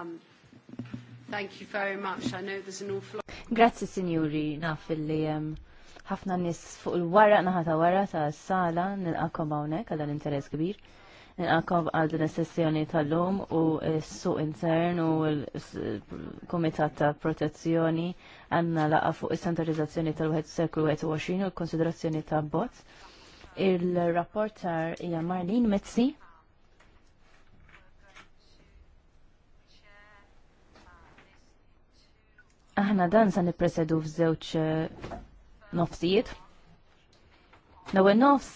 Um, thank you very much. I know there's an awful lot. Grazzi, signori, naf li um, ħafna nis fuq il-wara naħata wara ta' s-sala nil-akom għawnek għal interess kbir. Nil-akom għal din sessjoni tal-lum u s-suq intern u l-Komitat ta' Protezzjoni għanna laqa fuq standardizzazzjoni tal-21 seklu 21 u l-konsiderazzjoni ta' bot. Il-rapporter hija Marlene Mezzi Aħna dan sa nippresedu f'żewġ eh, nofsijiet. L-ewwel nofs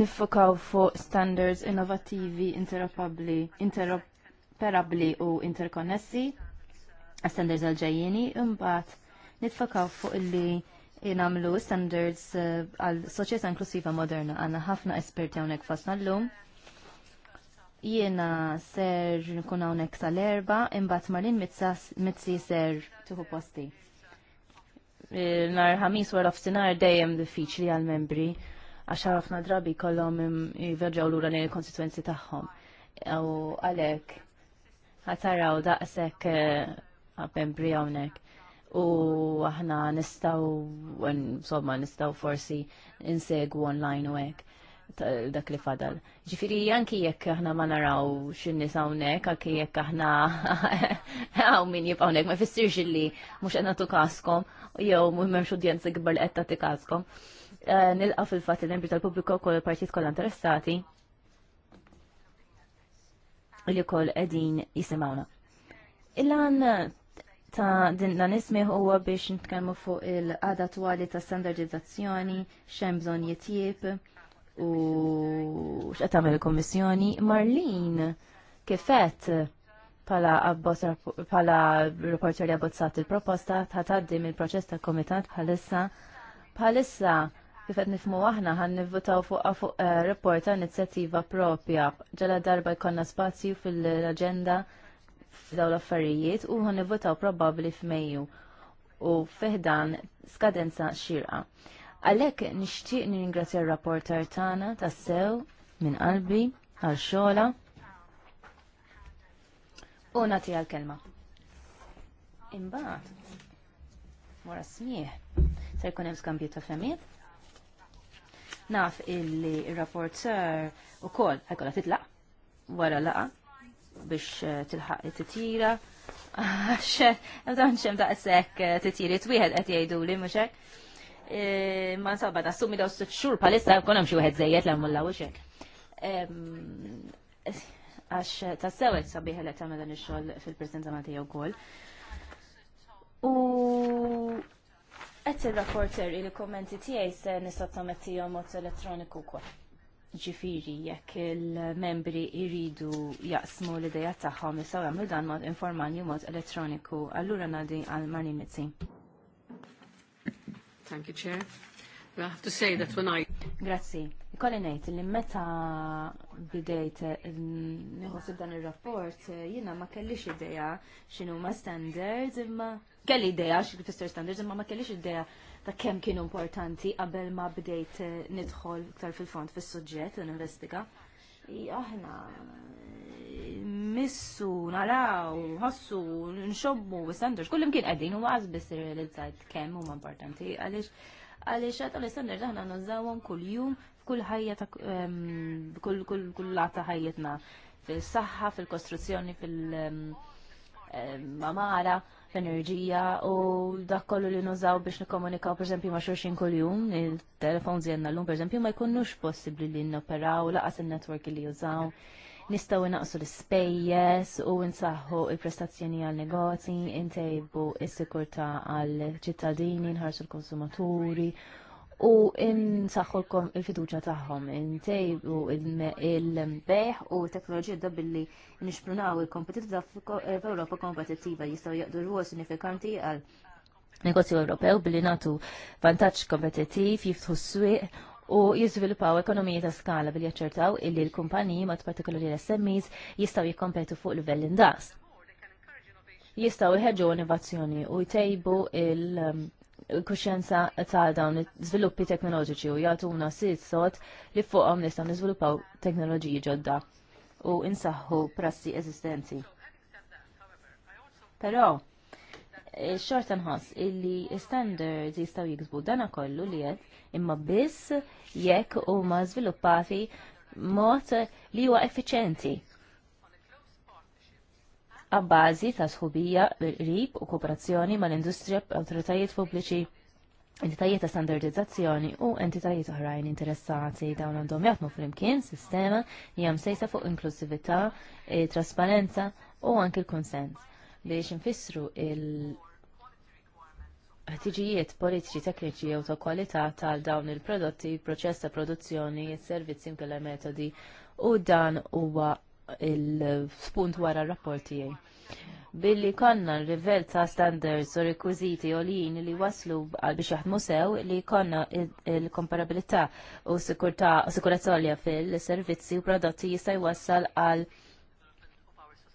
nifokaw fuq standards innovativi, interoperabbli u interkonnessi, standards għal-ġajjini, imbagħad niffokaw fuq illi jinamlu standards eh, għal uh, soċjetà inklusiva moderna. Għanna ħafna esperti hawnhekk fosna llum. lum Jiena ser nkun hawnhekk sal-erba, imbagħad Marin Mizzi ser tieħu posti. Eh, Nar ħamis wara f'sinar dejjem diffiċli għall membri għax ħafna drabi kollhom jivverġgħu lura lejn il-konsekwenzi tagħhom. U għalhekk ħataraw daqshekk eh, membri hawnhekk. U aħna nistgħu insomma nistgħu forsi insegwu online u hekk dak li fadal. Ġifiri, janki jekk aħna ma naraw xinni sawnek, għalki jekk aħna għaw min jibqawnek, ma fissirx li mux għanna tu kaskom, jew mux udjenza gbar li għetta ti kaskom. Eh, Nilqa fil-fat il-membri tal-pubbliku kol partijiet kol interessati li kol edin jisimawna. il ta' din dan ismi huwa biex nitkellmu fuq il-qada twali ta' standardizzazzjoni, xem bżonn jitjieb, u x'qed tagħmel il-Kommissjoni. Marlin kifet pala pala reporter li abbozzat il-proposta ta' taddim mill-proċess ta' komitat bħalissa bħalissa kif qed nifhmu aħna ħan nivvutaw fuq fuq eh, report ta' inizjattiva propja ġala darba jkollna spazju fil-aġenda f'dawn l-affarijiet u ħan nivvotaw probabbli f'Mejju u fiħdan skadenza xirqa. Għalhekk nixtieq ningrazzja r-rapporter tagħna tas-sew minn qalbi għal xola. U nagħti għal kelma Imbagħad wara smieħ se jkun hemm skambju ta' femijiet. Naf illi r-rapporter ukoll ħajkolla titlaq wara laqa biex eh, tilħaq it-titira. Għaxe, għadan xem da' sekk eh, t-tiri t-wihed għet jajdu li muxek. Eh, ma sabba ta' summi daw s-xur palissa jkun xie xi wieħed żejjed li mulla uċek. Għax ta' sewet sabiħ li tagħmel dan ix-xogħol fil ma' tiegħu kol. U qed ir-rapporter il kommenti tiegħi se nista' tagħmettihom mod elettroniku wkoll. Ġifiri, jekk il-membri iridu jaqsmu l-idejat tagħhom jisaw għamlu dan mod informali mod elettroniku, allura ngħaddi għal Marni Mizzi. Thank you, Chair. I have to say that when I... Grazzi. Ikolli ngħid li meta bidejt nħosib dan ir-rapport, jiena ma kellix idea xinu ma standards imma kelli idea xinu fister standards imma ma kellix idea ta' kemm kienu importanti qabel ma bdejt nidħol iktar fil-fond fis-suġġett u ninvestiga. Aħna missu, naraw, nħossu, nxobbu, standards, kullim kien għedin u għaz biss realizzajt kemm huma importanti għaliex għaliex għat għalix standards aħna nużawhom kull-jum f'kull ħajja ta' kull lata ħajjitna fil-saħħa, fil-kostruzzjoni, fil-mamara, l-enerġija u dak kollu li nużaw biex nikkomunikaw esempio ma' xulxin kuljum, il-telefon zjenna l-lum esempio ma jkunux possibbli li nnoperaw laqas in network li jużaw Nistgħu naqsu l-ispejjeż u nsaħħu l prestazzjoni għal negozji, intejbu s-sikurtà għal ċittadini, nħarsu l-konsumaturi u nsaħħu l-fiduċa tagħhom, intejbu il-beħ u teknoloġija da billi nixprunaw il-kompetitiva f'Ewropa kompetittiva jistgħu jaqdu rwol sinifikanti għal negozju Ewropew billi natu vantaġġ kompetittiv jiftħu s-swieq u jizvilupaw ekonomiji ta' skala billi jaċċertaw illi l-kumpaniji mat partikolari l-SMEs jistgħu jikkompetu fuq livell indas. Jistgħu jħeġġu innovazzjoni u jtejbu il- um, kuxjenza ta' dawn iż-żviluppi teknoloġiċi u jagħtuna sit sod li fuqhom nistgħu niżviluppaw teknoloġiji ġodda u insaħħu prassi eżistenti. Però, xorta nħoss illi standards jistaw jiksbu dana kollu li jett imma biss jekk u ma zviluppati mot li huwa effiċenti. Għabbażi ta' sħubija rib u kooperazzjoni mal-industrija b'autoritajiet pubbliċi entitajiet ta' standardizzazzjoni u entitajiet oħrajn interessati dawn għandhom jaħdmu flimkien sistema li hemm sejsa fuq inklusività, eh, trasparenza u anke l-konsens biex nfissru il- ħtiġijiet politiċi, tekniċi u ta' kwalità tal dawn il-prodotti, proċess ta' produzzjoni, servizzi mkella metodi u dan huwa il-spunt wara r rapport tiegħi. billi konna l-rivel ta' standards u rekwiziti għoljin li waslu għal biex jaħdmu sew li konna il-komparabilità u sikurezza fil-servizzi u prodotti jista' jwassal għal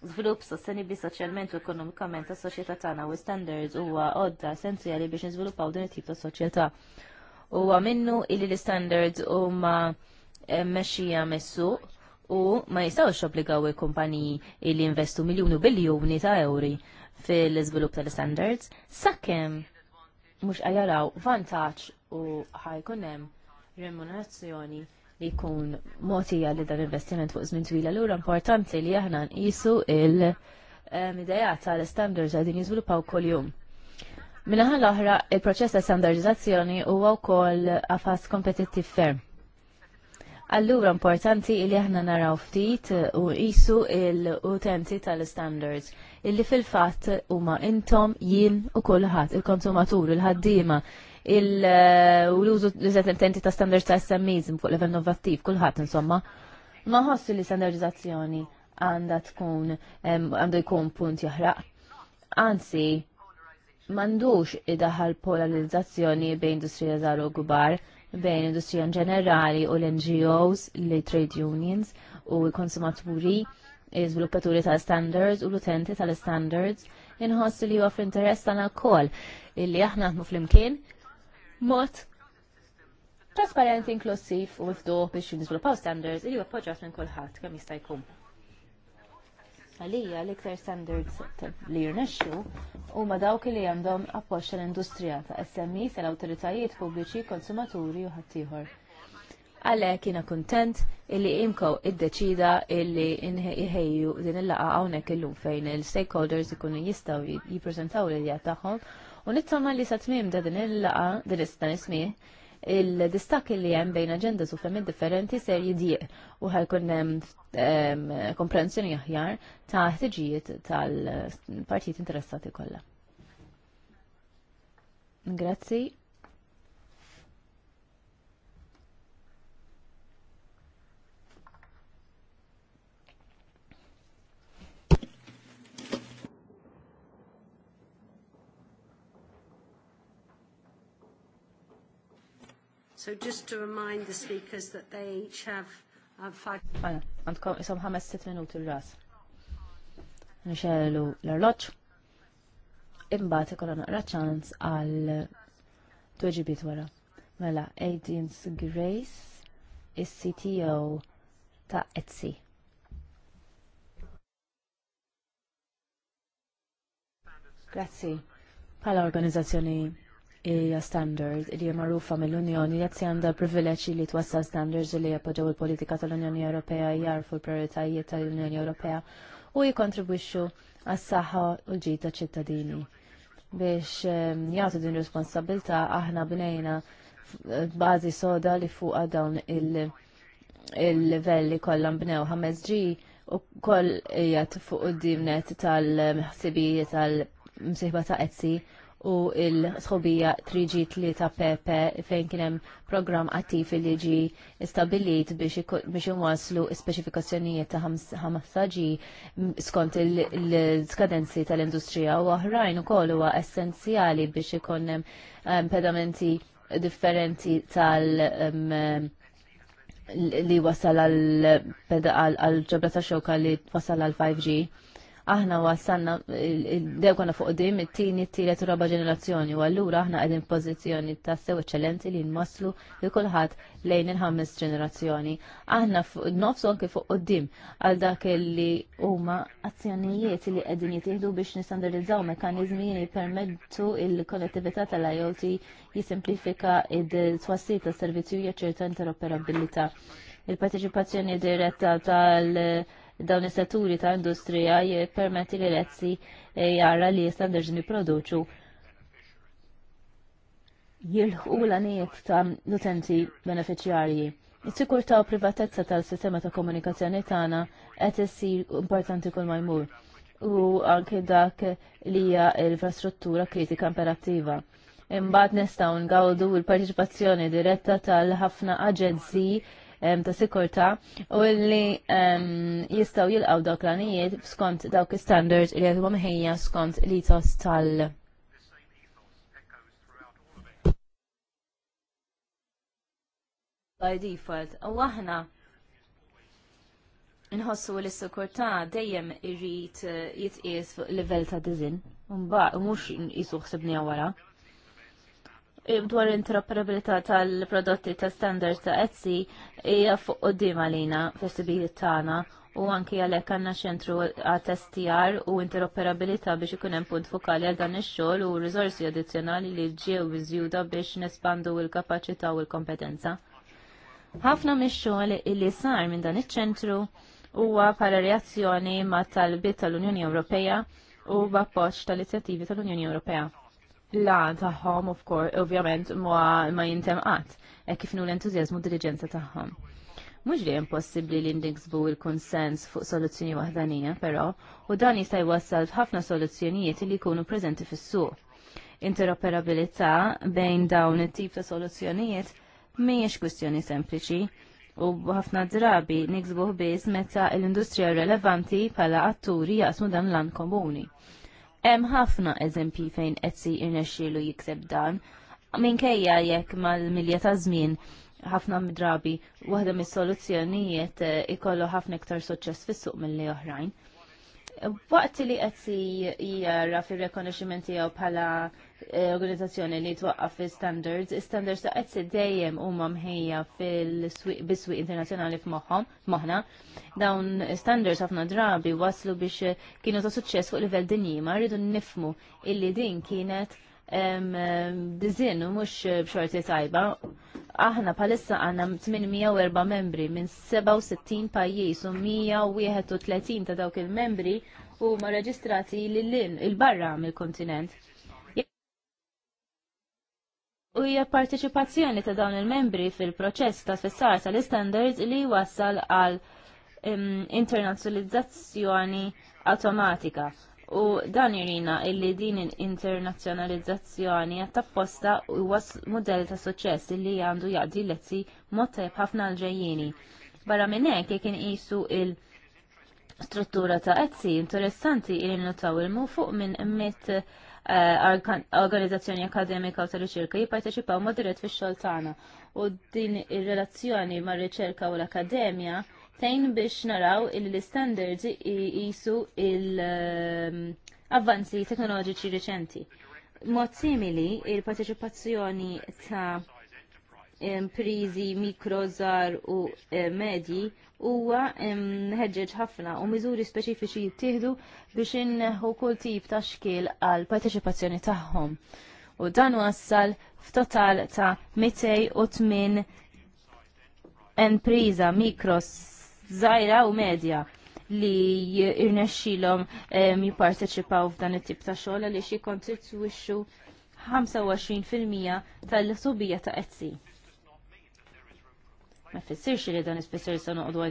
Żvilupp sostenibli soċjalment u ekonomikament ta' soċjetà tagħna u standards huwa għodda essenzjali biex niżviluppaw din it-tip ta' soċjetà. Huwa minnu illi l-standards huma eh, mexxija mis-suq u ma jistgħux obbligaw il-kumpaniji illi investu miljuni u biljuni ta' euri fil-iżvilupp tal-standards sakemm mhux qajaraw vantaġġ u ħajkun hemm remunerazzjoni li jkun motija li dan investiment fuq żmien twila l importanti li aħna nqisu il-ideja tal-standards għadin jiżviluppaw kol-jum. l-oħra, il-proċess ta' standardizzazzjoni huwa wkoll għafas kompetittiv ferm. Allura importanti li aħna naraw ftit u qisu l-utenti tal-standards illi fil-fatt huma intom jien u kulħadd il-konsumatur il-ħaddiema il-użu l-eżempju ta' standards ta' SMEs fuq level innovattiv, kulħadd insomma. Ma li standardizzazzjoni għandha tkun għandu jkun punt jaħraq. Anzi, mandux idaħal polarizzazzjoni bejn industrija żgħar u kbar, bejn industrija ġenerali u l-NGOs, li trade unions u l-konsumaturi, iżviluppaturi tal-standards u l-utenti tal-standards, inħoss li huwa interess tagħna wkoll illi aħna fl flimkien mod trasparenti, inklusiv u miftuħ biex niżviluppaw standards li appoġġjat minn kulħadd kemm jista' jkun. Għalija l-iktar standards li jirnexxu huma dawk li għandhom appoġġ l industrija ta' SMI tal-awtoritajiet pubbliċi, konsumaturi u ħaddieħor għalek kiena kontent illi imkow id-deċida illi inħejju din il-laqa għawnek il-lum fejn il-stakeholders ikunu jistaw jiprezentaw l-idea U nittama li sa tmim da din il-laqa, din istan ismi, il-distak li jem bejn agendas su femmin differenti ser jidiq u ħajkun komprensjoni aħjar ta' ħtiġijiet tal-partijiet interessati kollha. Grazzi. So just to remind the speakers that they each have uh, five... Għandkom isom ħames sitt minuti l-ras. Nixelu l-arloċ. Imbat ikolla naqra ċans għal tweġibiet wara. Mela, Aideen's Grace is CTO ta' Etsy. Grazzi. Pala organizzazzjoni hija standard li hija mill-Unjoni jekk se għandha privileġġi li twassal standards li jappoġġew il-politika tal-Unjoni Ewropea jarfu l prioritajiet tal-Unjoni Ewropea u jikontribwixxu għas-saħħa u l-ġid ċittadini Biex ehm, jagħtu din responsabilità aħna bnejna bażi soda li fuqha dawn il li kollha bnew 5G u koll hija fuq id-dimnet tal-ħsibijiet tal-msiħba ta' Etsy u il-sħobija 3G 3 Pepe fejn kienem program attiv li ġi stabilit biex imwaslu specifikazzjonijiet ta' 5G skont il-skadenzi tal-industrija u oħrajn ukoll huwa essenzjali biex ikonnem ehm, pedamenti differenti tal- ehm, li wasal għal ġobra ta' xoka li wasal għal 5G aħna wasanna konna fuq dim it-tieni t-tielet u raba ġenerazzjoni u allura aħna qegħdin pożizzjoni ta' sew eċċellenti li nmasslu li kulħadd lejn il-ħames ġenerazzjoni. Aħna nofsu anke fuq qudiem għal dak li huma azzjonijiet li qegħdin jittieħdu biex nistandardizzaw mekkaniżmi li jippermettu il-konnettività tal-IoT jisimplifika id-twassir tas-servizzi u jaċċerta interoperabilità il-parteċipazzjoni diretta tal- dawn is-setturi ta' industrija jippermetti li lezzi eh, jara li standards niproduċu jilħu l għanijiet ta' l-utenti beneficjarji. Is-sikurta u privatezza tal-sistema ta' komunikazzjoni tagħna qed issir importanti kull ma jmur u anke dak li hija l-infrastruttura kritika imperattiva. Imbagħad nistgħu ngawdu l-parteċipazzjoni diretta tal-ħafna aġenziji ta' sikurta u li jistaw jilqaw dawk l-għanijiet skont dawk standards li għedhom ħejja skont li tos tal- by default. U aħna nħossu li s sukurta dejjem irrit eh, jitqies fuq livell ta' dizin. Mbagħad mhux jisu ħsibni wara dwar interoperabilità tal-prodotti ta' standards ta' Etsy hija fuq qudiem għalina fis-sibijiet tagħna u anki għalhekk għandna ċentru għat STR u interoperabilità biex ikun hemm punt fokali għal dan ix-xogħol u riżorsi addizzjonali li ġew iżjuda biex nespandu l-kapaċità u l-kompetenza. Ħafna mix-xogħol li sar minn dan iċ-ċentru huwa bħala reazzjoni ma' talbiet tal-Unjoni Ewropea u b'appoġġ tal-inizjattivi tal-Unjoni Ewropea La, taħħom, of course, ovvjament, ma jintemqat, e kif nu l-entuzjazmu diligenza taħħom. Mux li impossibli li ndiksbu il-konsens fuq soluzzjoni wahdanija, pero, u dan jista' jwassal f'ħafna soluzzjonijiet li jkunu preżenti fis-suq. Interoperabilità bejn dawn it-tip ta' soluzzjonijiet mhijiex kwistjoni sempliċi, u ħafna drabi niksbuh biss meta l-industrija relevanti pala atturi jaqsmu dan l-an komuni Hemm ħafna eżempji fejn si irnexxielu jikseb dan. Minkejja jekk mal-milja ta' żmien ħafna midrabi waħda mis-soluzzjonijiet eh, ikollu ħafna iktar suċċess fis-suq milli oħrajn. Waqt li si jara fir-rekonoxximent tiegħu bħala Eh, organizzazzjoni li twaqqaf fi standards, standards ta' għedse dejjem huma mħejja fil-biswi internazzjonali f'moħħom, moħna, dawn standards ħafna drabi waslu biex eh, kienu ta' suċċess fuq livell dinji, ma rridu nifmu illi din kienet dizin u mux eh, bxorti tajba. Aħna palissa għanna 804 membri minn 67 pajjiż u 131 ta' dawk il-membri u ma reġistrati l-lin il-barra mill-kontinent u hija parteċipazzjoni ta' dawn il-membri fil-proċess ta' fissar tal istandards li wassal għal internazzjonalizzazzjoni automatika. U dan jirina illi din internazzjonalizzazzjoni għat tapposta u was ta' suċess illi għandu jgħaddi lezzi mottajb ħafna l-ġejjini. Barra minnek jek isu il- struttura ta' Etsy interessanti il nutaw il-mu fuq minn emmet Eh, organizzazzjoni akademika u tal-riċerka jipparteċipaw mod dirett fix-xogħol tagħna. U din ir-relazzjoni mar-riċerka u l-akademja tejn biex naraw il-standards jisu il-avvanzi ehm, teknoloġiċi reċenti. Mod simili, il-parteċipazzjoni ta' imprizi mikrozar u eh, medji huwa ħeġġeġ ħafna u miżuri speċifiċi jittieħdu biex inneħu kull tip ta' xkiel għal parteċipazzjoni tagħhom. U dan wassal f'total ta' 208 impriża mikros żgħira u medja li jirnexxilhom eh, jipparteċipaw f'dan it-tip ta' xogħol għaliex jikkontribwixxu 25% tal-subija ta' Etsy. Ma fissirx li dan ispessir sa noqdu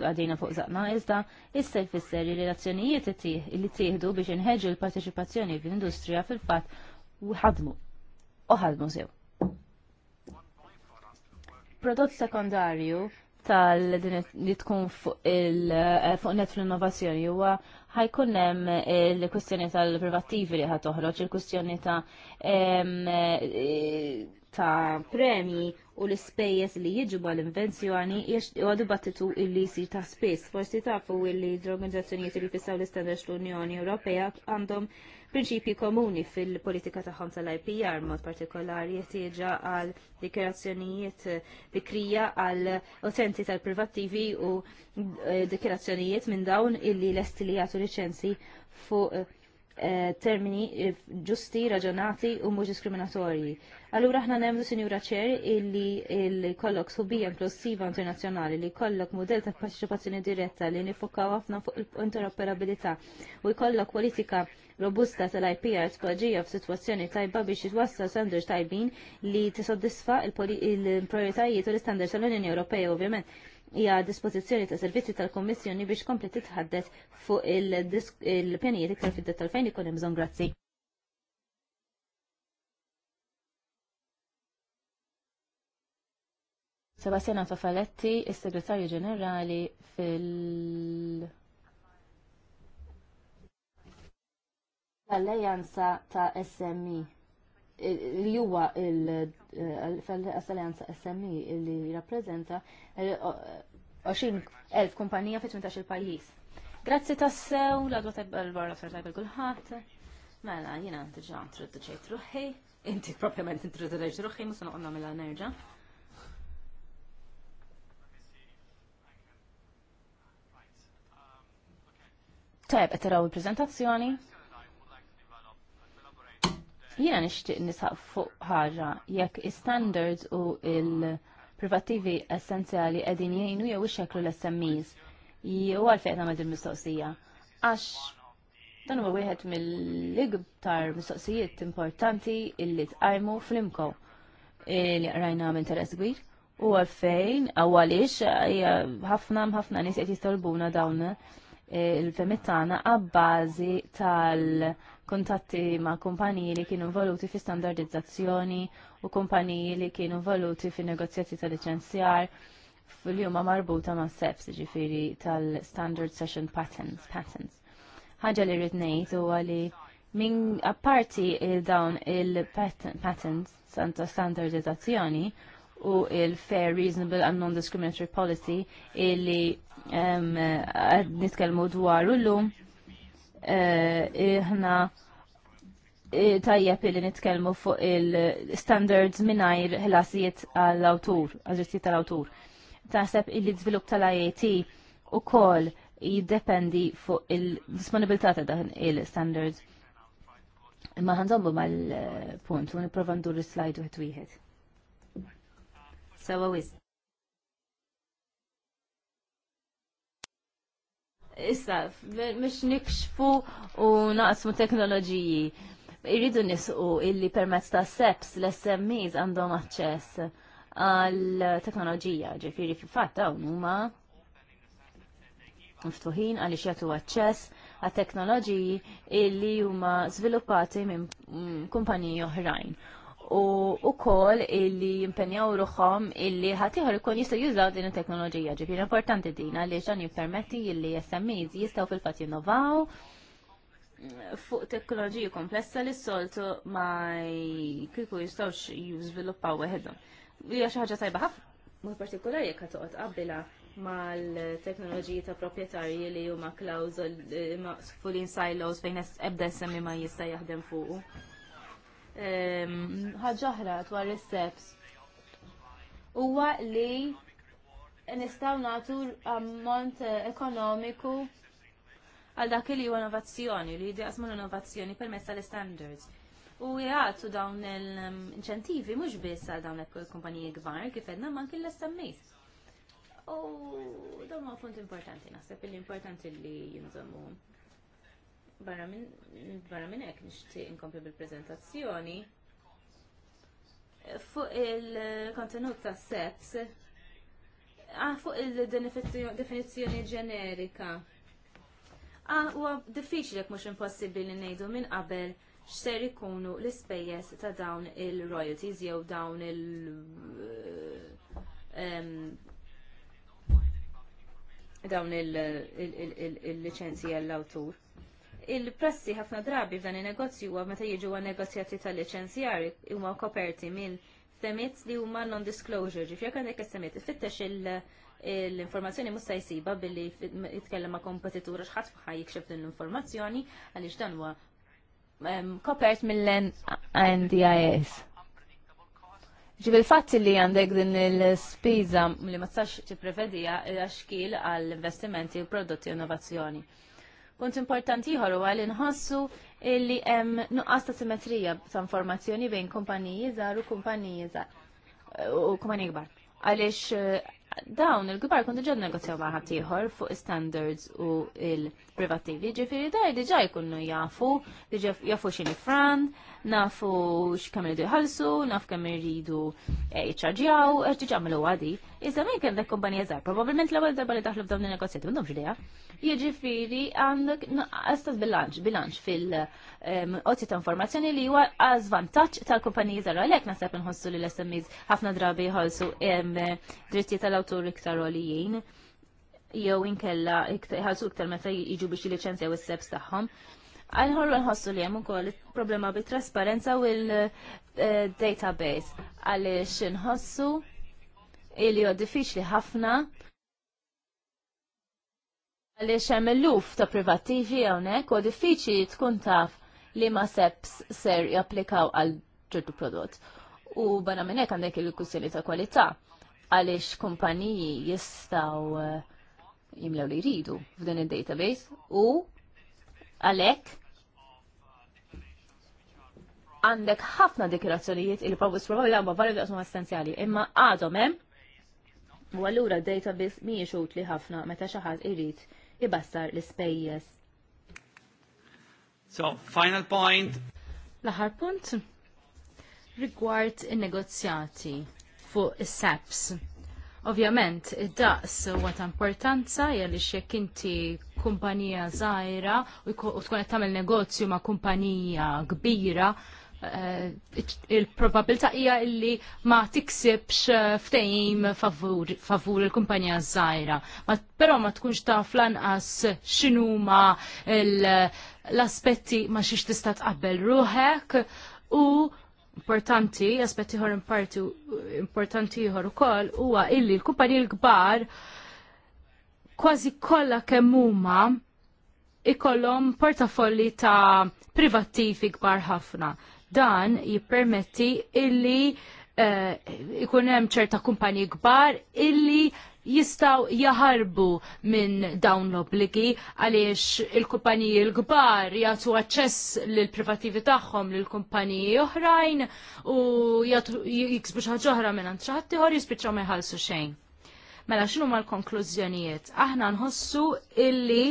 għadina fuq zaqna, iżda issa jfisser li relazzjonijiet li tieħdu biex inħeġu l-parteċipazzjoni fl-industrija fil-fatt u ħadmu. U ħadmu sew. Prodott sekondarju tal li tkun fuq net fl-innovazzjoni huwa ħajkun hemm il-kwestjoni eh, tal-privattivi li ħad toħroġ, il-kwestjoni ta' eh, ta' premji u l-ispejjeż li jiġu bħal invenzjoni jgħadu battitu illi jsir ta' spiss. Forsi tafu illi l-organizzazzjonijiet li jfissaw l-istandards l-Unjoni Ewropea għandhom prinċipji komuni fil-politika tagħhom tal-IPR mod partikolari jtieġa għal dikjerazzjonijiet bikrija għal utenti tal-privattivi u eh, dikjerazzjonijiet minn dawn illi lesti li jagħtu liċenzi fuq Eh, termini eh, ġusti, raġonati u mhux diskriminatorji. Allura aħna nemmu, sinjura ċer illi il kollok subija inklusiva internazzjonali li kollok modell ta' parteċipazzjoni diretta li nifokkaw ħafna fuq interoperabilità u jkollok politika robusta tal-IPR tpoġija f'sitwazzjoni tajba biex jitwassal standard tajbin li tisoddisfa il-prioritajiet u l standard tal-Unjoni Ewropea ovvjament hija dispożizzjoni ta' servizzi tal-Kommissjoni biex kompli titħaddet fuq il-pjanijiet iktar fid-dettal fejn ikun hemm bżonn grazzi. Sebastiana Tofaletti, is-Segretarju Ġenerali fil- l-Alleanza ta' SMI. E li huwa l-Alleanza eh, SMI e li rappreżenta 20,000 eh, kumpanija fi 18 pajjiż. Grazzi tassew, la dwa tajba l-barra sar tajba l-kulħat. Mela, jina diġa introduċejt ruħi, inti propjament introduċejt ruħi, musa noqna mela nerġa. Tajb, għetteraw il-prezentazzjoni. Jiena nixtieq nisaq fuq ħaġa jekk is-standards u l-privattivi essenzjali qegħdin jgħinu jew ixekklu l-SMEs. Jew għalfejn nagħmel il mistoqsija. Għax dan huwa wieħed mill-iktar mistoqsijiet importanti illi tqajmu fl imko li qrajna minn interess kbir. U għalfejn, għaliex ħafna ħafna nies qed jistolbuna dawn il-femit tagħna għabbażi tal-kuntatti ma' kumpaniji li kienu involuti fi standardizzazzjoni u kumpaniji li kienu involuti fi negozjati ta' licenzjar fil huma marbuta ma' SEPS, e ġifiri tal-Standard Session Patents. patents. Ħaġa li rrid ngħid huwa li minn apparti il dawn il-patents santa standardizzazzjoni, u il-Fair, Reasonable and Non-Discriminatory Policy illi għad nitkelmu dwar Uh, eh, eh, ħna eh, tajjeb illi nitkelmu fuq il-standards minajr ħlasijiet għall-autur, għal-ġittijiet tal-autur. Taħseb illi d-zvilup tal-IAT u kol jiddependi fuq il-disponibilità ta' dan il-standards. Imma ħanżombu mal-punt u niprofa ndur il slajdu għet-wihet sewa wis. Issa, mish nikxfu u naqsmu teknoloġiji. Irridu nisqu illi permezz ta' SEPS l-SMEs għandhom aċċess għal teknoloġija, ġifiri fil-fatt dawn huma miftuħin għaliex jagħtu aċċess għat teknoloġiji illi huma żviluppati minn mm, kumpaniji oħrajn u ukoll illi jimpenjaw ruħom illi ħatiħor ikun jistgħu jużaw din it-teknoloġija. Ġifir importanti din għaliex dan jippermetti illi SMEs jistgħu fil-fatt jinnovaw fuq teknoloġiju komplessa li s-soltu ma kiku jistawx jużviluppaw weħedhom. Hija xi ħaġa tajba ħafna. Mod partikolari jekk toqgħod qabbila mal-teknoloġiji ta' proprjetarji li huma klawżol fulin silos fejn ebda semmi ma jista' jaħdem fuq ħagġaħra dwar is-seps huwa li nistgħu nagħtu ammont eh, ekonomiku għal dak li huwa innovazzjoni li jdiqas l-innovazzjoni permezz tal-standards. U jgħatu dawn l-inċentivi mhux biss għal dawn il-kumpaniji kbar kif għedna ma kien l-SMEs. U dawn huwa punt importanti naħseb li importanti li jinżommu Barra minn hekk nixtieq inkompli bil prezentazzjoni Fuq il-kontenut ta' seps, ah, fuq il definizjoni ġenerika. Ah, huwa diffiċli jekk mhux impossibbli ngħidu minn qabel x'ser ikunu l-ispejjeż ta' dawn il-royalties jew dawn il- dawn il-liċenzji għall-awtur il prezzi ħafna drabi f'dan il-negozju huwa meta jiġu għan negozjati tal liċenzjari huma koperti minn semiet li huma non-disclosure, ġifri jekk is istemiet, ifittex l-informazzjoni musta jsiba billi jitkellem ma' kompetitur x'ħadd ħaj jikxef din l-informazzjoni għaliex dan huwa ehm, kopert mill-NDIS. Ġib il-fatt li għandek din il-spiża li ma tistax tipprevedija għax kiel għall-investimenti u prodotti innovazzjoni. Punt importanti ħor huwa li nħossu li hemm nuqqas ta' simetrija ta' informazzjoni bejn kumpaniji żgħar u kumpaniji żgħar u kumpaniji kbar. Għaliex eh, dawn il-kbar kont ġed negozjaw ma' ħaddieħor fuq standards u il-privattivi, ġifieri daj diġà jkunu jafu, diġà jafu x'inhi Fran, nafu x'kemm iridu jħallsu, naf kemm iridu eh, jiċċarġjaw, qed diġà għamlu għadi Iżda minn kemm dek kumpanija żgħar, probabbilment l-ewwel darba li daħlu f'dawn in-negozjati m'għandhomx idea. Jiġifieri għandek għastas bilanċ, bilanċ fil-qozzi ehm, ta' informazzjoni li huwa għażvantaġġ tal-kumpaniji żgħar għalhekk naħseb inħossu li l-SMEs ħafna drabi jħolsu ehm, drittijiet tal-awtur iktar għolijin jew inkella ħalsu iktar meta jiġu biex jilicenzjaw is-sebs tagħhom. Għanħorru nħossu li hemm ukoll problema bit-trasparenza u l-database eh, għaliex nħossu illi diffiċli ħafna għaliex hemm illuf ta' privattivi hawnhekk u diffiċli tkun taf li ma seps ser japplikaw għal ċertu prodott. U bana minn hekk għandek il-kussjoni ta' kwalità għaliex kumpaniji jistgħu eh, jimlew li jridu f'din id-database u għalhekk għandek ħafna dekorazzjonijiet il probus probabli għamma validi għasum essenzjali, imma għadhom hemm U allura database mhijiex utli ħafna meta xi ħadd irid ibassar l-ispejjeż. So, final point. L-aħħar punt rigward in-negozjati fuq is-SAPS. Ovvjament, id-daqs huwa ta' importanza jgħalli x'jekk inti kumpanija żgħira u tkun qed tagħmel negozju ma' kumpanija kbira, Eh, il-probabilta hija illi ma tiksibx eh, ftejim favur il-kumpanija żgħira. Però ma tkunx taf lanqas x'inhuma l-aspetti ma xiex tista' tqabbel ruħek u importanti, aspetti ħor importanti ħor ukoll huwa illi l-kumpaniji l-kbar kważi kollha kemm huma ikollhom portafolli ta' privattivi kbar ħafna. Dan jippermetti illi eh, ikun hemm ċerta kumpanji kbar illi jistaw jaharbu minn dawn l-obligi għaliex il-kumpaniji l-kbar jagħtu aċċess l privattivi tagħhom l kumpaniji oħrajn u jiksbu xi ħaġa oħra minn xi ħadd ieħor jispiċċaw ma jħallsu xejn. Mela ma l konklużjonijiet Aħna nħossu illi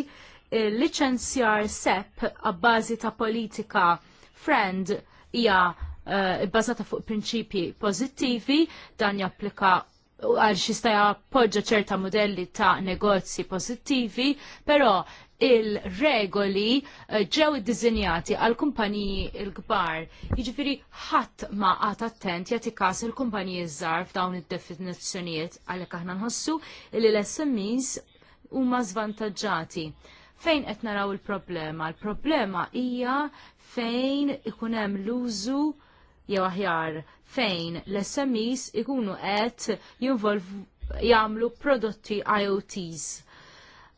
l-liċenzjar sepp għabbażi ta' politika friend hija eh, bbażata fuq prinċipji pożittivi dan japplika għal xista jappoġġa ċerta modelli ta' negozji pożittivi, però il-regoli eh, ġew id-dizinjati għal kumpaniji il-kbar. Jiġifieri ħadd ma għad attent jagħti każ il-kumpaniji żgħar f'dawn id-definizzjonijiet għalhekk aħna nħossu li l-SMEs huma żvantaġġati. Fejn qed naraw il-problema? Il-problema hija fejn ikun hemm l-użu jew aħjar fejn l-SMEs ikunu qed jinvolvu jagħmlu prodotti IoTs.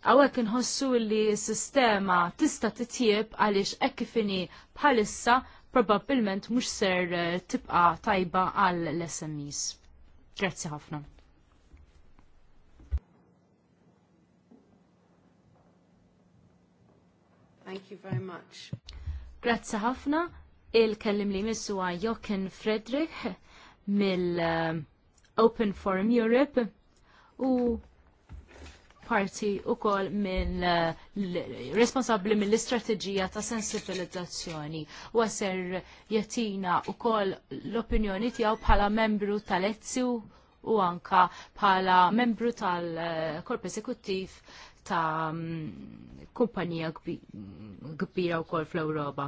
Għawek nħossu li s-sistema tista titjieb għaliex hekk kifini bħalissa probabbilment mhux ser eh, tibqa tajba għall smes Grazzi ħafna. Thank you very much. Grazzi ħafna. Il-kellim li missu Jochen Friedrich mill eh, Open Forum Europe u parti u kol mill eh, responsabli l istrateġija ta' sensibilizzazzjoni u għasser jatina u kol l-opinjoni tijaw bħala membru tal-Ezzu u anka bħala membru tal-Korp eh, Esekuttiv ta' mm, kumpanija kbira wkoll fl-Ewropa.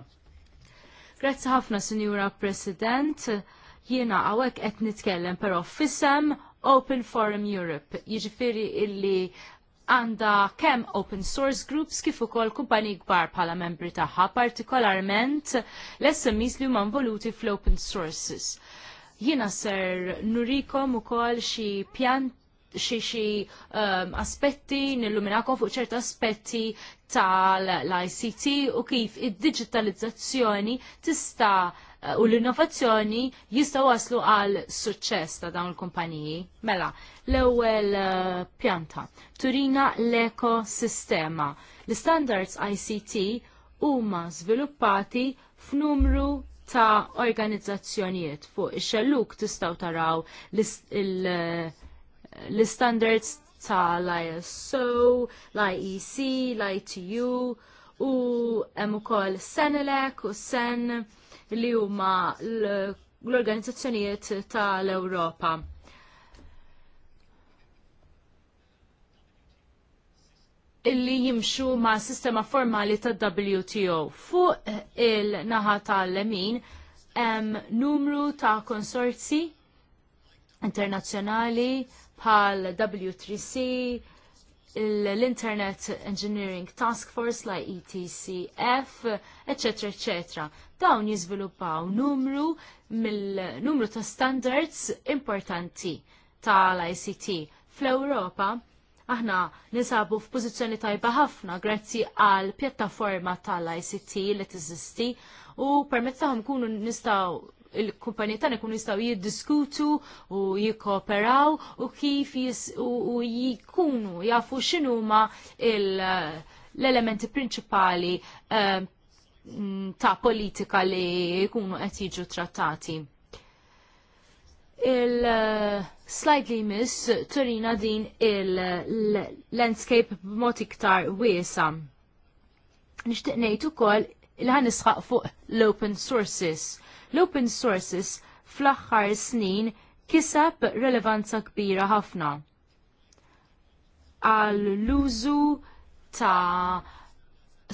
Grazzi ħafna, Signora President. Jiena għawek qed nitkellem però fissem Open Forum Europe, jiġifieri illi għanda kemm open source groups kif ukoll kumpani kbar bħala membri tagħha, partikolarment l-SMEs li huma involuti fl-open sources. Jiena ser nurikom ukoll xi pjan xi xi um, aspetti nilluminakom fuq ċerti aspetti tal-ICT u kif id-digitalizzazzjoni tista' eh, u l-innovazzjoni jistaw waslu għal suċċess ta' dawn il-kumpaniji. Mela, l-ewwel eh, pjanta, Turina l-ekosistema. L-standards ICT huma żviluppati f'numru ta' organizzazzjonijiet fuq ix-xelluk tistgħu taraw l eh, l-standards tal-ISO, l-IEC, l-ITU u hemm ukoll Senelec u Sen li huma l-organizzazzjonijiet tal-Ewropa. illi jimxu ma' sistema formali ta' WTO. Fuq il-naħa tal-lemin, numru ta' konsorzi internazzjonali bħal W3C, l-Internet Engineering Task Force, la ETCF, etc. etc. Dawn jizviluppaw numru mill-numru ta' standards importanti tal-ICT. Fl-Europa, aħna nisabu f'pożizzjoni tajba ħafna grazzi għal pjattaforma tal-ICT li tiżisti u tagħhom kunu nistaw il-kumpanji tagħna jkunu jistgħu jiddiskutu u jikkooperaw u kif u jikunu jafu x'inhuma l-elementi prinċipali eh, ta' politika li jkunu qed jiġu trattati. Il-slide eh, li jmiss turina din il-landscape mod iktar wiesa. Nixtieq ngħid ukoll il ħanisħaq fuq l-open sources L-open sources fl-aħħar snin kisab relevanza kbira ħafna għal l-użu ta'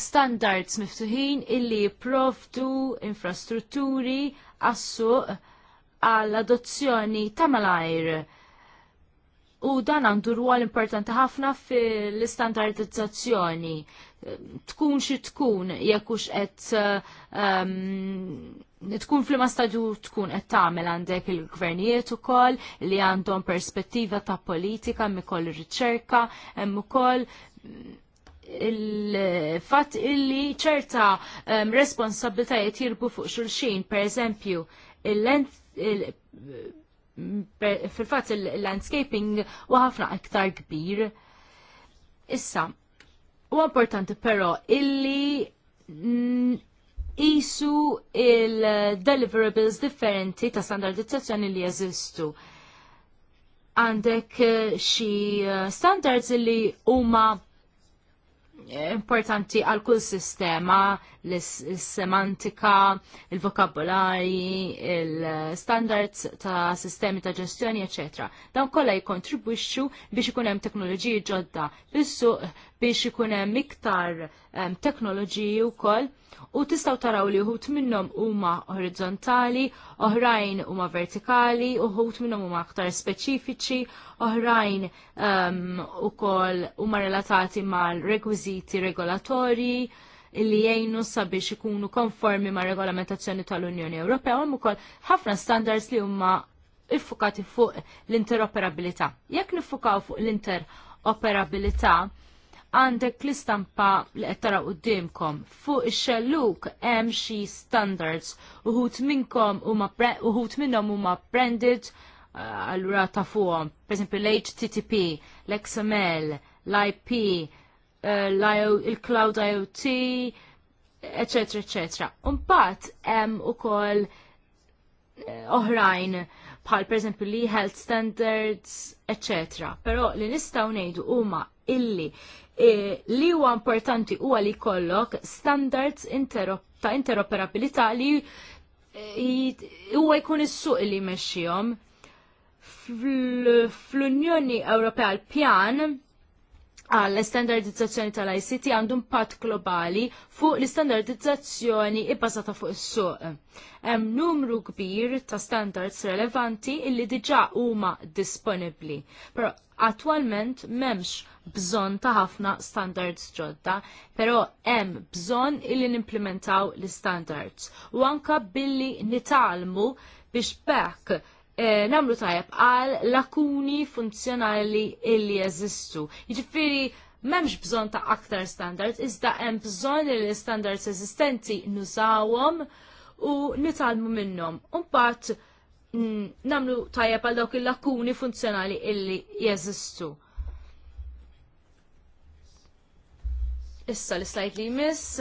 standards miftuħin illi jipprovdu infrastrutturi għas għal għall adozzjoni ta' malajr u dan għandu rwol importanti ħafna fil-istandardizzazzjoni tkun xi tkun jekk hux qed ehm, tkun flima stadju tkun qed tagħmel għandek il-gvernijiet ukoll li għandhom perspettiva ta' politika hemm ukoll riċerka hemm ukoll il-fatt illi ċerta um, responsabiltajiet jirbu fuq xulxin, per eżempju, fil-fatt il-landscaping u ħafna iktar kbir. Issa, U importanti però illi isu il-deliverables differenti ta' standardizzazzjoni li jeżistu. Għandek eh, xi eh, standards li huma eh, importanti għal kull sistema, l-semantika, il-vokabolari, il-standards ta' sistemi ta' ġestjoni, eccetera. Dan kollha jikkontribwixxu biex ikun hemm teknoloġiji ġodda fis-suq biex ikun hemm iktar teknoloġiji wkoll u tistgħu taraw li uħut minnhom huma orizzontali, oħrajn huma vertikali, uħut minnhom huma aktar speċifiċi, oħrajn ukoll huma relatati mal-rekwiżiti regolatorji li jgħinu sabiex ikunu konformi ma' regolamentazzjoni tal-Unjoni Ewropea u ukoll ħafna standards li huma iffukati fuq l-interoperabilità. Jekk nifukaw fuq l-interoperabilità, għandek l-istampa li qed taraw qudiemkom. Fuq ix-xelluk hemm xi standards uħut minnkom huma uħut minnhom huma branded eh, allura tafuhom, pereżempju l-HTTP, l-XML, l-IP, eh, il-Cloud IoT, eccetera, eċetera. Umbat hemm ukoll eh, oħrajn uh, bħal esempio li health standards, etc. Però li nistgħu ngħidu huma illi e, li huwa importanti huwa li jkollok standards ta' interoperabilità li e, huwa jkun is-suq li jmexxihom fl-Unjoni Ewropea l-pjan għall-standardizzazzjoni tal-ICT għandu impatt globali fuq l-standardizzazzjoni ibbażata fuq is-suq. Hemm numru kbir ta' standards relevanti illi diġà huma disponibbli, però attwalment m'hemmx bżonn ta' ħafna standards ġodda, però hemm bżonn illi nimplementaw l-standards u anka billi nitalmu biex bekk eh, namlu tajab għal lakuni funzjonali illi jeżistu. Jiġifieri m'hemmx bżonn ta' aktar standards, iżda hemm bżonn li l-standards eżistenti nużawhom u nitalmu minnhom. Imbagħad mm, namlu tajab għal dawk il-lakuni funzjonali illi jeżistu. Issa l slajt li jmiss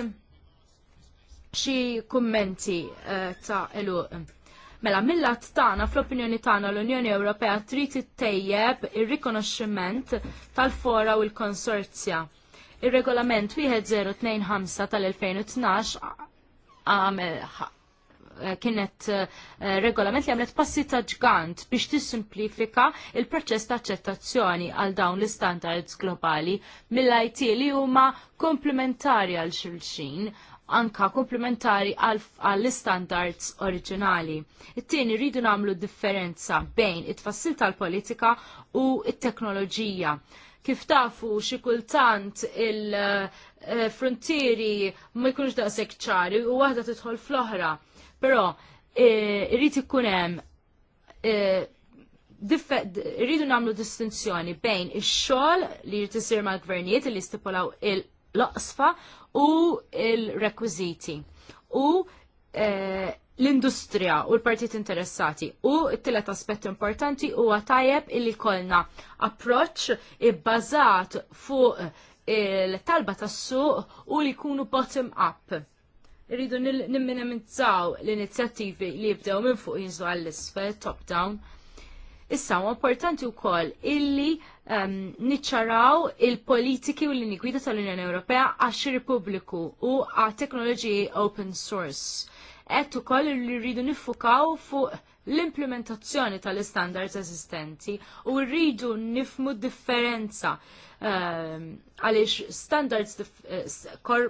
xi kummenti uh, ta' eluq. Mela millat tagħna fl-opinjoni tagħna l-Unjoni Ewropea trid tittejjeb ir-rikonoxximent tal-fora u l-konsorzja. Ir-regolament 1025 tal-2012 kienet eh, regolament li għamlet passi ta' ġgant biex tissimplifika il-proċess ta' ċettazzjoni għal dawn l-standards globali mill-IT li huma komplementari għal xulxin anka komplementari għall-standards oriġinali. It-tieni rridu nagħmlu differenza bejn it-tfassil tal-politika u it-teknoloġija. Kif tafu xi kultant il-frontieri eh, ma jkunux daqshekk ċari u waħda tidħol fl-oħra. Però eh, rrid ikun hemm eh, rridu nagħmlu distinzjoni bejn ix-xogħol li jrid isir mal-gvernijiet li stipulaw il-loqsfa u il-rekwiziti u eh, l-industrija u l-partit interessati u t tillet aspett importanti u għatajab illi kolna approċ bazat fuq il-talba tas-suq u li jkunu bottom-up rridu nimminimizzaw l-inizjattivi li jibdew minn fuq jinżu għall-isfel, top-down. Issa, u importanti wkoll illi um, niċċaraw il-politiki u l-inigwida tal-Unjoni Ewropea għax Republiku u għat teknoloġiji open source. Qed ukoll li rridu nifukaw fuq l-implementazzjoni tal-istandards eżistenti u rridu nifmu differenza ehm, għaliex um, standards dif eh,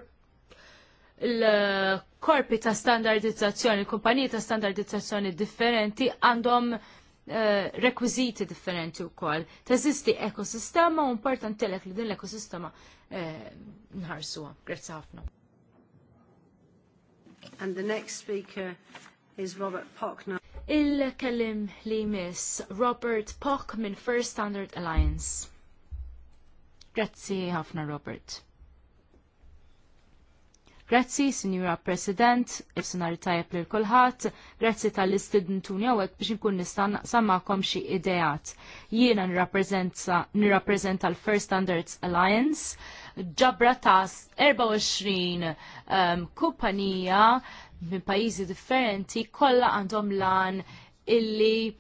l-korpi ta' standardizzazzjoni, kumpaniji ta' standardizzazzjoni differenti għandhom Eh, rekwiziti differenti wkoll. Teżisti ekosistema u importanti lek li din l-ekosistema eh, nħarsuha. Grazzi ħafna. And the next speaker is Robert Pockner. Il-kellim li miss Robert Pock minn First Standard Alliance. Grazzi ħafna Robert. Grazzi, Signora President, il-senari tajab li l-kolħat, grazzi tal-istidentuni għawek biex nkun nistan sammakom xie idejat. Jiena nirrapprezenta l-First Standards Alliance, ġabra ta' 24 um, kumpanija minn pajizi differenti kollha għandhom lan illi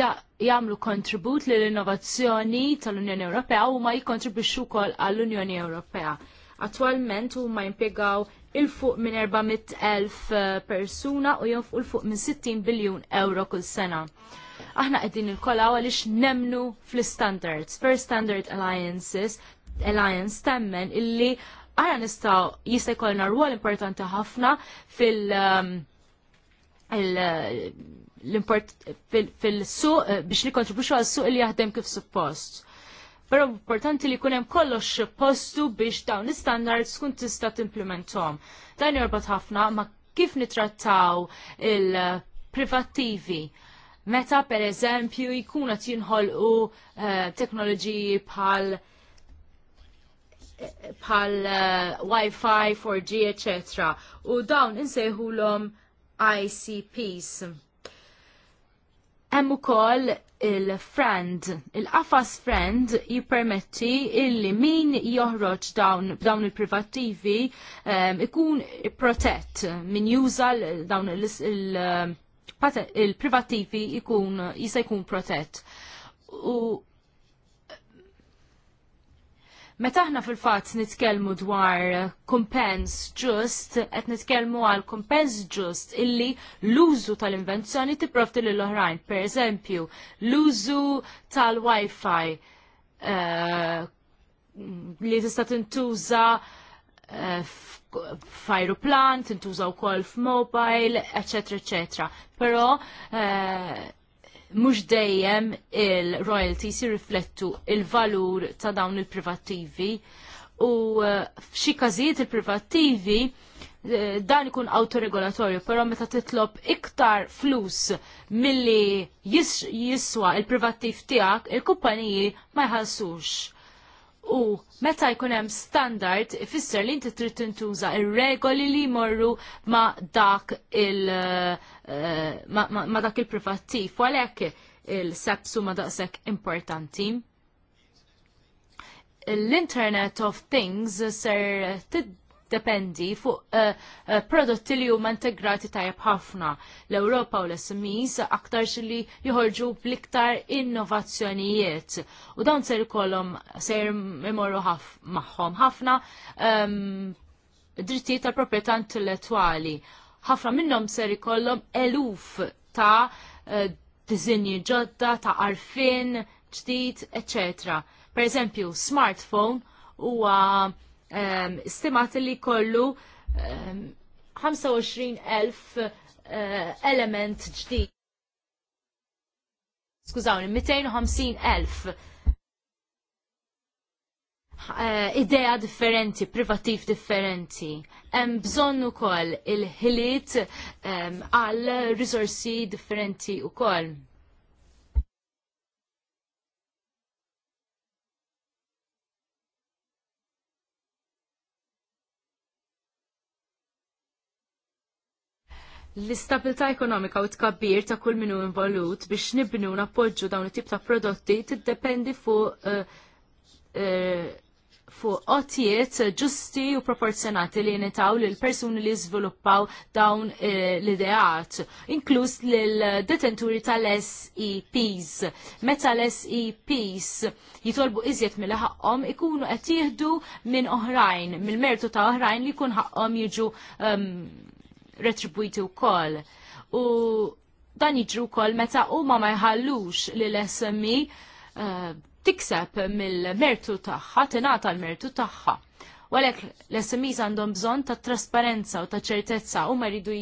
jagħmlu kontribut l innovazzjoni tal-Unjoni Ewropea u ma jikkontribwixxu wkoll għall-Unjoni Ewropea. Attualment huma jimpjegaw il-fuq minn 400.000 eh, persuna u jonfqu l-fuq minn 60 biljun euro kull sena. Aħna qegħdin il-kola għaliex nemnu fl-standards. Per Standard Alliances, Alliance temmen illi għara nistaw jista' jkollna rwol importanti ħafna fil- um, l-import fil-suq eh, biex nikontribuxu għal suq li jaħdem kif suppost. Però importanti li kunem kollox postu biex dawn l-standards kun tista' t-implementom. Dan jorbot ħafna ma kif nitrattaw il-privattivi. Meta per eżempju jkun qed jinħolqu uh, teknoloġiji bħal pal uh, eh, Wi-Fi, 4G, etc. U dawn insejħulhom ICPs Hemm ukoll il-friend, il-qafas friend jippermetti illi min joħroġ dawn, dawn il-privattivi ehm, ikun protett min juża dawn eh, il-privattivi jkun ikun jista' jkun protett. U Meta aħna fil-fatt nitkellmu dwar kompens ġust, qed nitkellmu għal kompens ġust illi l-użu tal-invenzjoni tipprovdi lil oħrajn. Per eżempju, l-użu tal-Wi-Fi uh, li tista' tintuża uh, eh, f'ajruplan, tintuża wkoll f'mobile, eċetera, eċetera. Però uh, mhux dejjem il-royalties riflettu il-valur ta' dawn il-privattivi u eh, f'xi każijiet il-privattivi eh, dan ikun autoregolatorju, però meta titlob iktar flus milli jiswa il-privattiv tiegħek, il-kumpaniji ma jħallsux. U meta jkun hemm standard ifisser li inti trid tintuża ir-regoli li jmorru ma' dak il- Eh, ma dak il-privattiv, u għalhekk il-sepsu ma daqshekk importanti. L-Internet of Things ser tiddependi fuq eh, eh, prodotti li huma integrati tajjeb ħafna l-Ewropa u l-SMEs aktar li joħorġu bliktar innovazzjonijiet. U dawn ser kolom ser imorru maħħom magħhom ħafna ehm, drittijiet tal-proprjetà intellettwali ħafna minnhom ser ikollhom eluf ta' eh, dizinji ġodda, ta' arfin, ġdid, etc. Per eżempju, smartphone huwa um, ehm, stimat li kollu um, 25,000 uh, element ġdid. Skużawni, 250,000 Eh, idea differenti, privativ differenti. Hemm bżonn ukoll il-ħiliet ehm, għal risorsi differenti ukoll. L-istabilità ekonomika u tkabbir ta' kull minu involut biex nibnu nappoġġu dawn it-tip ta' prodotti tiddependi fuq uh, uh, fuq otijiet ġusti u proporzjonati li nitaw lil persuni li żviluppaw dawn eh, l-ideat, inkluż lil detenturi tal-SEPs. Meta l-SEPs jitolbu iżjed mill ħaqhom ikunu qed jieħdu minn oħrajn, mill-mertu ta' oħrajn li jkun ħaqhom jiġu um, retribwiti wkoll. U dan jiġru wkoll meta huma ma jħallux lil SME uh, tikseb mill-mertu tagħha, tingħata l-mertu tagħha. Walek l-SMEs għandhom bżonn ta' trasparenza u ta' ċertezza u maridu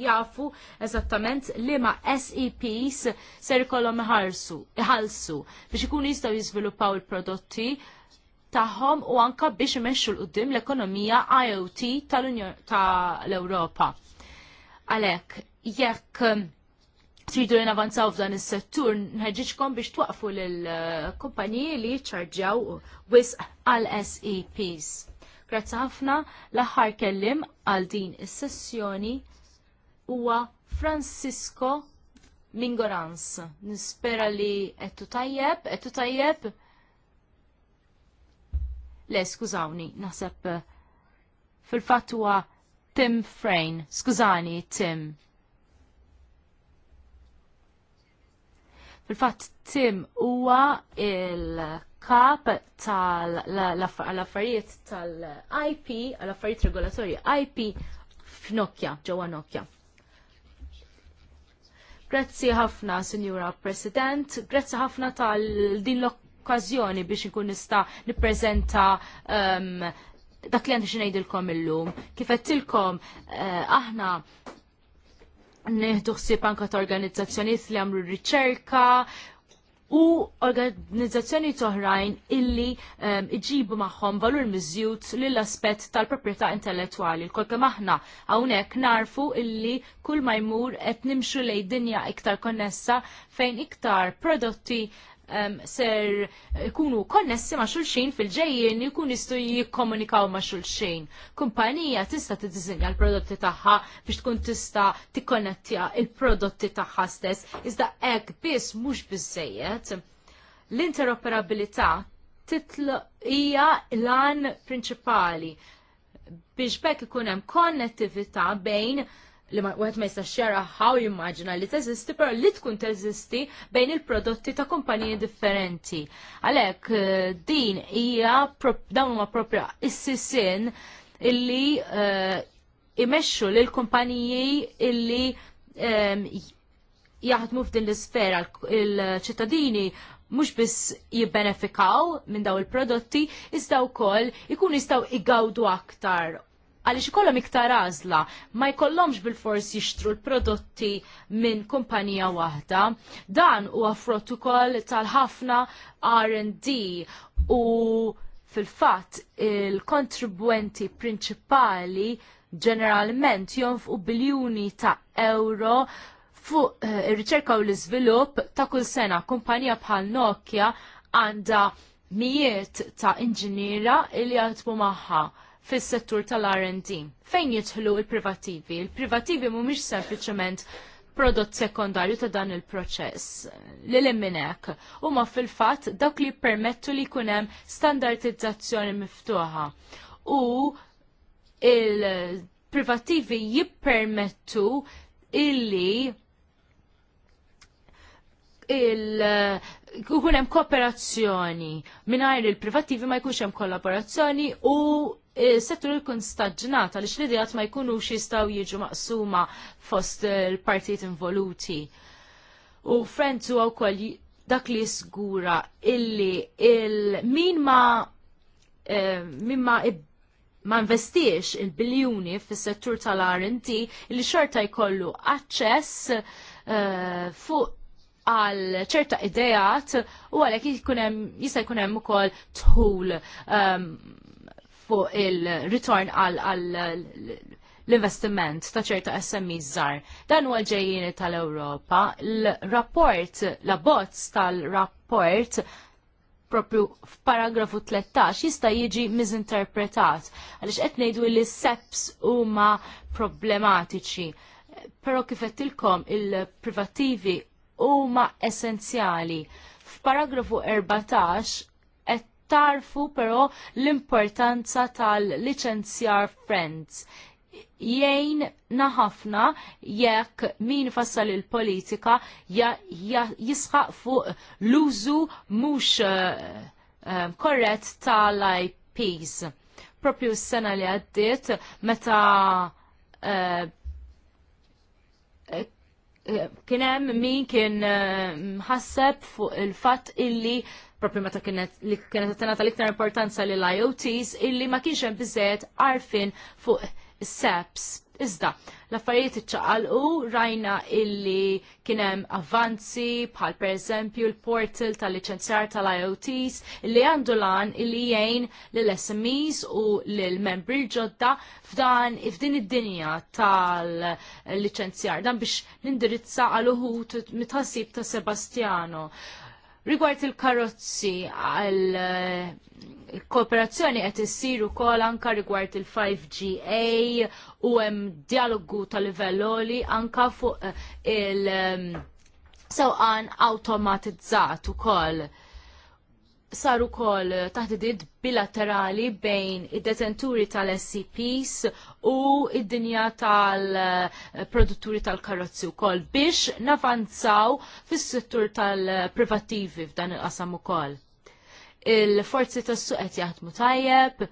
jafu eżattament li ma' SEPs ser kolom iħalsu biex ikunu jistaw jizviluppaw il-prodotti tagħhom u anka biex imexxu l-qoddim l-ekonomija IoT tal-Europa. Għalek, jekk tridu li navanzaw f'dan is-settur, nħeġġiġkom biex twaqfu lill-kumpaniji li jiċċarġaw wisq għal SEPs. Grazzi ħafna l-aħħar kellim għal din is-sessjoni huwa Francisco Mingorans. Nispera li qed tajjeb, qed tajjeb. Le, skużawni, naħseb fil-fatt huwa Tim Frejn. Skużani, Tim. Fil-fatt Tim huwa il-kap tal-affarijiet tal-IP, għall-affarijiet regolatorji IP f'Nokja, ġewwa Nokja. Grazzi ħafna, Sinjura President, grazzi ħafna tal-din l-okkazjoni biex nkun nista' nippreżenta um, dak li għandi xinajdilkom illum. Kifettilkom uh, eh, aħna Neħdu ħsieb anke ta' organizzazzjonijiet li għamlu riċerka u organizzazzjoni toħrajn illi um, iġibu maħħom valur miżjut lill-aspett tal-proprietà intellettuali. Kolke maħna hawnhekk narfu illi kull ma jmur qed nimxu lej dinja iktar konnessa fejn iktar prodotti ser ikunu konnessi ma' xulxin fil-ġejjin jkun jistgħu jikkomunikaw ma' xulxin. Kumpanija tista' tiddiżinja l-prodotti tagħha biex tkun tista' tikkonnettja il-prodotti tagħha stess, iżda hekk biss mhux biżejjed. L-interoperabilità titlu hija l-għan prinċipali biex bekk ikun hemm konnettività bejn li wieħed ma jistax jaraħħa u jimmaġina li teżisti però li tkun teżisti bejn il-prodotti ta' kumpaniji differenti. Għalhekk eh, din hija dawn huma propja issisin sisin illi eh, imexxu l-kompanji illi ehm, jaħdmu f'din l-isfera l ċittadini mhux biss jibbenefikaw minn daw il-prodotti, iżda wkoll ikun jistgħu igawdu aktar għaliex ikollhom iktar għażla ma jkollhomx bil-fors jixtru l-prodotti minn kumpanija waħda. Dan huwa frott ukoll tal-ħafna R&D u fil-fatt il-kontribwenti prinċipali ġeneralment jonfqu biljuni ta' euro fuq eh, ir-riċerka u l-iżvilupp ta' kull sena kumpanija bħal Nokia għandha mijiet ta' inġiniera li jaħdmu magħha fis-settur tal-R&D. Fejn jidħlu il-privativi? Il-privativi mhumiex sempliċement prodott sekondarju ta' dan il-proċess li l-imminek u ma fil-fat dak li permettu li kunem standardizzazzjoni miftuħa u il-privativi jippermettu illi il kunem hemm kooperazzjoni mingħajr il-privattivi ma jkunx hemm kollaborazzjoni u settur ikun staġnata li l-idejat ma jkunux jistgħu jiġu maqsuma fost il-partit involuti. U Frenzu għaw koll dak li sgura illi il-min ma eh, min ma ma investiex il-biljuni fis settur tal-R&D li xorta jkollu aċċess eh, fuq għal ċerta idejat u għalek jista' jkun hemm ukoll tħul ehm, fuq il-return għal l-investiment ta' ċerta SMI e żgħar. Dan huwa ġejjini tal-Ewropa. L-rapport, la bozz tal-rapport propju f'paragrafu 13 jista' jiġi miżinterpretat għaliex qed ngħidu li seps huma problematiċi. Però kif ilkom il-privattivi huma essenzjali. F'paragrafu 14 tarfu però l-importanza tal-licenzjar friends jgħin naħafna jekk min fassal il-politika jisħaq fuq l-użu mux eh, eh, korret tal-IPs. Propju s-sena li għaddit meta uh, kien hemm min kien mħasseb eh, fuq il-fatt illi propri meta kienet li kienet attenata l-iktar importanza lill IoTs illi ma kienx hemm biżejjed għarfien fuq SEPs e Iżda, l-affarijiet iċċaqalqu rajna illi kienem avvanzi bħal per eżempju l-portal tal-licenzjar tal-IoTs illi għandu lan illi jgħin l-SMEs u l-membri ġodda f'dan f'din id-dinja tal-licenzjar dan biex nindirizza għal uħut mitħassib ta' Sebastiano. Rigward il-karozzi għal eh, kooperazzjoni qed issir ukoll anka rigward il-5GA u hemm dialogu tal-livelloli anka fuq eh, il- eh, sewqan automatizzat ukoll. koll saru kol taħdidid bilaterali bejn id-detenturi tal-SCPs u id-dinja tal-produtturi tal-karozzi u kol biex navanzaw fis settur tal-privativi f'dan il-qasam u kol. Il-forzi tas-suq qed jaħdmu tajjeb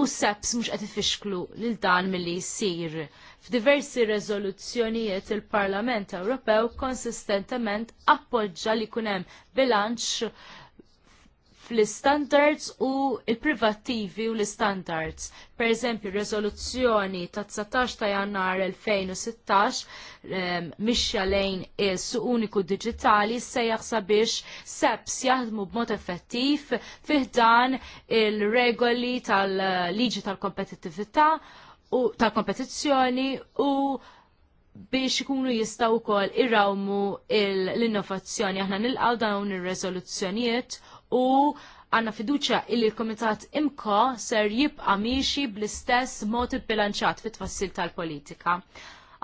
u seps mhux qed ifixklu lil dan milli jsir. F'diversi rezoluzzjonijiet il-Parlament Ewropew konsistentement appoġġa li kunem bilanċ fl-standards u il-privattivi u l-standards. Per eżempju, rezoluzzjoni ta' 19 ta' jannar 2016 um, mixja lejn is uniku digitali se jaħsabiex seps jaħdmu b'mod effettiv fiħdan il-regoli tal-liġi tal-kompetitività u tal-kompetizzjoni u biex ikunu jistaw kol irrawmu l-innovazzjoni. Aħna nil-għaw dawn ir-rezoluzzjonijiet u għanna fiduċa illi l-Komitat imko ser jibqa miexi bl-istess mod bilanċat fit tfassil tal-politika.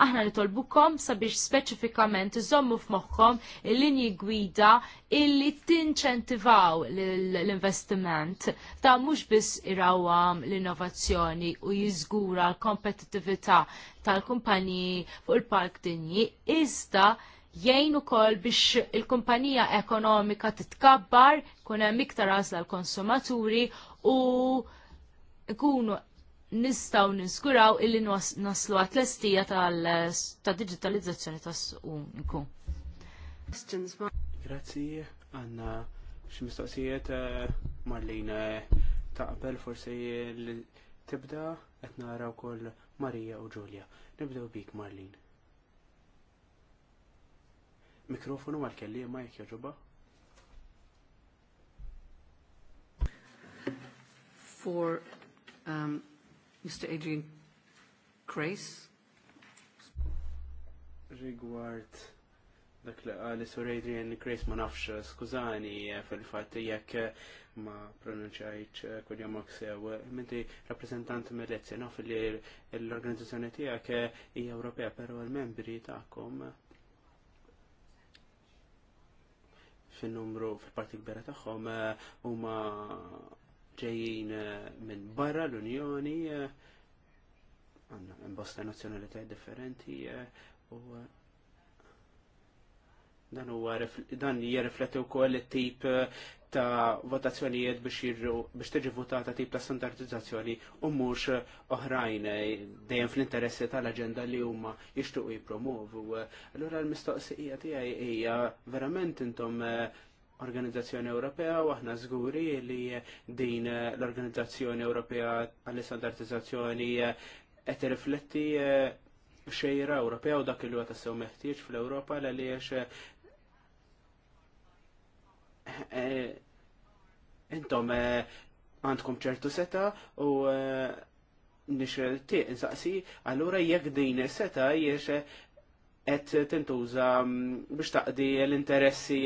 Aħna nitolbukom sabiex speċifikament iżommu f'moħħkom il-linji gwida illi tinċentivaw l-investiment. Ta' mhux biss irawam l-innovazzjoni u jiżgura l-kompetittività tal kumpanji fuq il-park dinji, iżda jgħin ukoll biex il-kumpanija ekonomika titkabbar, kun hemm iktar għażla l-konsumaturi u ikunu nistaw ninskuraw illi naslu għat-lestija tal-digitalizzazzjoni tas-unku. Grazzi, għanna x'mistoqsijiet eh, Marlina taqbel forsi li tibda qed nara wkoll Marija u Ġulja. Nibdew bik Marlina. Mikrofonu l kellima jek joġoba. For um, Mr. Adrian Grace. Rigward dak li għali sur Adrian Grace ma nafx skużani fil-fat jek ma pronunċajċ kodjamak sew. Menti rappresentant mill-Lezzja naf li l-organizzazzjoni tijak i Ewropea, pero l-membri ta'kom fil numru fil-parti kbira tagħhom eh, huma ġejjin eh, minn barra l-Unjoni eh, għandna imbosta nazzjonalitajiet differenti u dan huwa dan jirrifletti wkoll it-tip ta' votazzjonijiet biex jirru biex tiġi votata tip ta' standardizzazzjoni u mhux oħrajn eh, dejjem fl-interessi tal-aġenda li huma jixtiequ jippromovu. Allura l-mistoqsija tiegħi hija verament intom eh, organizzazzjoni Ewropea u aħna żguri li eh, din l-Organizzazzjoni Ewropea għall-istandardizzazzjoni qed irrifletti xejra Ewropea u dak li huwa tassew meħtieġ fl-Ewropa għaliex Eh, eh, intom eh, għandkom ċertu seta u nixrelti nsaqsi, għallura jekk din seta jiex qed tintuża mm, biex taqdi l-interessi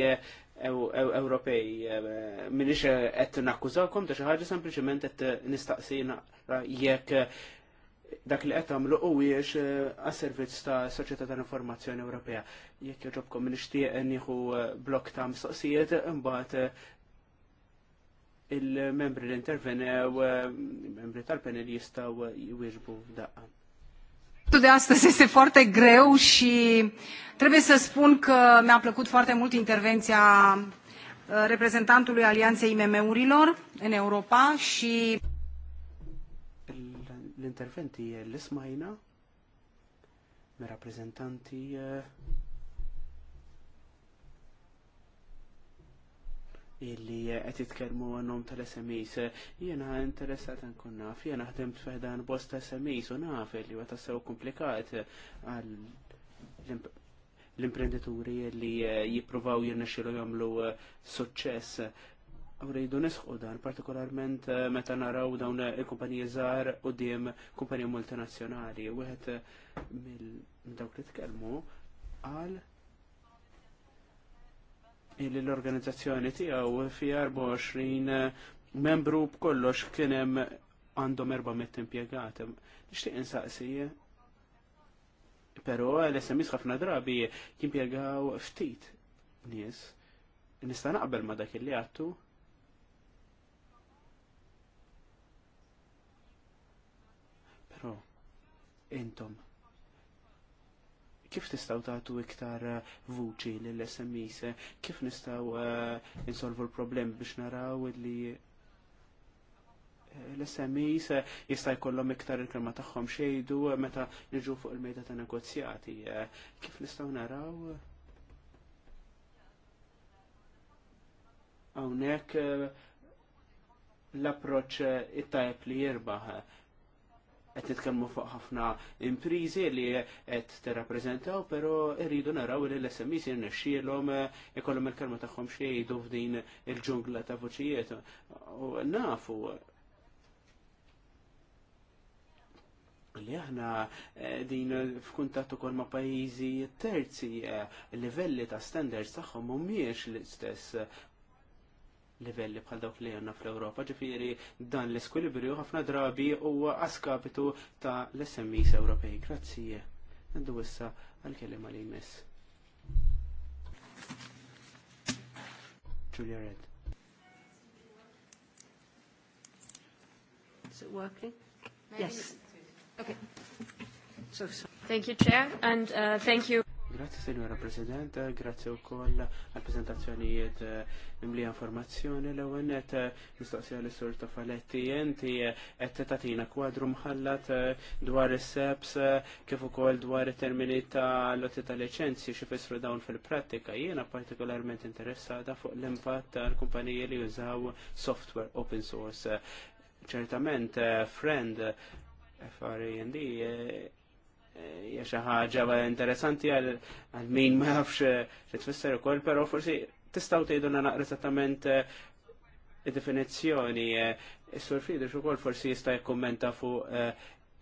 Ewropej minix qed nakkużakom ta' xi ħaġa sempliċement qed nistaqsina jekk dak li qed għamlu huwiex għas-servizz eh, ta' Soċieta ta' informazzjoni Ewropea. Jekk joġobkom nixtieq nieħu eh, blok ta' mistoqsijiet imbagħad eh, il-membri li intervenew, membri tal-panel jistaw jwieġbu f'daqqa. Tu de astăzi este foarte greu și trebuie să spun că mi-a plăcut foarte mult intervenția reprezentantului Alianței IMM-urilor în Europa și l-interventi li smajna me rappresentanti eh, illi eh, qed jitkellmu għanhom tal-SMEs. Jiena interessat nkun naf, jiena ħdemt f'ħdan bost ta' SMEs u naf li huwa tassew komplikat għal l-imprenditori li eh, jippruvaw jirnexxielu jagħmlu suċċess rridu nisħu dan, partikolarment eh, meta naraw dawn il-kumpaniji żgħar quddiem kumpaniji multinazzjonali. Wieħed eh, mill-dawk li tkellmu qal għal l-organizzazzjoni tiegħu fi 24 eh, membru b'kollox kien hemm għandhom 400 impjegat. Nixtieq insaqsi però l sms ħafna drabi jimpjegaw ftit nies. Nista' naqbel ma dak li għattu, tiftakru intom kif tistaw tagħtu iktar eh, vuċi lill smis kif nistaw eh, insolvu l-problem biex naraw li eh, l sms jista' jkollhom iktar il-kelma tagħhom xejdu meta niġu fuq il-mejda ta' negozjati. Kif nistgħu naraw hawnhekk l-approċċ it-tajb li jirbaħ qed titkellmu fuq ħafna imprizi li qed tirrappreżentaw, però rridu naraw li l-SMEs jirnexxielhom ikollhom il-kelma tagħhom xejdu f'din il-ġungla ta' voċijiet. U nafu li aħna eh, din f'kuntattu kol ma' pajizi terzi eh, livelli ta' standards tagħhom mhumiex l-istess livelli bħal dawk li għanna fl-Europa, ġifiri dan l-eskwilibrju ħafna drabi u għaskapitu ta' l-SMIs Ewropej. Grazzije. Għandu wissa għal-kellim għal jmiss. Julia Red. Is it working? Maybe yes. Okay. So, so. Thank you, Chair, and uh, thank you. Grazie, Signora President, grazie ukoll għall għal-prezentazzjonijiet eh, mimli informazzjoni eh, l għennet mistoqsija li sur Tofaletti jenti eh, qed tatina kwadru mħallat dwar is seps kif ukoll dwar it termini ta' lotti ta' xi xifisru dawn fil-prattika jiena partikolarment interessata fuq l-impatt tal-kumpaniji li jużaw software open source. ċertament, friend, FRAND hija xi ħaġa interessanti għal min ma jafx eh, xi tfisser ukoll, però forsi tistgħu na naqra esattament eh, definizzjoni. Eh, Is-sur Friedrich ukoll forsi jista' jikkummenta fuq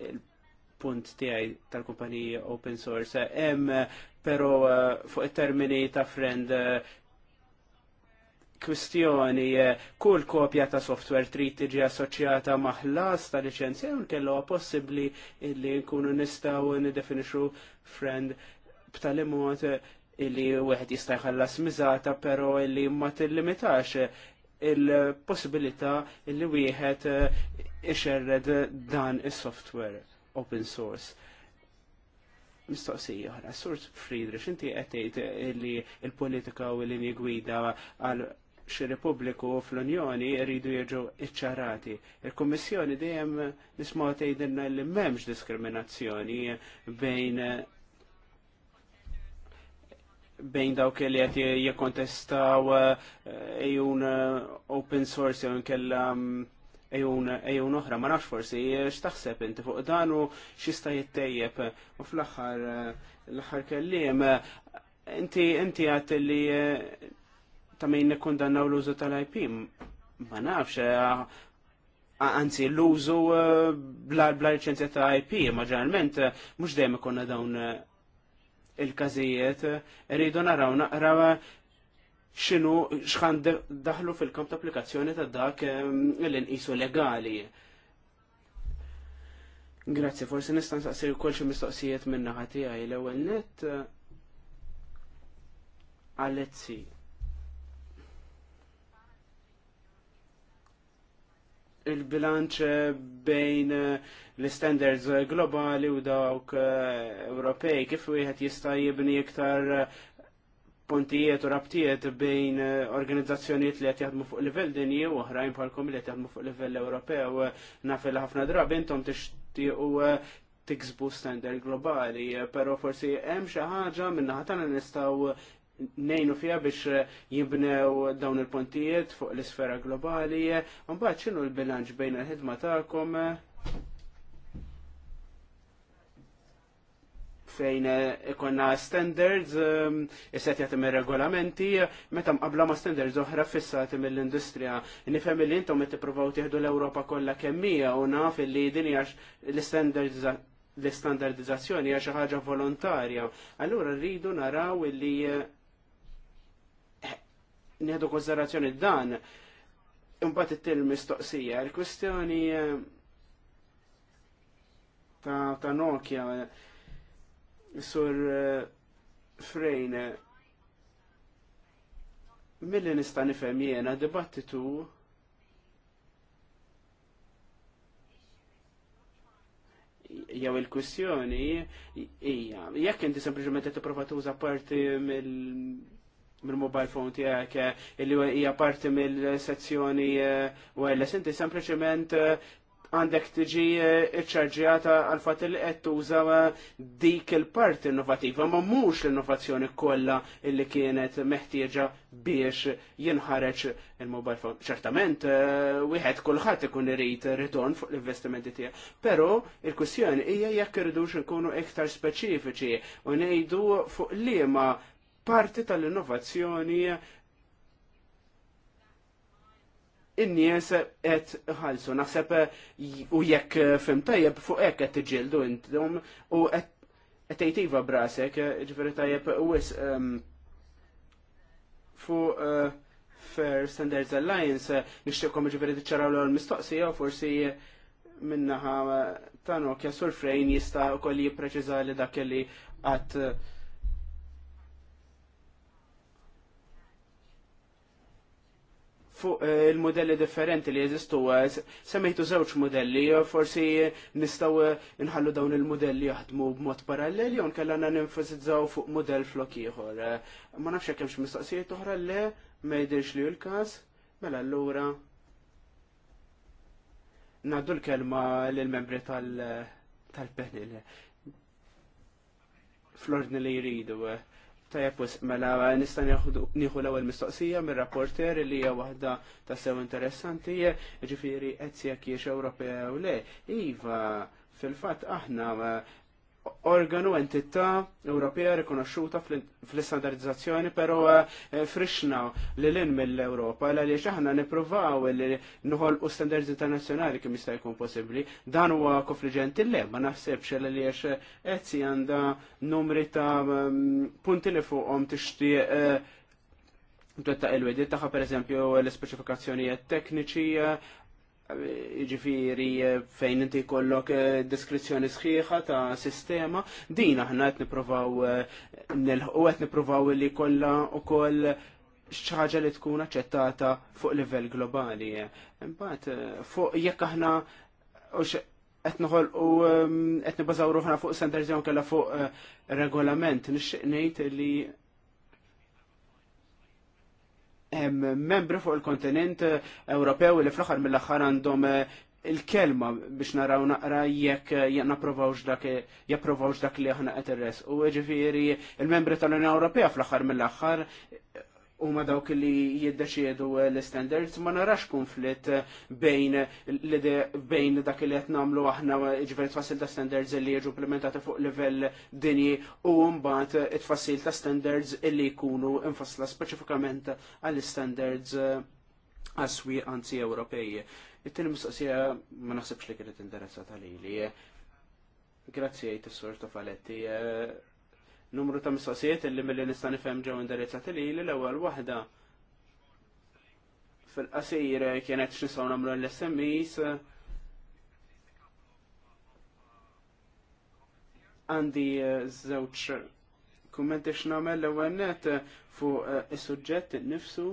il-punt tiegħi tal-kumpaniji open source. Hemm però fuq it-termini ta' friend kwistjoni eh, kull kopja ta' software trid tiġi assoċjata maħlas ta' licenzja u kellu possibbli illi nkunu nistgħu nidefinixxu friend b'tali mod eh, illi wieħed jista' jħallas miżata però illi ma tillimitax eh, il-possibilità illi wieħed ixerred dan is-software open source. Mistoqsija oħra, Sur Friedrich, inti qed tgħid li l-politika u l-linji gwida għal xi Repubbliku fl-Unjoni jridu jiġu iċċarati. Il-Kummissjoni dejjem nisma' tgħidilna li m'hemmx diskriminazzjoni bejn bejn dawk li qed jikkontestaw eh, ejjun eh, open source jew inkella mm, ejjun oħra ma nafx forsi x'taħseb inti fuq dan u x'ista' jittejjeb u fl-aħħar eh, l-aħħar kelliem inti inti għat li ta' min nikkondannaw l-użu tal-IP, ma nafx, eh, anzi l-użu eh, bla liċenzja ta' IP, ma ġeneralment eh, mhux dejjem ikonna dawn il-każijiet, rridu naraw naqraw x'inhu x'ħan daħlu fil-kamp ta' applikazzjoni ta' dak l-inqisu legali. Grazzi, forsi nista' nsaqsir ukoll xi mistoqsijiet minna naħa tiegħi l-ewwel let Alezzi. il-bilanċ bejn eh, l-standards globali u dawk eh, Ewropej, kif wieħed jista' jibni iktar eh, pontijiet u rabtijiet bejn organizzazzjonijiet li qed jaħdmu fuq level dinji u oħrajn bħalkom li qed jaħdmu fuq livell Ewropew naf li ħafna drabi intom tixtiequ tiksbu standard globali, però forsi hemm xi ħaġa minnaħa tagħna nistgħu nejnu fija biex eh, jibnew dawn il-pontijiet fuq l-isfera globali, eh, mbagħad xinu l-bilanċ bejn il-ħidma tagħkom eh, fejn ikonna standards jisset jatim regolamenti meta mqabla ma standards oħra fissati mill-industrija. Nifhem li intom qed tippruvaw tiħdu l-Ewropa kollha kemmija u naf li din l-standards l-istandardizzazzjoni hija xi ħaġa volontarja. Allura rridu naraw li nieħdu konsiderazzjoni dan, imbagħad it-til mistoqsija, il-kwestjoni eh, ta', ta Nokia sur eh, frejn mill-li nista' nifhem jiena dibattitu jew il-kwistjoni hija jekk inti sempliċement qed tipprova tuża parti mill mill-mobile phone tiegħek eh, illi hija parti mill-sezzjoni eh, wireless inti sempliċement eh, għandek tiġi iċċarġjata għal fat li qed tuża dik il-part innovativa, ma mhux l-innovazzjoni kollha illi kienet meħtieġa biex jinħareġ il-mobile phone. ċertament, wieħed kulħadd ikun irid ritorn fuq l-investimenti tiegħek, Però il-kwistjoni hija jekk irridux nkunu iktar speċifiċi u ngħidu fuq liema parti tal-innovazzjoni in-nies qed ħalsu. Naħseb u jekk fim tajjeb fuq hekk qed tiġildu intom u qed iva brasek, ġifieri tajjeb wis ehm, fuq eh, Fair Standards Alliance nixtiekom ġifieri tiċċaraw l mistoqsija u forsi minnaħa ta' jasur frejn jista' wkoll jippreċiża li dak li qatt fuq eh, il-modelli differenti li jeżistu, eh, semmejtu żewġ modelli, eh, forsi nistaw nħallu dawn il-modelli jaħdmu b'mod parallel, u nkella ninfasizzaw fuq modell flok ieħor. Ma nafx hekk hemmx mistaqsijiet oħra le, ma jidhirx li l-każ, mela allura. Naddu l-kelma lill-membri tal-panel. Tal fl-ordni li jridu Tajab, mela nista nieħu l-ewwel mistoqsija mir-rapporter li hija waħda ta' sew interessanti, ġifieri qed jekk jiex Ewropew le. Iva, fil-fatt aħna organu entità Ewropea rikonoxxuta fl-istandardizzazzjoni, però eh, frixna li l-in mill-Ewropa, l għaliex aħna nippruvaw li nħolqu standards internazzjonali kemm jista' jkun possibbli. Dan huwa konfliġenti le, ma naħsebx li għaliex Ezzi eh, għandha numri ta' mm, punti li fuqhom tixtieq Twetta eh, il-wedi taħħa per eżempju l-speċifikazzjonijiet tekniċi ġifiri eh, fejn inti kollok eh, deskrizzjoni sħiħa ta' sistema, din aħna qed niprovaw eh, u qed niprovaw li kollha ukoll xaġa li tkun aċċettata fuq livell globali. Imbagħad fuq jekk aħna qed noħolqu qed nibbażaw ruħna fuq standards jew kellha fuq regolament, nixtieq ngħid li membri fuq il-kontinent Ewropew li fl-aħħar mill-aħħar għandhom eh, il-kelma biex naraw naqra jekk eh, naprovawx dak eh, japprovawx dak li aħna qed irres. U ġifieri il-membri tal-Unjoni Ewropea fl-aħħar mill-aħħar u ma dawk li jiddeċiedu eh, l-standards ma narax konflitt eh, bejn bejn dak li qed nagħmlu aħna eh, ġifier tfassil ta' standards li jiġu implementati fuq livell dinji u mbagħad it-tfassil ta' standards li jkunu infassla speċifikament għall-standards għaswi anzi Ewropej. It-tieni mistoqsija ma naħsibx li kienet indirizzata lili. Grazzi għajt is-sur Tofaletti numru ta' mistoqsijiet illi mill-li nista' nifhem ġew indirizzati li l-ewwel waħda fil-qasir kienet x'nistgħu nagħmlu l-SMEs għandi eh, żewġ kummenti x'nagħmel l-ewwel net fuq eh, is-suġġett innifsu.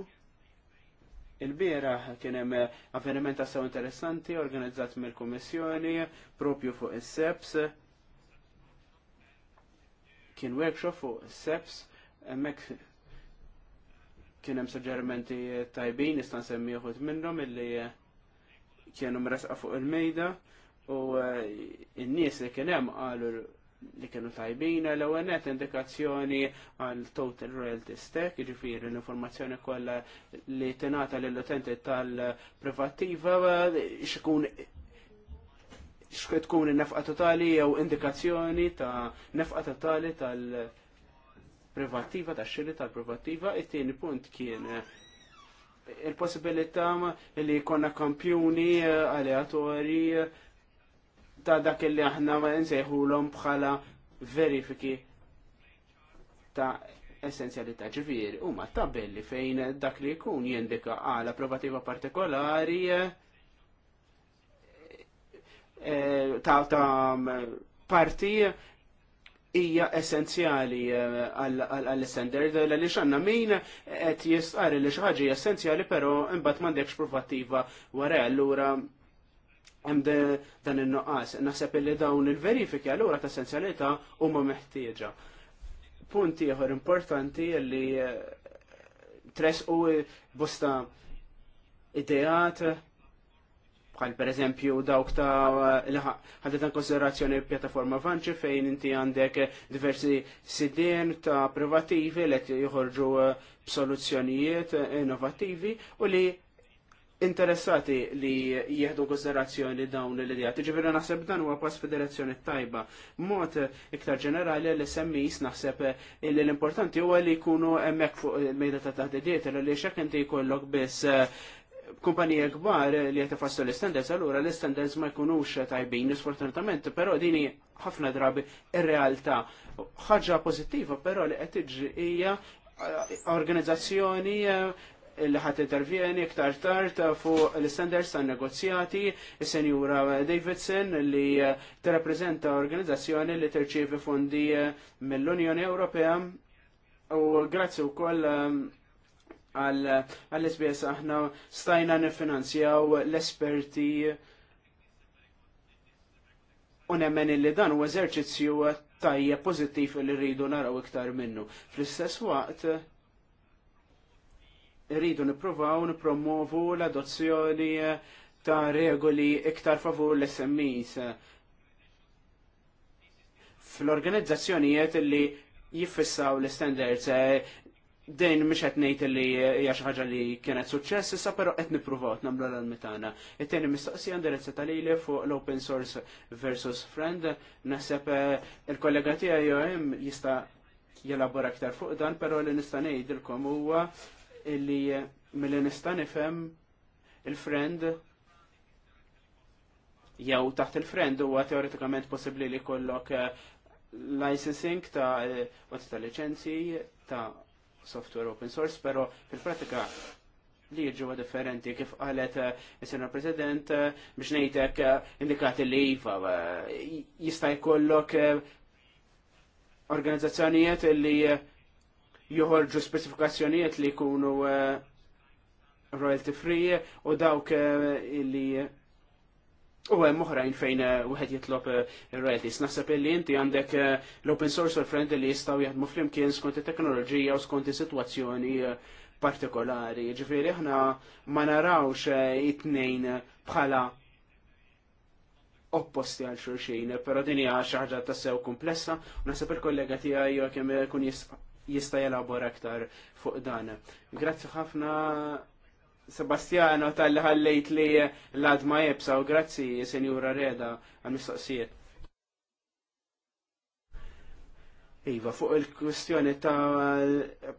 Il-bieraħ kien hemm eh, avveniment assew interessanti organizzat mill-Kummissjoni propju fuq is-SEPS kien workshop fuq SEPS, emmek kien hemm suġġerimenti tajbin nista' nsemmi uħud minnhom illi eh, kienu mresqa fuq il-mejda u eh, in nies li kien hemm qalu li kienu tajbin l-ewwel indikazzjoni għal total royalty stack, jiġifieri l-informazzjoni kollha li tenata lill-utenti tal-privattiva eh, x'ikun xkwe tkun nefqa totali jew indikazzjoni ta' nefqa totali tal privativa tax-xiri tal privativa It-tieni punt kien eh, il-possibilità li konna kampjuni eh, aleatori eh, ta' dak li aħna ma nsejħulhom bħala verifiki ta' essenzjalità ġifieri huma tabelli fejn dak li jkun jindika għala privativa partikolari Eh, ta' parti hija essenzjali eh, għall-standard li xanna min qed jistqari li xi ħaġa essenzjali però imbagħad m'għandekx provattiva wara allura hemm dan in noqas Naħseb li dawn il-verifiki allura ta' essenzjalità huma meħtieġa. Punt ieħor importanti li eh, u bosta ideat bħal per eżempju dawk ta' ħadet konsiderazzjoni pjattaforma vanċi fejn inti għandek diversi sidien ta' privativi li joħorġu eh, b'soluzzjonijiet eh, innovativi u li interessati li jieħdu konsiderazzjoni dawn l-idea. Ġifiri naħseb dan huwa pass federazzjoni tajba. Mod eh, iktar ġenerali l smis naħseb li l-importanti huwa li jkunu hemmhekk fuq il-mejda ta' taħdidiet li xek inti jkollok biss kumpanija kbar li qed fassu l-standards, allura l-standards ma jkunux tajbin, sfortunatamente, pero dini ħafna drabi ir-realtà. Ħaġa pożittiva però li qed iġi ija eh, organizzazzjoni eh, li ħat intervjeni iktar tard fuq l-standards tan negozjati, il-senjura Davidson li eh, t-reprezenta organizzazzjoni li terċievi fondi mill-Unjoni Ewropea u grazzi u koll għall-SBS aħna stajna nifinanzjaw l-esperti u nemmen li dan u eżerċizzju tajja pozittif li rridu naraw iktar minnu. Fl-istess waqt, rridu niprovaw nipromovu l-adozzjoni ta' regoli iktar favur l smis fl-organizzazzjonijiet li jiffissaw l-standards Dejn mhux qed ngħid li hija xi ħaġa li kienet suċċess issa però qed nippruvaw nagħmlu l-mitana. It-tieni mistoqsija ndirezza tal-ili fuq l-open source versus friend. Naħseb eh, il-kollega tiegħi jista' jelabora aktar fuq dan, però li nista' ngħidilkom huwa li eh, milli nista' nifhem il-friend jew taħt il-friend huwa teoretikament possibbli li kollok eh, licensing ta' ta' liċenzji ta' software open source, pero fil-pratika li ġuwa differenti kif għalet jisena eh, president eh, biex nejtek eh, indikati li jifa jista kollok organizzazzjonijiet li joħorġu specifikazzjonijiet li jkunu royalty free u dawk li U hemm uħrajn fejn eh, wieħed jitlob eh, royalties. Naħseb illi inti għandek eh, l-open source or friend li jistgħu jaħdmu flimkien skont it-teknoloġija u skont is-sitwazzjoni partikolari. Ġifiri, aħna ma narawx it-tnejn bħala opposti għal xulxin, però din hija xi ħaġa tassew komplessa u naħseb il-kollega tiegħi jew kemm jkun jista' jelabora aktar fuq dan. Grazzi ħafna Sebastiano tal-li ħallejt li l-adma jibsa u grazzi senjura Reda għal-mistoqsijiet. Iva, fuq il-kwestjoni ta'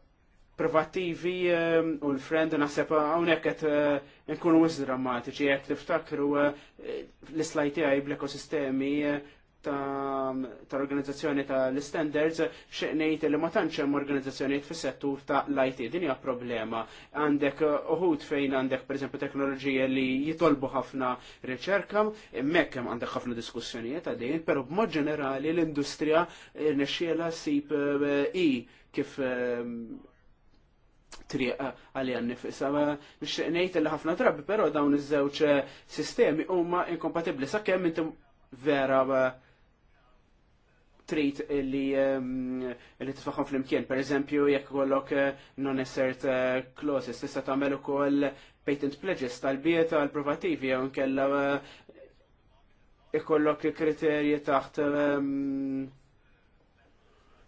privativi um, u l-friend naħseb hawnhekk qed uh, nkunu wis drammatiċi jekk tiftakru uh, l-islajti għaj bl-ekosistemi uh, tal-organizzazzjoni tal-standards xeqnejt li ma tantx hemm organizzazzjonijiet fis-settur ta' l-IT. Din hija problema. Għandek uħud fejn għandek pereżempju teknoloġija li jitolbu ħafna riċerka, hemmhekk hemm għandek ħafna diskussjonijiet għadin, però b'mod ġenerali l-industrija nexxiela sib eh, i kif eh, triq għalli għannifisa. Nixtieq li ħafna drabi, però dawn iż-żewġ sistemi huma inkompatibbli sakemm inti vera eh, trit li ehm, li tisfaħħom fl-imkien. Per eżempju, jekk kollok eh, non essert eh, clauses, tista' tagħmel ukoll patent pledges tal-biet tal-provativi jew nkella eh, ikollok kriterji taħt ehm,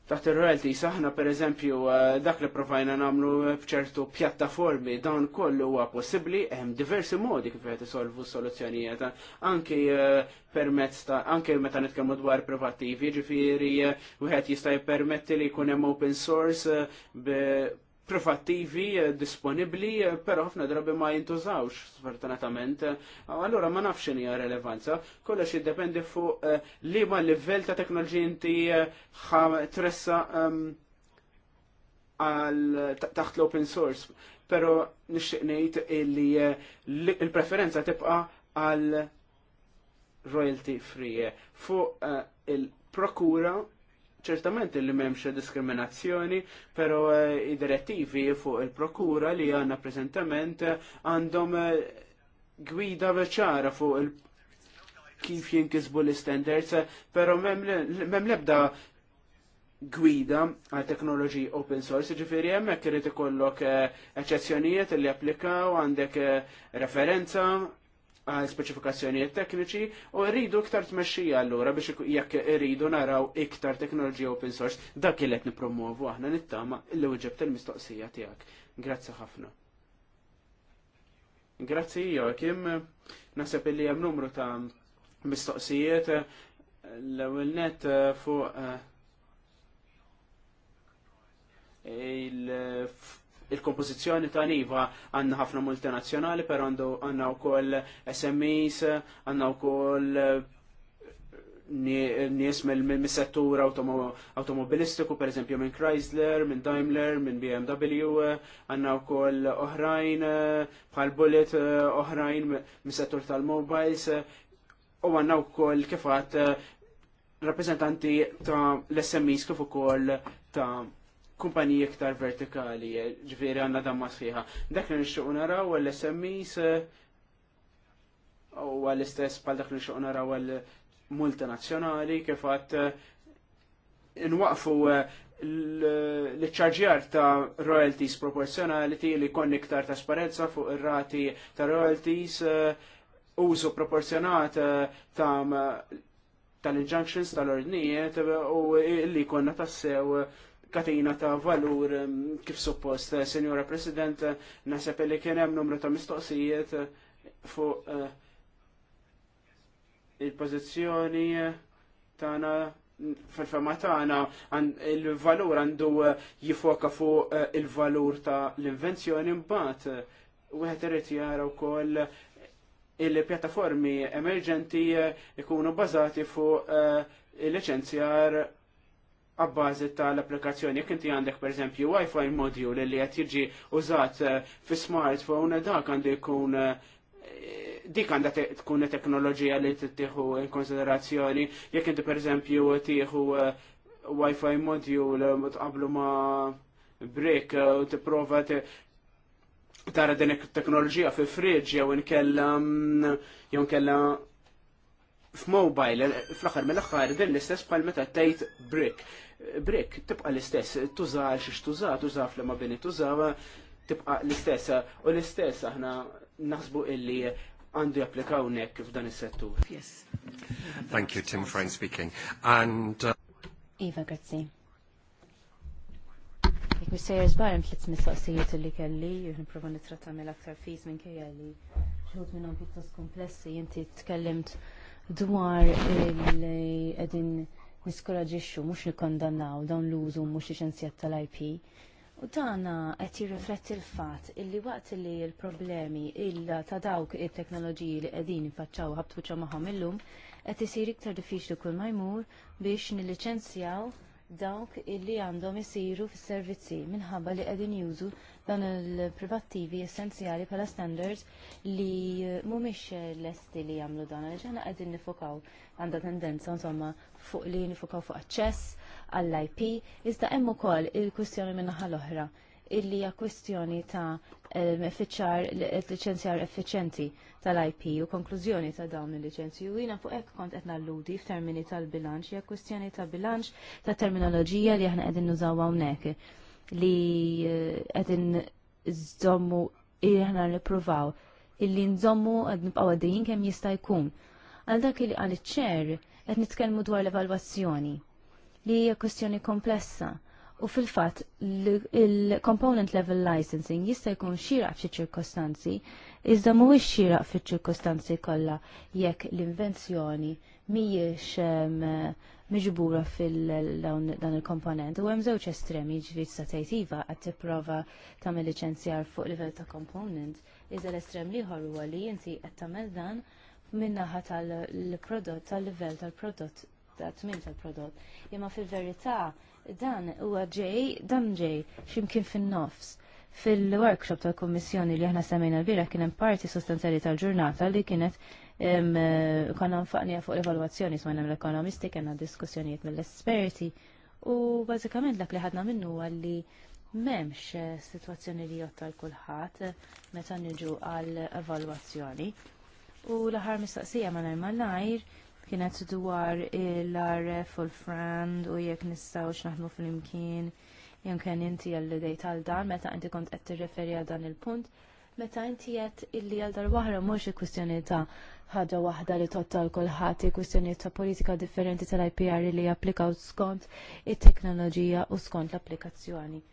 taħt il-royalty saħna per eżempju eh, dak li provajna namlu bċertu pjattaformi dan kollu huwa possibbli hemm diversi modi kif qed isolvu soluzzjonijiet Anke eh, permezz ta' anke meta nitkellmu dwar privattivi ġifieri eh, wieħed jista' jippermetti li jkun hemm open source privattivi eh, disponibli, eh, pero ħafna drabi ma jintużawx, sfortunatament. Allora ma nafx hija relevanza, kollox jiddependi fuq eh, li ma livell ta' teknoloġija inti tressa ehm, taħt l-open source. Pero nixtieq ngħid illi il-preferenza tibqa' għal royalty free fuq il-prokura ċertament li memx diskriminazzjoni, pero eh, id-direttivi fuq il-prokura li għanna prezentament għandhom eh, gwida veċara fuq il- kif jinkisbu l-standards, pero mem lebda gwida għal teknoloġi open source, ġifiri jemmek irrit ikollok eh, eċezzjonijiet li applikaw għandek referenza għal speċifikazzjonijiet tekniċi u rridu iktar tmexxija allura biex jekk rridu naraw iktar teknoloġija open source dak li qed nippromovu aħna nittama illi wieġeb tal-mistoqsija tiegħek. Grazzi ħafna. Grazzi Joachim, naħseb illi hemm numru ta' mistoqsijiet l-ewwel net eh, fuq eh, il il-kompożizzjoni ta' Niva għandna ħafna multinazzjonali, per għandna wkoll SMEs, għandna wkoll eh, nies mill-settur automobilistiku, per eżempju minn Chrysler, minn Daimler, minn BMW, għanna u koll oħrajn, eh, bħal Bullet eh, oħrajn mis settur tal-mobiles, u għanna u koll kifat rappresentanti ta' l-SMEs kif ukoll ta' kumpaniji iktar vertikali, ġviri għanna damma sħiħa. Dak li nixxuq naraw l-SMEs eh, u għall-istess pal dak li nixxuq naraw l-multinazzjonali kif għat eh, nwaqfu eh, l-ċarġjar ta' royalties proporzjonaliti li konni iktar trasparenza fuq ir-rati ta' royalties użu proporzjonat ta' tal-injunctions tal-ordnijiet u li konna tassew katina ta' valur kif suppost, eh, Senjora President, eh, nasab li kien hemm numru ta' mistoqsijiet eh, fuq il-pożizzjoni tagħna fil-fema tagħna il-valur għandu jifoka fuq il-valur ta' l-invenzjoni mbagħad wieħed irid jara wkoll il-pjattaformi emerġenti jkunu bażati fuq il-liċenzjar għabbażi tal-applikazzjoni, jek inti għandek per esempio Wi-Fi module li qed jiġi użat eh, fi smartphone, dak għandu jkun eh, dik għandha tkun teknoloġija li tittieħu in konsiderazzjoni, jekk inti per eżempju tieħu eh, Wi-Fi module għablu ma break u tipprova tara din teknoloġija fi friġġ jew inkella mm, jew inkella f'mobile, fl aħħar mill aħħar din l-istess bħal meta tgħid brick. Brick tibqa l-istess, tuża xi tuża, tuża ma' bini tuża, tibqa l-istess u l-istess aħna naħsbu illi għandu japplikaw nek f'dan is-settur. Yes. Thank you, Tim Frank speaking. And uh... Iva, grazzi. Jek mi sejjer żbarem tliet mistoqsijiet li kelli, jien nipprova nitratta mill-aktar fis minn kejja li xogħol minnhom pjuttost komplessi, inti tkellimt dwar il-qegħdin niskoraġixxu mhux nikkondannaw dawn l-użu mhux liċenzjat tal-IP u tagħna qed jirrifletti l-fatt illi waqt li l-problemi illa ta' dawk it-teknoloġiji li qegħdin ifaċċaw ħabtuċa magħhom illum qed isir iktar diffiċli kull ma jmur biex nilliċenzjaw dawk illi għandhom isiru fis-servizzi minħabba li qegħdin jużu dan il-privattivi essenzjali bħala standards li eh, mhumiex lesti li jagħmlu dan għaliex aħna qegħdin nifokaw għandha tendenza insomma fuq li nifokaw fuq aċċess għall-IP iżda hemm ukoll il-kwistjoni min-naħa l-oħra illi hija kwestjoni ta' l licenzjar effiċenti tal-IP u konklużjoni ta' dawn il-licenzji u jina fuq hekk kont qed nalludi f'termini tal-bilanċ, hija kwestjoni ta' bilanċ ta' terminoloġija li aħna qegħdin nużaw hawnhekk li eh, qegħdin żommu illi aħna nippruvaw illi nżommu qed nibqgħu għaddejjin kemm jista' jkun. Għal dak li għal iċ-ċer qed nitkellmu dwar l-evalwazzjoni li hija kwestjoni komplessa U fil-fatt, il-component level licensing jista' jkun xieraq fi ċirkostanzi, iżda mhuwiex xieraq fiċ-ċirkostanzi kollha jekk l-invenzjoni mhijiex miġbura fil dan il-komponent. U hemm żewġ estremi ġifi statejtiva qed tipprova tagħmel liċenzjar fuq livell ta' component, iżda l-estrem liħor huwa li inti qed tagħmel dan minnaħa tal-prodott tal-livell tal-prodott ta' tmin tal-prodott. Imma fil-verità Dan huwa ġej, dan ġej, ximkien fin-nofs. Fil-workshop tal-Kommissjoni li aħna semmejna l-bira kien hemm parti sostanzjali tal-ġurnata li kienet konna nfaqnija fuq l-evalwazzjoni smajna mill-ekonomisti, kena diskussjonijiet mill-esperti u bażikament dak li ħadna minnu għalli memx eh, situazzjoni li jotta l-kulħat eh, meta niġu għal evalwazzjoni. U l-ħar mistaqsija ma najr ma najr kienet dwar l-RF u l-Frand u jekk nistgħu xnaħmu fl-imkien jimkien inti għall-idej tal-dan meta inti kont qed tirreferi għal dan il-punt meta inti qed illi għal dar wahra mhux kwistjoni ta' ħaġa waħda li l kulħadd kwistjoni ta' politika differenti tal-IPR li japplikaw skont it-teknoloġija u skont l-applikazzjoni.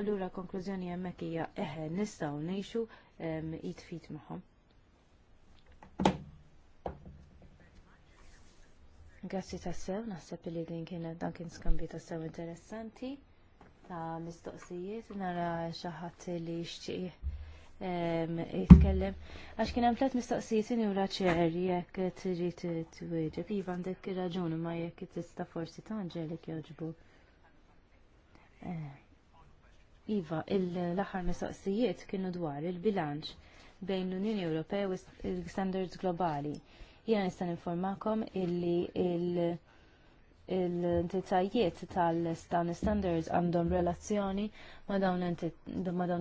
Allura konklużjoni hemmhekk hija eħe nistgħu ngħixu jitfit ehm, magħhom. Grazzi tassew, naħseb li din kienet dan kien skambju sew interessanti ta' mistoqsijiet, nara xaħat li xċieħ jitkellem. Għax kien hemm tliet mistoqsijiet jura ċer jekk trid twieġeb. Iva għandek raġun ma jekk tista' forsi tanġelek jogħġbu. Eh, iva, l-aħħar mistoqsijiet kienu dwar il-bilanċ bejn l-Unjoni Ewropea u l-standards globali jena nista' informakom illi l-entitajiet tal-stan standards għandhom relazzjoni ma dawn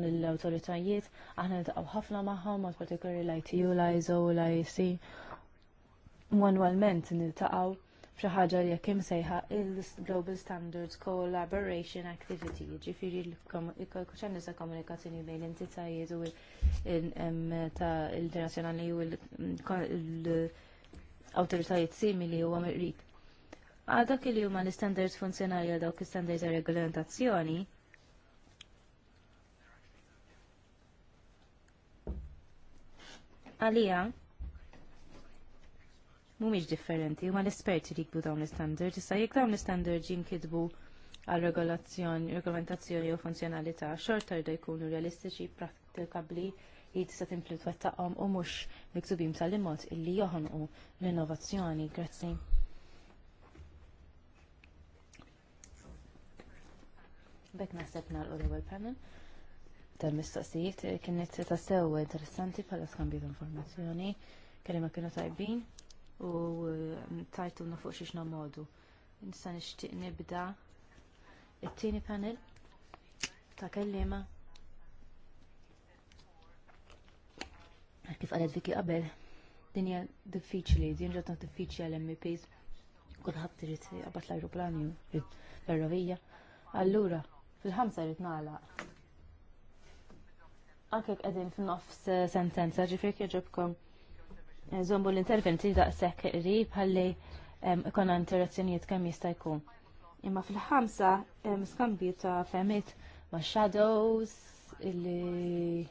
il awtoritajiet aħna nitaqgħu ħafna magħhom ma' partikari l-ITU, l-ISO, l IC manwalment niltaqgħu xi ħaġa li jekk sejħa il-Global Standards Collaboration Activity, ġifieri l-koċan nisa komunikazzjoni bejn l-entitajiet u l-internazzjonali u l awtoritajiet simili huwa mirrid. Għal dak li huma l-istandards funzjonali għal dawk l-istandards ta' regolamentazzjoni, għalija mhumiex differenti, huma l-esperti li jikbu dawn l-istandards, issa jekk dawn l-istandards jinkidbu għal regolazzjoni, regolamentazzjoni u funzjonalità, xorta jkunu realistiċi, prattikabbli li tista' timpli twettaqhom u mhux miktubin tal-imod illi joħonqu l-innovazzjoni. Grazzi. Bek naħseb nagħlqu l-ewwel panel tal-mistoqsijiet kienet ta' sew interessanti bħala skambju ta' informazzjoni, kelima kienu tajbin u eh, tajtulna fuq xiex modu. Nista' nixtieq nibda it-tieni panel ta' kelliema kif għadet Viki qabel, dinja diffiċli, din ġatna diffiċli għal-MPs, kullħat trid qabad l-ajruplani, l-ferrovija. Allura, fil-ħamsa rrit nagħlaq. Anke qegħdin f'nofs sentenza, ġifier jogħġobkom eh, żombu l-interventi daqshekk qrib ħalli ikonna interazzjonijiet kemm jista' jkun. Imma fil-ħamsa skambju ta' femit ma' shadows illi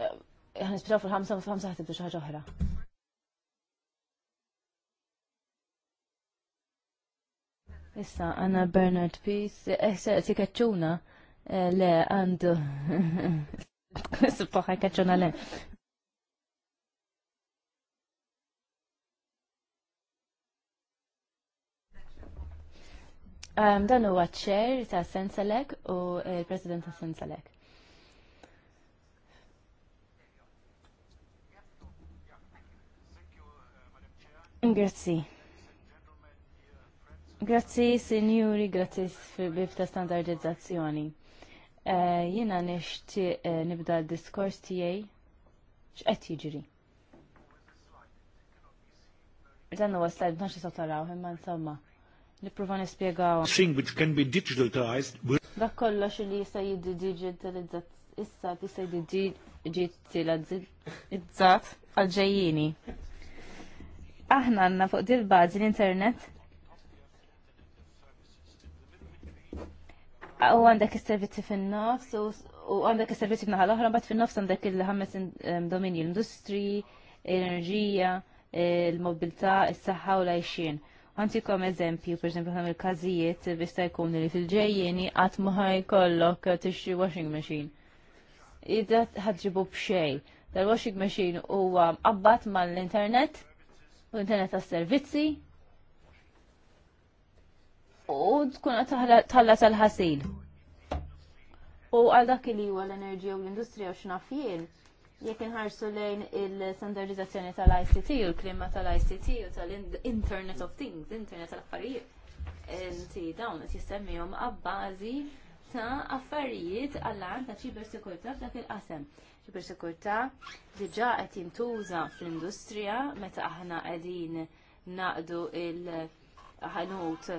ħanispiraw fil-ħamsa u fil-ħamsa ħatibdu xi ħaġa oħra. Issa, għanna Bernard Peace, eħse, eh, ti kacċuna, eh, le, għandu. Suppoħa eh, kacċuna le. Um, dan huwa ċer ta' Sensalek u il-President ta' Sensalek. Grazzi. Grazzi, signori, grazzi bif ta' standardizzazzjoni. Jena eh, Jiena nixtieq eh, nibda d-diskors tiegħi x'qed jiġri. Dan huwa slide b'nax sa taraw, imma insomma. Nipprova nispjegaw. which can be digitalized. Dak kollox li jista' jiddi digitalizzat issa tista' jiddi digitalizzat għal ġejjini aħna għanna fuq dil bażi l-internet. U għandek is-servizzi fin-nofs u għandek is-servizzi f'naħa l-oħra, bat fin-nofs għandek il-ħames domini l-industri, l-enerġija, l mobilità is saxħa u l Għanti kom eżempju, per esempio, għam il-kazijiet bista jkun li fil-ġejjeni għat muħaj kollok tixri washing machine. Ida ħadġibu bxej. Dal-washing machine huwa qabbat mal-internet u internet tas servizzi u tkun tħalla tal-ħasil. U għal dak li huwa l-enerġija u l-industrija u x'nafjien, jekk inħarsu lejn il-standardizzazzjoni tal-ICT u l-klima tal-ICT u tal-Internet of Things, Internet tal-affarijiet, inti dawn qed jistemmihom għabbażi ta' affarijiet għall-għan ta' ċibersikurtà f'dak il-qasem. Kibersekurtà diġà qed jintuża fl-industrija meta aħna qegħdin naqdu il-ħanut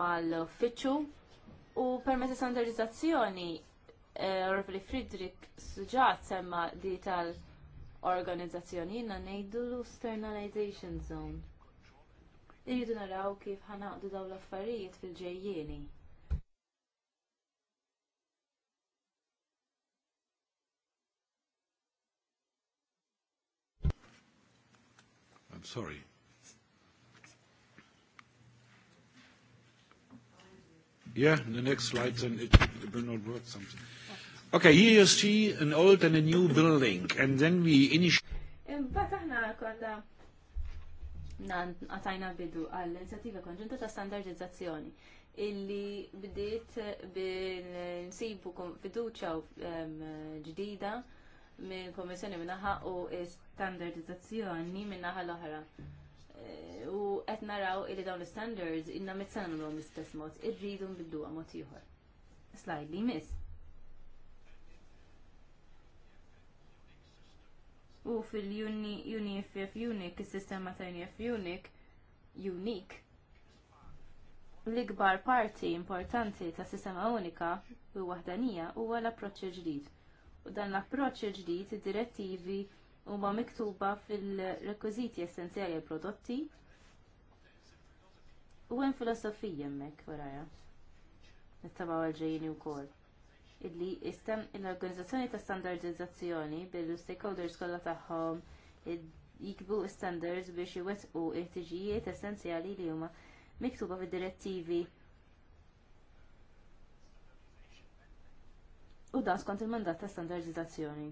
mal-uffiċċju u permezz standardizzazzjoni eh, li Friedrich suġat semma di tal-organizzazzjoni jina nejdu l-externalization zone. Irridu naraw kif ħanaqdu daw l-affarijiet fil-ġejjieni. sorry. Yeah, the next slide, then it, it will not work something. Okay, here you see an old and a new building, and then we initiate. Imbagħad għatajna bidu għall-inizjattiva konġunta ta' standardizzazzjoni illi bdiet bil-nsibu fiduċa um, ġdida minn kommissjoni minnaħa u standardizzazzjoni minnaħa l-oħra. Eh, u qed naraw li dawn l-standards inna mitzan l-għom istess mod, irridu nbiddu mod ieħor. Slide li miss. U fil-UNIFF Unique, il-sistema ta' UNIFF Unique, unique, l-ikbar parti importanti tas sistema unika u waħdanija huwa l-approċċ ġdid u dan l-approċċ il-ġdid id-direttivi huma miktuba fil-rekwiżiti essenzjali għall prodotti u hemm filosofija hemmhekk waraja. Nittabaw għal-ġejjini wkoll. Illi istem l-organizzazzjoni ta' standardizzazzjoni bil-stakeholders kollha tagħhom jikbu standards biex iwettqu irtiġijiet essenzjali li huma miktuba fid-direttivi U dan skont il-mandat ta' standardizzazzjoni.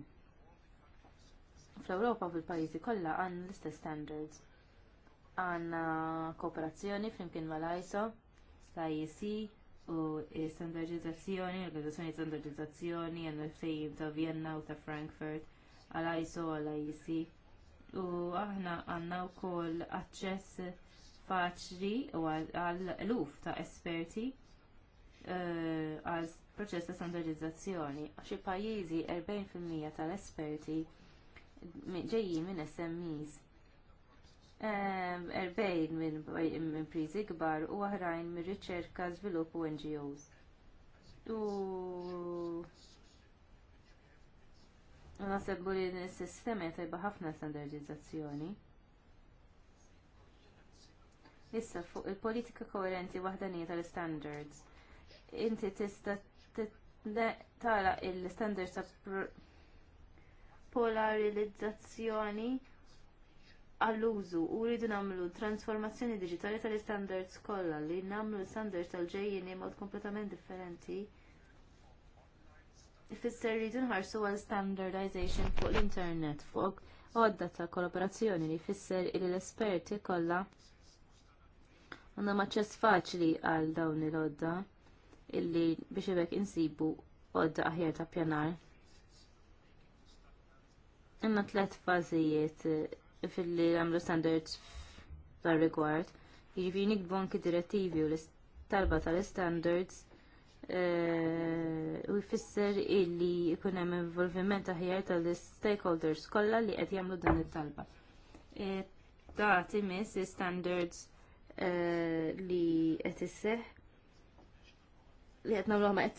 Fl-Ewropa u fil-pajjiżi kollha għandna l-istess standards. Għandna kooperazzjoni flimkien mal-ISO, l-IEC, u standardizzazzjoni, organizzazzjoni standardizzazzjoni, NFA ta' Vienna u ta' Frankfurt, għal ISO, l IEC. U aħna għandna wkoll aċċess faċli u għal eluf ta' esperti eh, għal proċess ta' standardizzazzjoni. Xi pajjiżi 40% tal-esperti ġejjin minn SMEs. 40 ehm, minn imprizi kbar u oħrajn minn riċerka, żvilupp u NGOs. U naħseb li s-sistema jtajba ħafna standardizzazzjoni. Issa fuq il-politika koerenti waħdanija tal-standards inti tista' Le tara il-standards ta' polarizzazzjoni għall-użu u rridu nagħmlu transformazzjoni diġitali tal-standards kollha li nagħmlu standards tal ġejjini mod kompletament differenti. Ifisser rridu nħarsu għal standardization fuq l-internet fuq għodda ta' kollaborazzjoni li jfisser li l-esperti kollha għandhom aċċess faċli għal dawn il-għodda illi biex ibek insibu għodda aħjar ta' pjanar. Inna tlet fażijiet eh, fil-li għamlu standards tal rigward jiġifieri nikbu anki direttivi u l talba tal-standards eh, u jfisser illi jkun hemm involviment aħjar tal-stakeholders kollha li qed jagħmlu dan it-talba. Eh, dati miss standards li qed li qed nagħmluha ma'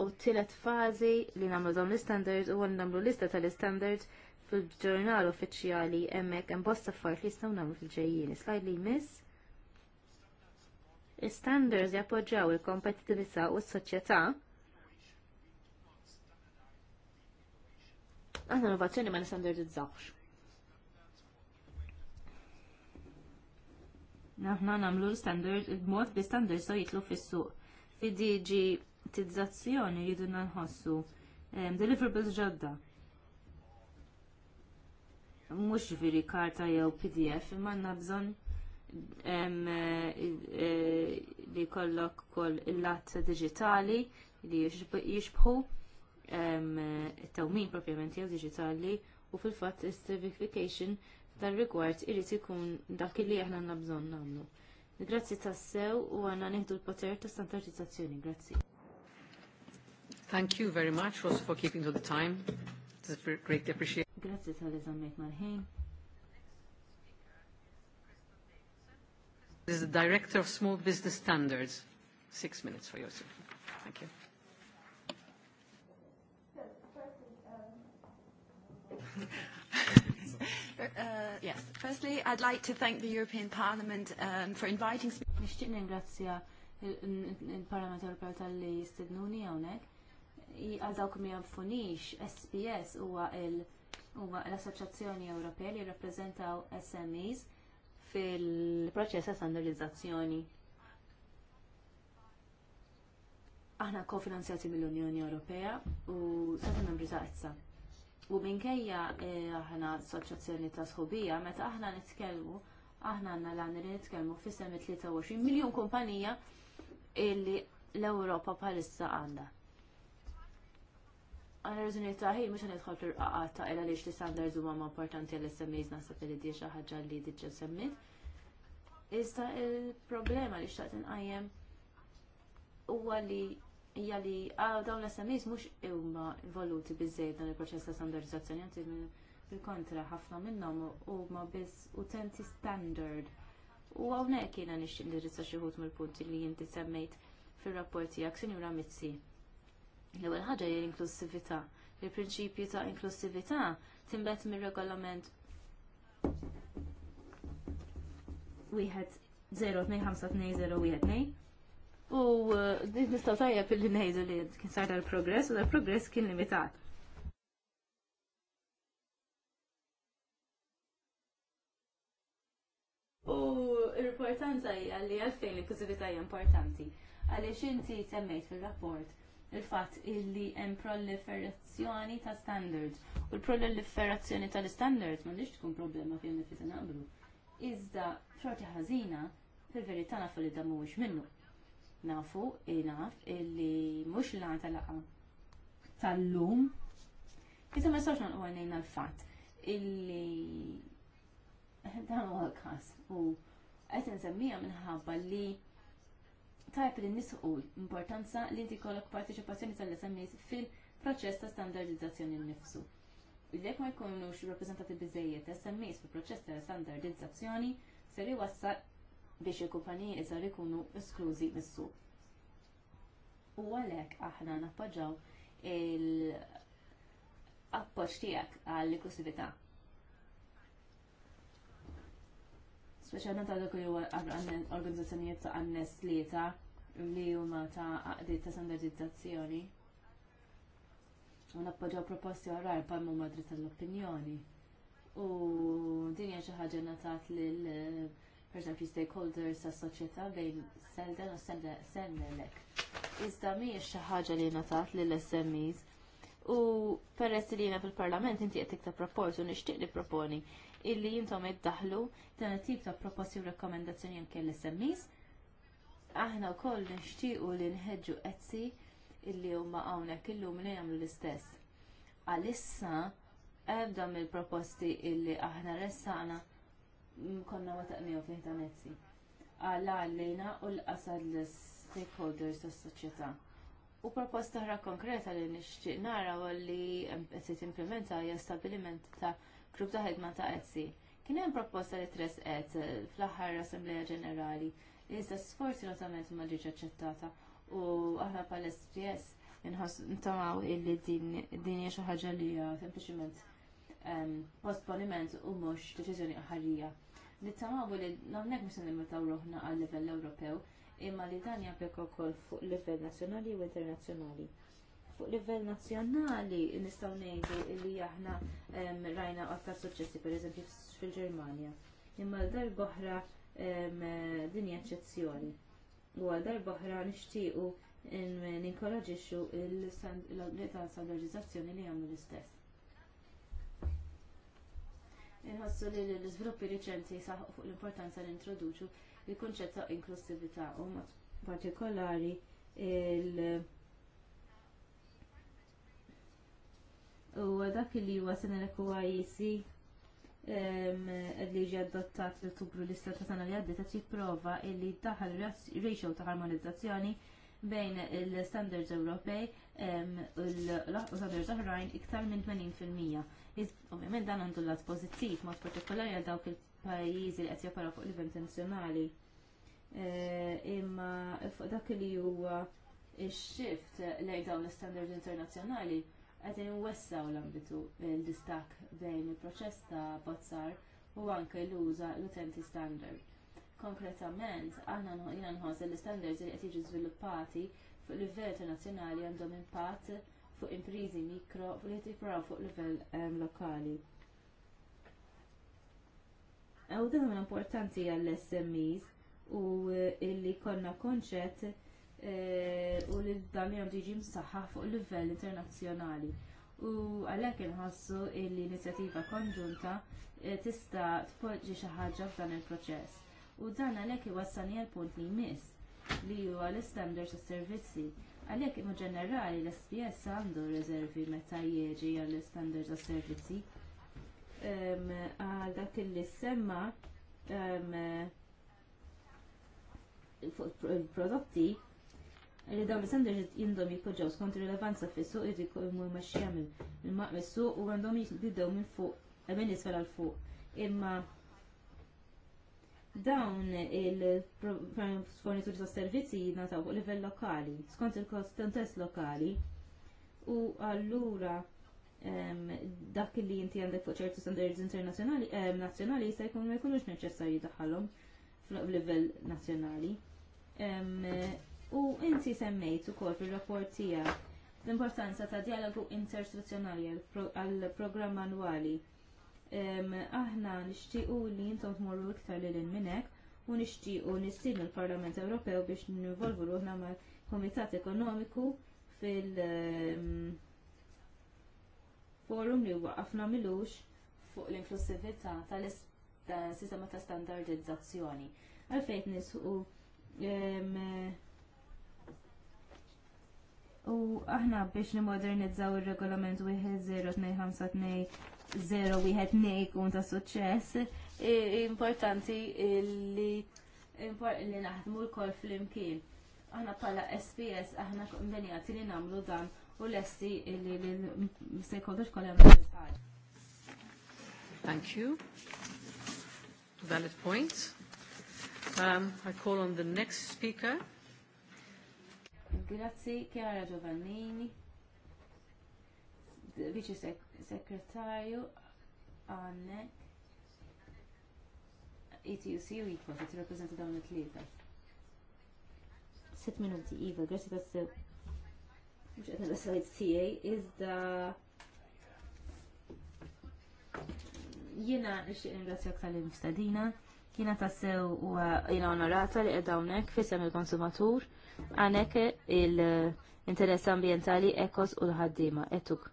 U t tillet fazi li nagħmlu dawn l u għan nagħmlu lista tal standard fil-ġurnal uffiċjali hemmhekk hemm bosta affarijiet li jistgħu nagħmlu fil ġejjini Slide li jmiss. Standards jappoġġaw il kompetitivita u s-soċjetà Aħna innovazzjoni ma nistandardizzax. Aħna nagħmlu standard, mod bi standard so jitlu fis-suq. Fi digitizzazzjoni jridu nħossu ehm, deliverables ġodda. Mhux ġifieri karta jew PDF, imma għandna bżonn ehm, eh, eh, li jkollok ukoll il-lat digitali li jixbħu ehm, il tawmin propjament jew diġitali u fil-fatt is-certification dan rigward irid ikun dak li aħna għandna bżonn nagħmlu. Grazzi tassew u għanna nieħdu l-poter ta' standardizzazzjoni. Grazzi. Thank you very much also for keeping to the time. This is greatly appreciated. Grazzi tal This is the Director of Small Business Standards. Six minutes for your Thank you. Thank you. Um, Uh, yes, firstly, I'd like to thank the European Parliament um, for inviting me. Nixtieq ningrazzja il-Parlament Ewropew tal-li jistednuni hawnhekk. Għal dawk mi jamfunix, SPS huwa l-Assoċjazzjoni Ewropea li jirrappreżentaw SMEs fil-proċess ta' standardizzazzjoni. Aħna kofinanzjati mill-Unjoni Ewropea u sa' membri ta' U minkejja eh, aħna soċjazzjoni ta' sħobija, meta aħna nitkellmu, aħna għandna l-għan li nitkellmu fis 23 miljun kumpanija illi l-Ewropa bħalissa għandha. Għanna rżuni ta' ħi, mux għanidħol fil-qaqqa ta' illa li xti standards u mamma importanti għall SMEs nasab li di xaħġa li diġa semmit. Iżda il-problema li xtaqt nqajjem u li hija li ah, dawn l-SMEs mhux huma involuti bizzejt dan il-proċess ta' standardizzazzjoni, anzi bil-kontra ħafna minnhom huma biss utenti standard. U hawnhekk jiena nixtieq indirizza xi wħud mill-punti li jinti semmejt fir-rapport tiegħek Sinjura Mizzi. L-ewwel ħaġa hija l-inklusività. Il-prinċipju ta' inklusività timbet mir-regolament wieħed 0 u eh, nistaw tajja fil-li nejdu li kien sar l progress u l progress kien limitat. U l-importanza hija li għalfejn li inklużività hija importanti għaliex inti semmejt fil-rapport il-fatt illi hemm proliferazzjoni ta' standards. U l-proliferazzjoni tal-standards m'għandix tkun problema fejn nifisa naqblu. Iżda xorti ħażina fil-verità nafu li dan mhuwiex minnu nafu naf illi mhux l ta' laqa tal-lum. kisa ma sawx nanqu għajnejna l-fatt illi dan huwa l-każ u qed insemmija minħabba li tajp li nisqu importanza li inti kollok parteċipazzjoni tal-SMEs fil-proċess ta' standardizzazzjoni nnifsu. Jekk ma jkunux rappreżentati s SMEs fil-proċess ta' standardizzazzjoni, ser iwassal biex il-kumpaniji iżgħar ikunu esklużi mis-suq. U għalhekk aħna nappoġġaw il-appoġġ tiegħek għall-inklusività. Speċjalment għal dak li organizzazzjonijiet ta' għanness tlieta li huma ta' għaqdiet ta' standardizzazzjoni. U nappoġġaw proposti orar bħal huma dritt tal-opinjoni. U din hija xi ħaġa ngħatat lil per esempio stakeholders tas soċjetà bejn selden u sennelek. Iżda mhijiex xi ħaġa li ngħatat lill SMEs u peress li jiena fil-Parlament inti qed tikta rapport u nixtieq li proponi illi jintom iddaħħlu dan it-tip ta' proposti u rakkomendazzjoni anke l-SMEs. Aħna wkoll nixtiequ li nħeġġu etzi illi huma hawnhekk illum li jagħmlu l-istess. Għalissa ebda mill-proposti illi aħna ressaqna konna ma taqniju fih ta' mezzi. Għalla għallina u l-qasad l-stakeholders tas soċjetà U proposta ħra konkreta li nixtieq nara u li qed implementa hija stabiliment ta' grupp ta' ħidma ta' Etsy. Kien hemm proposta li tres qed fl-aħħar Assembleja Ġenerali issa sforzi notament ma ġiġ aċċettata u aħna pal-SPS inħoss ntamaw illi din hija xi ħaġa li hija sempliċiment ehm, postponiment u mhux deċiżjoni ħarrija. Nittamaw li l-għamnek mux nimetaw roħna għal livell Ewropew, imma li dan jabek ukoll fuq livell nazzjonali u internazzjonali. Fuq livell nazzjonali nistgħu ngħidu li aħna rajna aktar suċċessi pereżempju fil-Ġermanja. Imma l-dar boħra din eċċezzjoni. U għal dar boħra nixtiequ ninkoraġixxu l-standardizzazzjoni li għamlu l-istess inħossu li l-iżviluppi riċenti saħu fuq l-importanza li introduċu il-kunċett ta' inklusività u mod partikolari il- U dak li huwa l IEC li ġi adottat l tubru l-istat ta' sena li għaddita tipprova illi daħal ratio ta' harmonizzazzjoni bejn il-standards Ewropej u l-standards oħrajn iktar minn 80%. Ovvjament dan għandu l-lat pozittiv, mod partikolari għal dawk il-pajjiżi li qed joperaw fuq livell internazzjonali. E, imma fuq dak li huwa x-shift lejn dawn l-standard internazzjonali qed inwessaw l-ambitu l-distak bejn il-proċess ta' bozzar u anke l-uża l-utenti standard. Konkretament, aħna jina nħoss l-standards li qed jiġu żviluppati fuq livell internazzjonali għandhom impatt fuq imprizi mikro fuq li jtipraw fuq um, lokali. U dan huwa importanti għall-SMEs u eh, illi konna konċett eh, u li dan jom tiġi msaħħa fuq livell internazzjonali. U għalhekk inħassu illi inizjattiva konġunta eh, tista' tpoġġi xi ħaġa f'dan il-proċess. U dan għalhekk iwassani għal punt li jmiss li huwa l standards tas servizzi Għalhekk imma ġenerali l-SPS għandu riservi meta jieġi għall-standards għas servizzi għal dak li semma il-prodotti li dawn l-standards jindom jitpoġġaw skont rilevanza fis-suq id jkunu mexxija minn maqmis suq u għandhom jibdew minn fuq minn isfel għal fuq. Imma dawn il-fornituri ta' servizzi nataw fuq livell lokali, skont il-kontest lokali, u allura dak li inti għandek fuq ċertu standards internazjonali, nazjonali, jista' jkun ma jkunux neċessarji daħħalhom f'livell nazzjonali. U inti semmejt ukoll fir-rapport tiegħek l-importanza ta' dialogu interstituzzjonali għall programm annwali aħna nixtiequ li jintom tmorru iktar lil minn hekk u nixtiequ nissilna l-Parlament Ewropew biex nivolvu ruħna mal Komitat Ekonomiku fil- forum li waqafna milux fuq l-inklusivita tal-sistema ta' standardizzazzjoni. Għalfejt nisqu u aħna biex nimodernizzaw il-regolament 1052 zero had nej un ta' suċċess, importanti li li naħdmu l-kol fl-imkien. Aħna pala SPS, aħna kondenjati li namlu dan u l-esti li l-stakeholders kollha l Thank you. Valid point. Um, I call on the next speaker. Grazie, Chiara Giovannini, Vice Secretary sekretarju għandek ETUC u ICO li tirrappreżenta dawn it-tlieta. Sitt minuti, Iva, grazzi ta' sew. Mux għetna la sajt tijaj, izda jena nixtieq ringrazzjak tal-imstadina, jiena tassew u jena onorata li qiegħda hawnhekk fisem il-konsumatur għanek il-interess ambientali ekos u l ħaddima etuk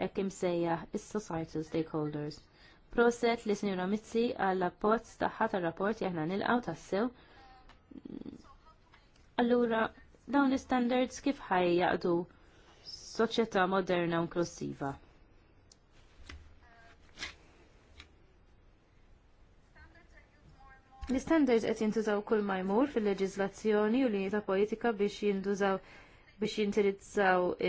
hekk imsejjaħ is-societal stakeholders. Proset li Sinjura Mizzi għall appoġġ tagħha tar-rapport aħna nilqgħu tassew. Allura, dawn l-standards kif ħajjaqdu soċjetà moderna u inklusiva? L-standards qed jintużaw kull ma jmur fil-leġiżlazzjoni u l ta' politika biex jintużaw biex jintirizzaw e,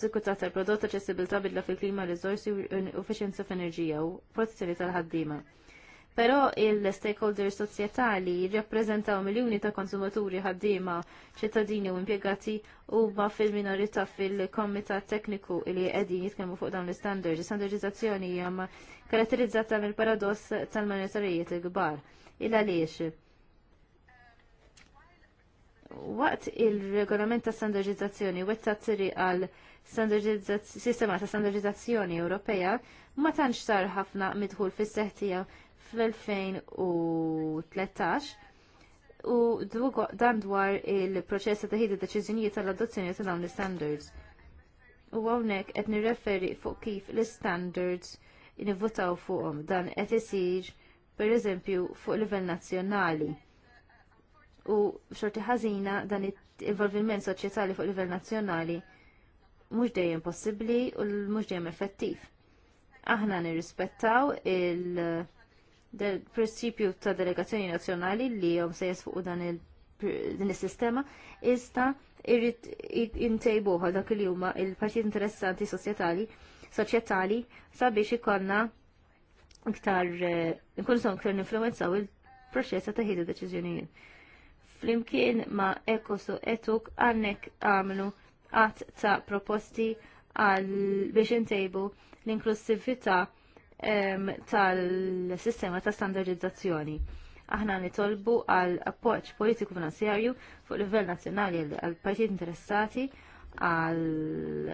sikurtà tal-prodott, aċċessibilità bidla fil-klima, rizorsi u efficienza f'enerġija u protezzjoni tal-ħaddiema. Però il-stakeholders soċjetali jirrappreżentaw miljuni ta' konsumaturi ħaddiema, ċittadini u impjegati huma fil-minorità fil-komitat tekniku li qegħdin jitkellmu fuq dawn l standard Standardizzazzjoni hija karatterizzata mill-paradoss tal-monetarijiet il-kbar. Il liex? waqt il-regolament ta' standardizzazzjoni wetta tiri għal sistema ta' standardizzazzjoni Ewropea ma tantx sar ħafna midħul fis-seħtija fl-2013 u dan dwar il-proċess ta' ħidi deċiżjonijiet tal-adozzjoni ta' dawn l-standards. U hawnhekk qed nirreferi fuq kif l-standards nivvotaw fuqhom dan qed isir pereżempju fuq livell nazzjonali u xorti ħażina dan il involviment soċjetali fuq livell nazzjonali mhux dejjem possibbli u mhux dejjem effettiv. Aħna nirrispettaw il- del prinċipju ta' delegazzjoni nazzjonali li jom se jesfuq dan din is-sistema iżda irrid intejbuħa dak li huma il-partit interessanti soċjetali soċjetali sabiex ikollna iktar eh, nkunu son iktar ninfluwenzaw il-proċess ta' ħidu deċiżjonijiet flimkien ma' Ekosu Etuk għannek għamlu għat ta' proposti għal biex intejbu l-inklusivita tal-sistema ta' standardizzazzjoni. Aħna nitolbu għal appoġġ politiku finanzjarju fuq livell nazzjonali għal partijiet interessati għal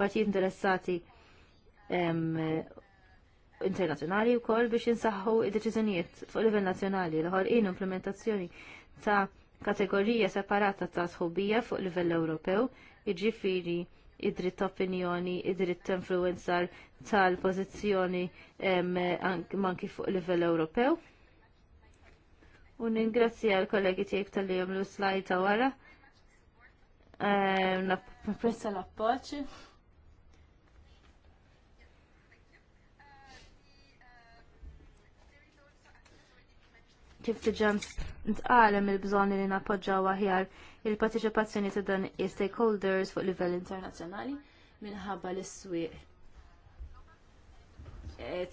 partijiet interessati internazzjonali wkoll biex jinsaħħu id-deċiżjonijiet fuq livell nazzjonali l ħolqien implementazzjoni ta' kategorija separata ta' sħubija fuq livell Ewropew, jiġifieri id-dritt ta' opinjoni, id-dritt ta' influenzar tal-pożizzjoni manki fuq livell Ewropew. U ningrazzja l-kollegi tiegħek tal-li jagħmlu slajta wara. Napprezza l-appoġġ. kif tiġans ntqalem il-bżonni li nappoġġaw aħjar il-partiċipazzjoni ta' dan stakeholders fuq livell internazzjonali minħabba l-iswieq e,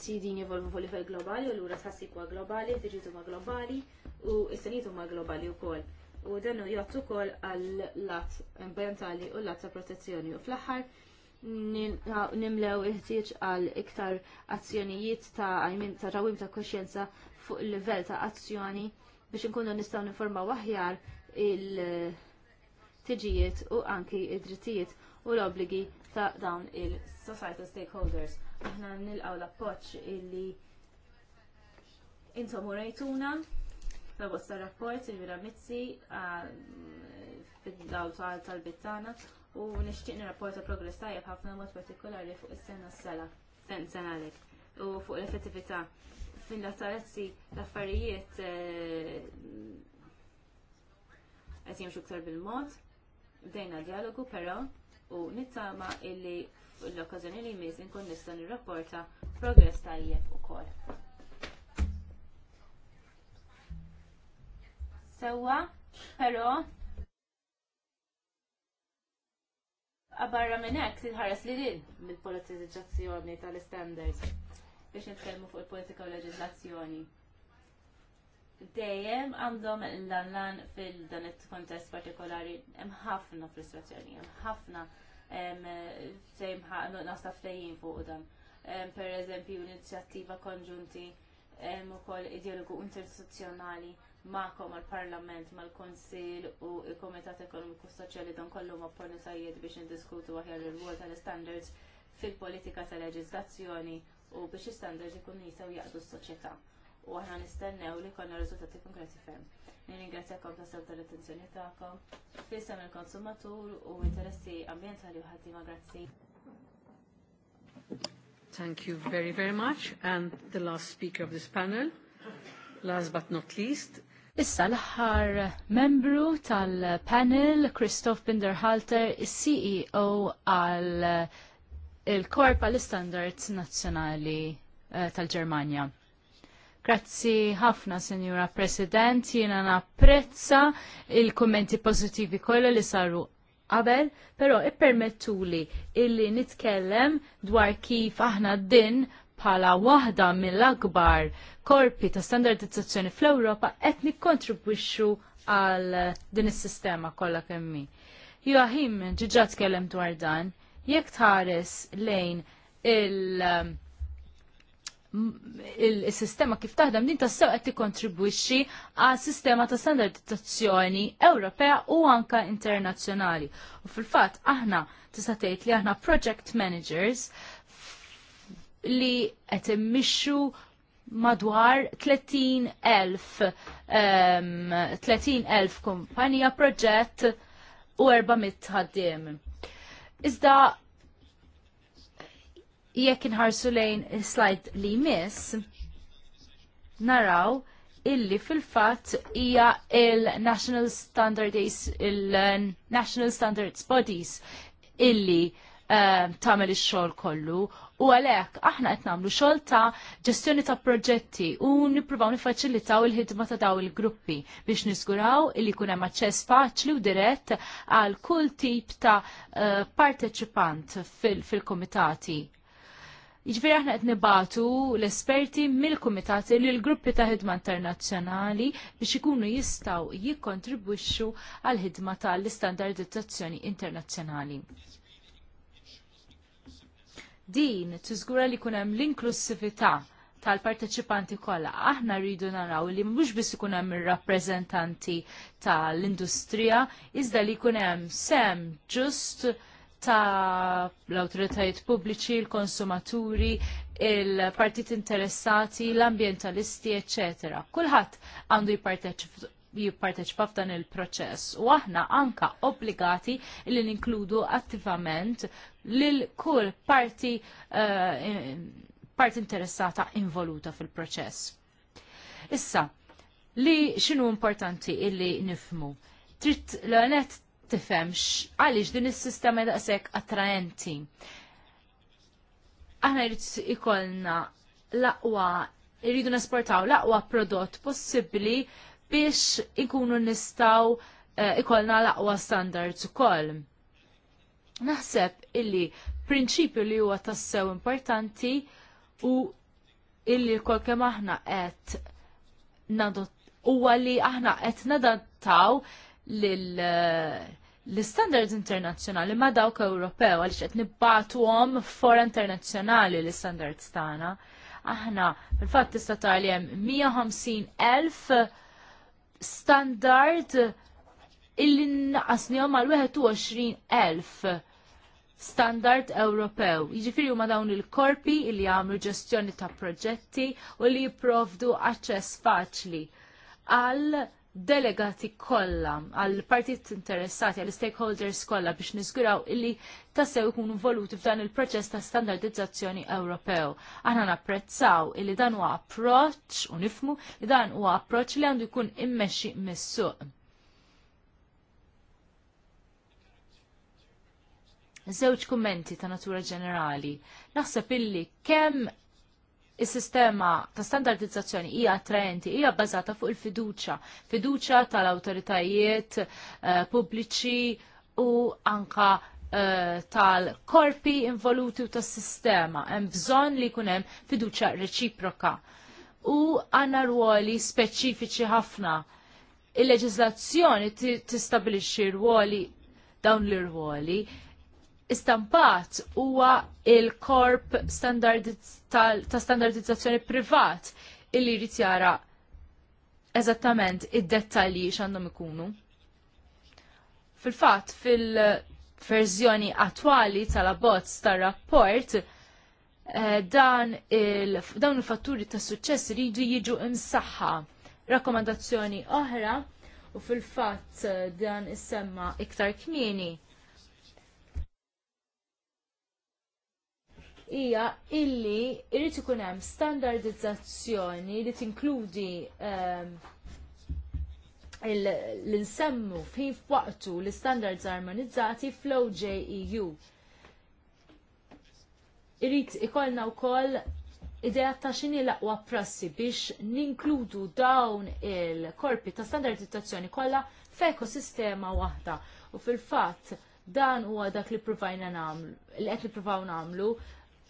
tidin jivolvu fuq livell globali u l-ura tħassib huwa globali, tiġiet huma globali u s-senijiet huma globali wkoll. U dan jgħat wkoll għall-lat ambientali u l-lat ta' protezzjoni u fl-aħħar nimlew iħtieġ għal iktar azzjonijiet ta' għajmin ta' rawim ta' fuq il-livell ta' azzjoni biex inkunu nistgħu niformaw aħjar il-tiġijiet u anki id-drittijiet u l-obligi ta' dawn il-societal stakeholders. Aħna nilqaw l-appoċ illi intom u rajtuna la bosta rapport il-vira mizzi fid-daw tal-bittana u nishtiq rapport ta' progress tajjeb ħafna mod partikolari fuq is-sena s-sela, sen senalek u fuq l-effettività l tarezzi l-affarijiet eh, qed jimxu ktar bil-mod, bdejna dialogu però u nittama illi l-okkazjoni li jmiss inkun nista' nirrapporta progress tajjeb ukoll. Sewwa, però abarra minn hekk titħares li din mill-politizzazzjoni tal-standards biex nitkellmu fuq il-politika u leġislazzjoni. Dejjem għandhom l-anlan fil-dan il-kontest partikolari hemm ħafna frustrazzjoni, hemm ħafna sejm naqsa flejjin fuq dan. Per eżempju, l-inizjattiva konġunti u koll ideologu interstituzjonali ma' għal-Parlament, mal-Konsil u il-Komitat Ekonomiku Soċjali don kollu ma' pornisajiet biex indiskutu għahjar il-wol tal-standards fil-politika tal leġizzazzjoni u biex standards ikun jisaw jaqdu s-soċjetà u aħna nistennew li konna riżultati konkreti ferm. Nirringrazzjakom ta' sew tal-attenzjoni tagħkom, fisem il-konsumatur u interessi ambjentali u ħaddiema grazzi. Thank you very, very much. And the last speaker of this panel, last but not least, Issa l-ħar membru tal-panel, Christoph Binderhalter, ceo għal il korp għall standards nazzjonali eh, tal-Ġermanja. Grazzi ħafna, Senjura President, jiena napprezza il-kommenti pożittivi kollha li saru qabel, però ippermettuli illi nitkellem dwar kif aħna din bħala waħda mill-akbar korpi ta' standardizzazzjoni fl-Ewropa qed nikkontribwixxu għal din is-sistema kollha kemm hi. Joachim ġiġa tkellem dwar dan Jekk tħares lejn il- um, il-sistema kif taħdem din tassew qed tikkontribwixxi għal sistema ta' standardizzazzjoni Ewropea u anka internazzjonali. U fil-fatt aħna tista' tgħid li aħna project managers li qed immixxu madwar 30,000 um, 30,000 kumpanija proġett u 400 ħaddiem. Iżda jekk inħarsu lejn slajt li miss, naraw illi fil-fatt hija il-National il-National Standards Bodies illi Eh, tagħmel ix-xogħol kollu u għalhekk aħna qed nagħmlu xogħol ta' ġestjoni ta' proġetti u nippruvaw nifaċilitaw il-ħidma ta' daw il-gruppi biex niżguraw li jkun hemm aċċess faċli u dirett għal kull tip ta' eh, parteċipant fil-komitati. Iġveri aħna qed nibatu l-esperti mill-kumitati l gruppi ta' ħidma internazzjonali biex ikunu jistaw jikkontribwixxu għal ħidma tal-istandardizzazzjoni internazzjonali. Din tiżgura li jkun hemm l-inklusività tal-parteċipanti kollha. Aħna rridu naraw li mhux biss ikun hemm ir-rappreżentanti tal-industrija, iżda li jkun hemm sem ġust ta' l-autoritajiet pubbliċi, l-konsumaturi, il-partit interessati, l-ambientalisti, eccetera. Kulħadd għandu jipparteċpa f'dan il-proċess. U aħna anka obbligati li ninkludu attivament lil kull parti eh, parti interessata involuta fil-proċess. Issa, li xinu importanti illi nifmu? Trid l-għanet tifemx għaliex din is-sistema daqshekk attraenti. Aħna jrid ikolna l-aqwa jridu nesportaw l-aqwa prodott possibbli biex ikunu nistaw eh, ikollna l-aqwa standards ukoll. Naħseb illi prinċipju li huwa tassew importanti u illi kol kem aħna qed huwa li aħna qed nadattaw lil eh, l-standards internazzjonali ma dawk Ewropew għaliex qed nibbatuhom fora internazzjonali l-standards tagħna. Aħna fil-fatt tista' tagħlem 150 elf standard illi għom għal 21,000 standard Ewropew. Jiġifieri huma dawn il-korpi illi jagħmlu ġestjoni ta' proġetti u li jipprovdu aċċess faċli għal delegati kollha għall partit interessati għall stakeholders kollha biex niżguraw illi tassew ikunu involuti f'dan il-proċess ta' standardizzazzjoni Ewropew. Aħna napprezzaw illi dan huwa approċċ u nifmu li dan huwa approċċ li għandu jkun immexxi mis-suq. Żewġ kummenti ta' natura ġenerali. Naħseb illi kemm Is-sistema ta' standardizzazzjoni hija attraenti, hija bbażata fuq il-fiduċa, fiduċa tal-awtoritajiet uh, pubbliċi u anka eh, tal-korpi involuti u tas-sistema. Hemm bżonn li jkun hemm fiduċja reċiproka. U għandna rwoli speċifiċi ħafna. Il-leġiżlazzjoni tistabilixxi rwoli dawn l-irwoli istampat huwa il-korp ta' standardizzazzjoni privat illi jrid jara eżattament id-dettalji x'għandhom ikunu. Fil-fatt, fil-verżjoni attwali tal-abbozz tar-rapport, eh, dan il, dawn il-fatturi ta' suċċess ridu jiġu imsaħħa. Rakkomandazzjoni oħra u fil-fatt eh, dan is-semma iktar kmieni hija illi irrid ikun hemm standardizzazzjoni li tinkludi ehm, l-insemmu fi waqtu l-standards armonizzati fl-OJEU. Irrit ikollna u koll ideja ta' xini laqwa prassi biex ninkludu dawn il-korpi ta' standardizzazzjoni kollha f'ekosistema waħda. U fil-fatt dan huwa dak li provajna namlu, li qed nippruvaw namlu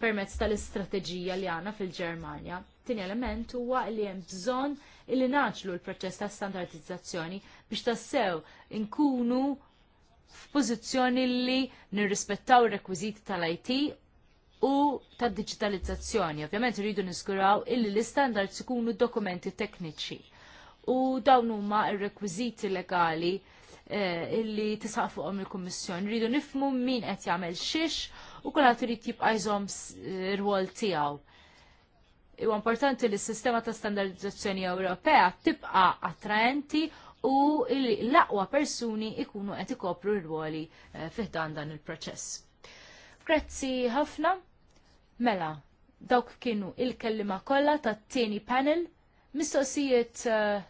permezz tal-istrateġija li għandna fil-Ġermanja. Tini element huwa li hemm bżonn li naġlu l-proċess ta' standardizzazzjoni biex tassew inkunu f'pożizzjoni li nirrispettaw ir-rekwiżiti tal-IT u tad digitalizzazzjoni. Ovvjament rridu niskuraw illi l-istandards ikunu dokumenti tekniċi. U dawn huma r-rekwiżiti legali eh, illi tisaq fuqhom il-Kummissjoni. Rridu nifmu min qed jagħmel xiex u kulħadd trid jibqa' jżomm ir-rwol eh, tiegħu. Huwa importanti li s-sistema ta' standardizzazzjoni Ewropea tibqa' attraenti u l-aqwa persuni ikunu qed ikopru r-ruoli eh, fiħdan dan il-proċess. Grazzi ħafna. Mela, dawk kienu il-kellima kollha tat-tieni panel mistoqsijiet eh,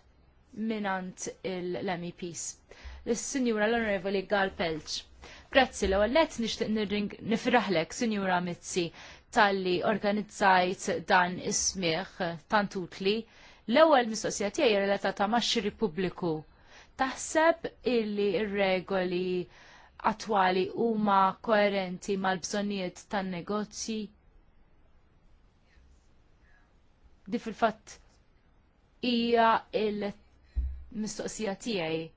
minant l-MEPs. L-Sinjura l-Onorevoli Gal Pelċ. Grazzi l għallet nishtiq nifraħlek, Sinjura Mizzi, tal-li organizzajt dan ismiħ tantutli. L-ewwel mistoqsija tiegħi relatata max pubbliku. Taħseb illi r-regoli attwali huma koerenti mal-bżonnijiet tan-negozji? Di fil-fatt hija il-mistoqsija tiegħi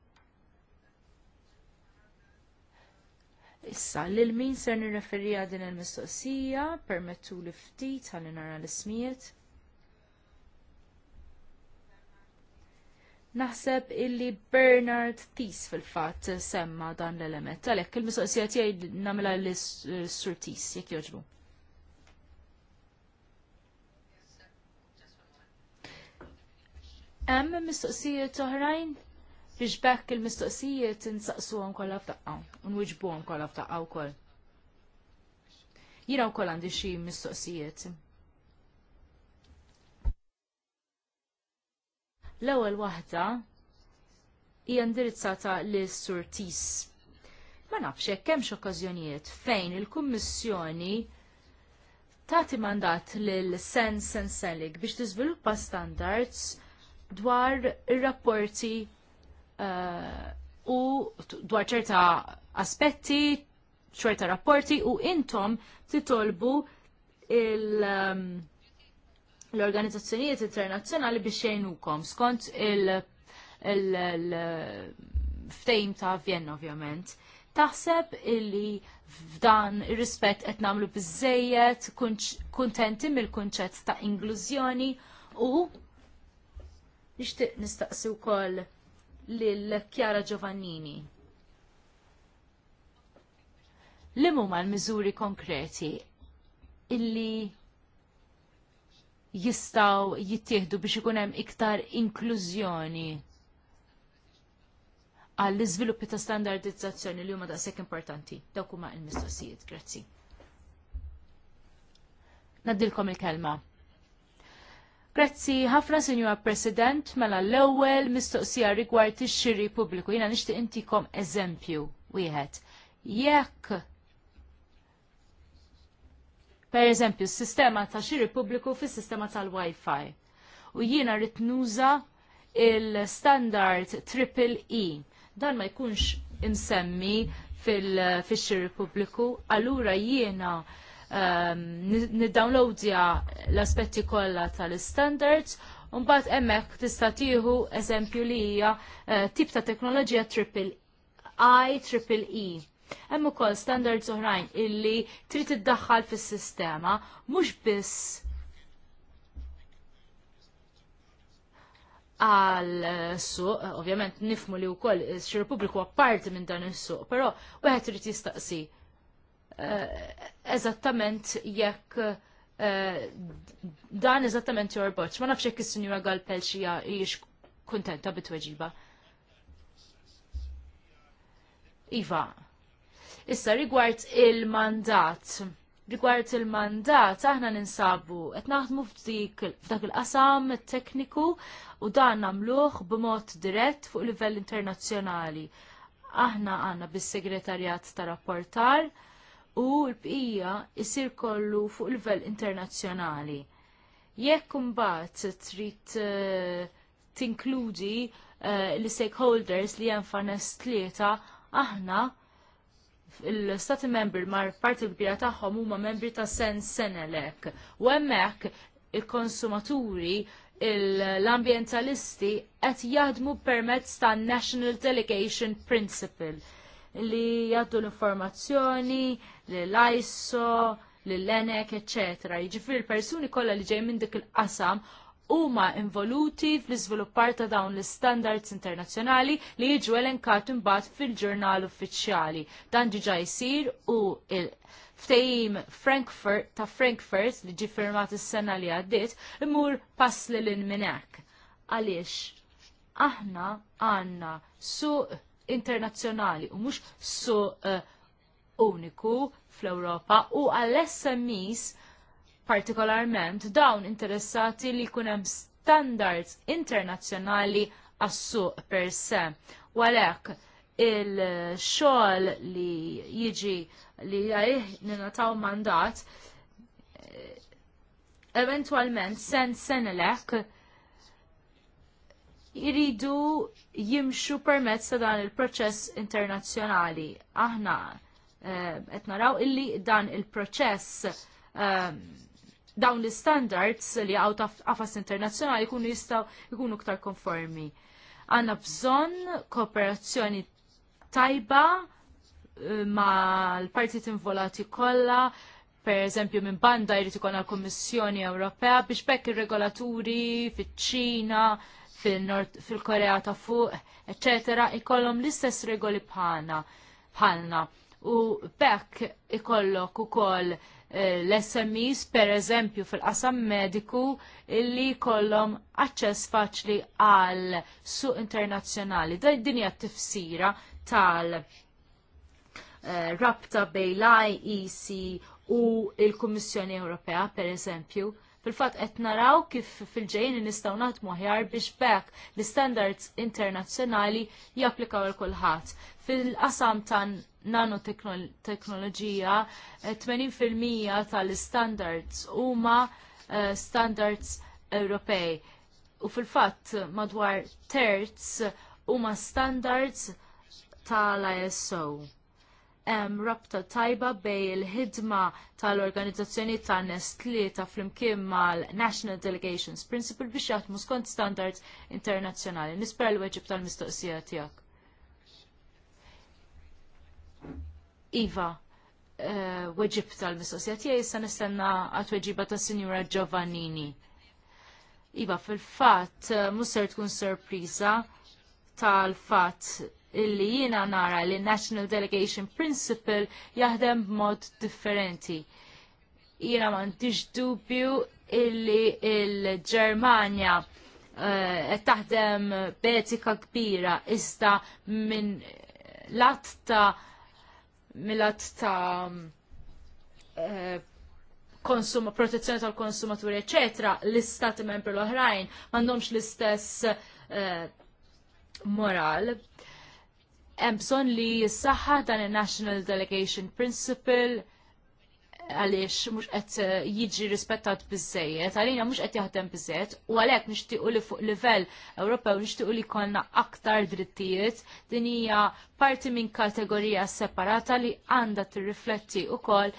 Issa, lil min ser għal din il-mistoqsija, permettuli li ftit ħalli nara l-ismijiet. Naħseb illi Bernard Tis fil-fat semma dan l-element. Għalek, il-mistoqsija tiegħi namela l-sur eh, Tis, jekk joġbu. Hemm mistoqsijiet oħrajn biex bekk il-mistoqsijiet insaqsuhom kollha f'daqqa u nwiġbuhom kollha koll. wkoll. Jiena wkoll għandi xi mistoqsijiet. L-ewwel waħda hija indirizzata lis surtis Ma nafx hekk hemmx okkażjonijiet fejn il-Kummissjoni tagħti mandat lil Sen Senselig biex tiżviluppa standards dwar ir-rapporti Eh, u dwar ċerta aspetti, ċerta rapporti u intom titolbu ehm, l-organizzazzjonijiet internazzjonali biex jgħinukom skont il-ftejm ta' Vienna ovvjament. Taħseb illi f'dan ir-rispett qed nagħmlu biżejjed kuntenti mill-kunċett ta' inklużjoni u nixtieq nistaqsi wkoll lil Chiara Giovannini. Li huma l-miżuri konkreti illi jistaw jittieħdu biex ikun hemm iktar inklużjoni għall iżviluppi ta' standardizzazzjoni li huma daqshekk importanti. Dawk huma l-mistoqsijiet, grazzi. Naddilkom il-kelma. Grazzi ħafna, Senjora President, mela l-ewwel mistoqsija rigward ix-xiri pubbliku. Jiena nixtieq intikom eżempju wieħed. Jekk per eżempju s-sistema ta' xiri pubbliku fis-sistema tal-Wi-Fi. U jiena rrid nuża il-standard triple E. Dan ma jkunx imsemmi fil-xiri pubbliku, allura jiena Um, niddownloadja l-aspetti kollha tal-standards u mbagħad hemmhekk tista' tieħu eżempju li hija uh, tip ta' teknoloġija triple I triple E. Hemm ukoll standards oħrajn illi trid iddaħħal fis-sistema mhux biss għal uh, suq, ovvjament nifmu li wkoll xir pubbliku apparti minn dan is-suq, però wieħed irid jistaqsi Eh, eżattament jekk eh, dan eżattament jorboċ. Ma nafx jekk is-Sinjura Galpel xija hijiex kuntenta bit-tweġiba. Iva, issa rigward il-mandat. Rigward il-mandat, aħna ninsabu, qed naħdmu f'dak il-qasam tekniku u dan nagħmluh b'mod dirett fuq livell internazzjonali. Aħna għandna bis-segretarjat ta' rapportar, u l-bqija jsir kollu fuq livell internazzjonali. Jekk imbagħad trid eh, tinkludi eh, l-stakeholders li hemm fanes tlieta aħna l-stati membri mar parti kbira tagħhom huma membri ta' sen senelek. U hemmhekk il-konsumaturi l-ambientalisti qed jaħdmu permezz ta' National Delegation Principle li jaddu l-informazzjoni, l-ISO, l enek etc. Jiġifieri l-persuni kollha li ġej minn dik il-qasam huma involuti fl-iżviluppar ta' dawn l-standards internazzjonali li jiġu elenkat imbagħad fil-ġurnal uffiċjali. Dan diġà jsir u il ftehim Frankfurt ta' Frankfurt li ġi firmat is-sena li għaddiet imur pass lil inminek Għaliex aħna għandna suq internazzjonali u mhux su uh, eh, uniku fl-Ewropa u għall-SMEs partikolarment dawn interessati li jkun hemm standards internazzjonali għas-suq per se. U għalhekk il-xogħol li jiġi li għalih ninataw mandat eh, eventualment sen senelek jiridu jimxu permezz ta' dan il-proċess internazzjonali. Aħna eh, qed naraw illi dan il-proċess eh, dawn l-standards li għaw ta' għafas internazzjonali jkunu jistaw jkunu ktar konformi. Għanna bżon kooperazzjoni tajba eh, ma' l-partit involati kollha, per eżempju minn banda jrid ikun għal Kommissjoni Ewropea biex bekk ir-regolaturi fiċ-Ċina, fil-Korea ta' fuq, eccetera, ikollhom l-istess regoli bħalna. bħalna. U bekk ikollok ukoll eh, l-SMEs, per eżempju, fil-qasam mediku, illi kollom aċċess faċli għal suq internazzjonali. Da dinja tifsira tal eh, rabta bej l-IEC u il-Kummissjoni Ewropea, per eżempju, Fil-fatt qed naraw kif fil-ġejjin nistgħu naħdmu aħjar biex bekk l istandards internazzjonali japplikaw għal kulħadd. Fil-qasam ta' nanoteknoloġija, 80% eh, tal-standards huma eh, standards Ewropej. U fil-fatt madwar terz huma standards tal-ISO hemm rabta tajba bej il-ħidma tal-organizzazzjoni ta' Nestli ta' flimkien mal-National Delegations Principle biex jaħdmu skont standards internazzjonali. Nispera l-weġib tal-mistoqsija tiegħek. Iva, uh, weġib tal-mistoqsija tiegħi issa nistenna għat weġiba ta' Sinjura Giovannini. Iva, fil-fatt, uh, eh, musser tkun sorpriża tal-fatt illi jiena nara li National Delegation Principle jaħdem b'mod differenti. Jiena m'għandix dubju illi il-Ġermanja uh, taħdem betika kbira iżda minn lat ta' mill-lat ta' uh, konsum, protezzjoni tal-konsumaturi, eccetera, l-istati membri l-oħrajn m'għandhomx l-istess uh, moral hemm bżonn li jissaħħa dan il-National Delegation Principle għaliex mhux qed eh, jiġi rispettat bizzejet, għalina mhux qed jaħdem bizzejet, u għalhekk nixtiequ li fuq livell Ewropew nixtiequ li jkollna aktar drittijiet, din hija parti minn kategorija separata li għandha tirrifletti wkoll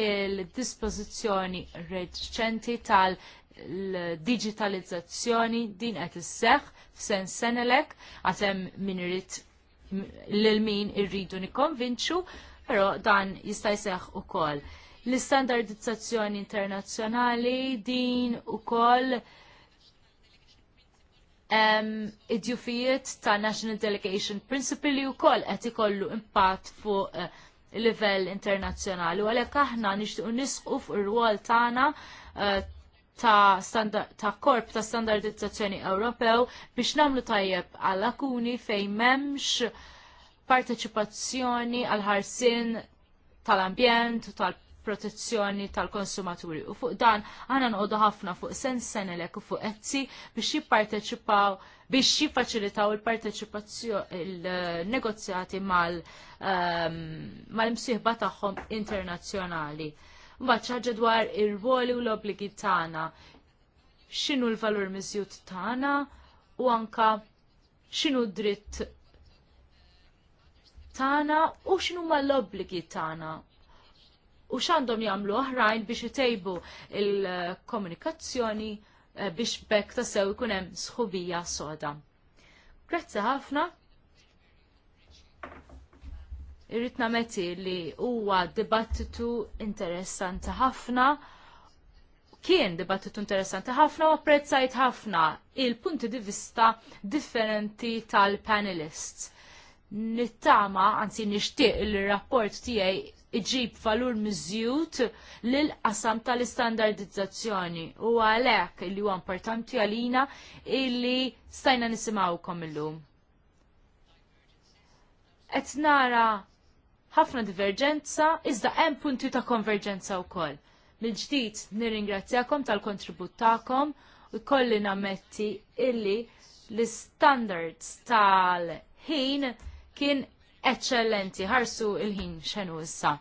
il-dispożizzjoni reċenti tal- l-digitalizzazzjoni din qed isseħħ f'sen senelek għatem min irid l-min irridu nikonvinċu, pero dan jista' u ukoll. L-istandardizzazzjoni internazzjonali din ukoll um, id-jufijiet ta' National Delegation Principle li wkoll qed ikollu impatt fuq uh, livell internazzjonali. U għalhekk aħna nixtiequ nisqu fuq ir-rwol tagħna uh, ta', ta korp ta' standardizzazzjoni Ewropew biex namlu tajjeb għal lakuni fejn memx parteċipazzjoni għal ħarsin tal-ambjent, tal-protezzjoni tal-konsumaturi. U fuq dan għana nqodu ħafna fuq sen senelek u fuq etzi biex jipparteċipaw biex jiffaċilitaw il-parteċipazzjoni il-negozjati mal msihba um, mal tagħhom internazzjonali mbagħad ħaġa dwar ir-ruoli u l-obbligi tagħna. X'inhu l-valur miżjud tagħna u anka x'inhu dritt tagħna u x'inhu ma l-obbligi tagħna u x'għandhom jagħmlu oħrajn biex itejbu il-komunikazzjoni eh, biex bekk tassew ikun hemm sħubija soda. Grazzi ħafna Irrid nameti li huwa dibattitu interessanti ħafna kien dibattitu interessanti ħafna u apprezzajt ħafna il-punti di vista differenti tal-panelists. Nittama, anzi nixtieq il-rapport tiegħi iġib valur miżjut lil-qasam tal-istandardizzazzjoni u għalhekk li huwa importanti għalina illi stajna kom illum. Qed nara ħafna diverġenza, iżda hemm punti ta' konverġenza wkoll. Mill-ġdid nirringrazzjakom tal-kontribut tagħkom u kolli nammetti illi l-standards tal-ħin kien eccellenti, ħarsu il-ħin xenu issa.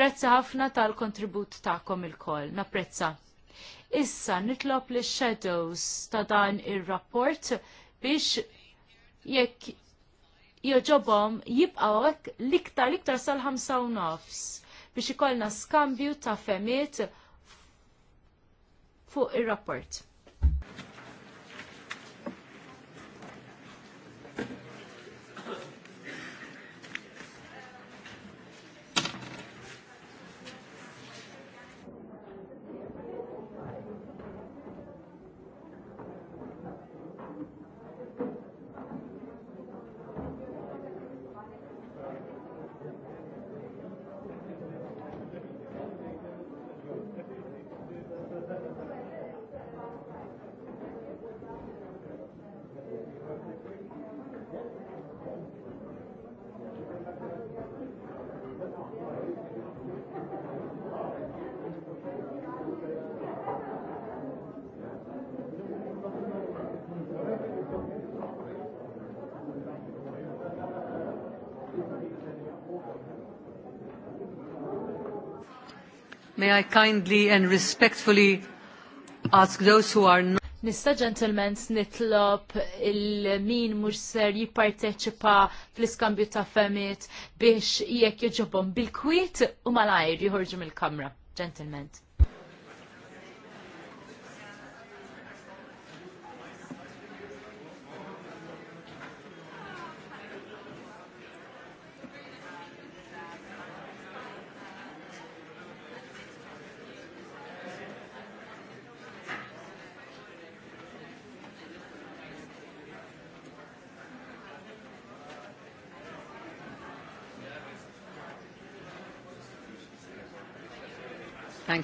Grazzi ħafna tal-kontribut tagħkom il-koll, napprezza. Issa nitlob li shadows ta' dan ir rapport biex jekk joġobhom jibqgħu hekk l-iktar l-iktar sal-ħamsa u nofs biex ikollna skambju ta' femiet fuq ir-rapport. May I kindly and respectfully ask those who are not Nista gentlemen nitlob il-min mux ser jipparteċipa fl-iskambju ta' femit biex jek jġobom bil-kwit u malajr jħorġu mill-kamra, gentlemen.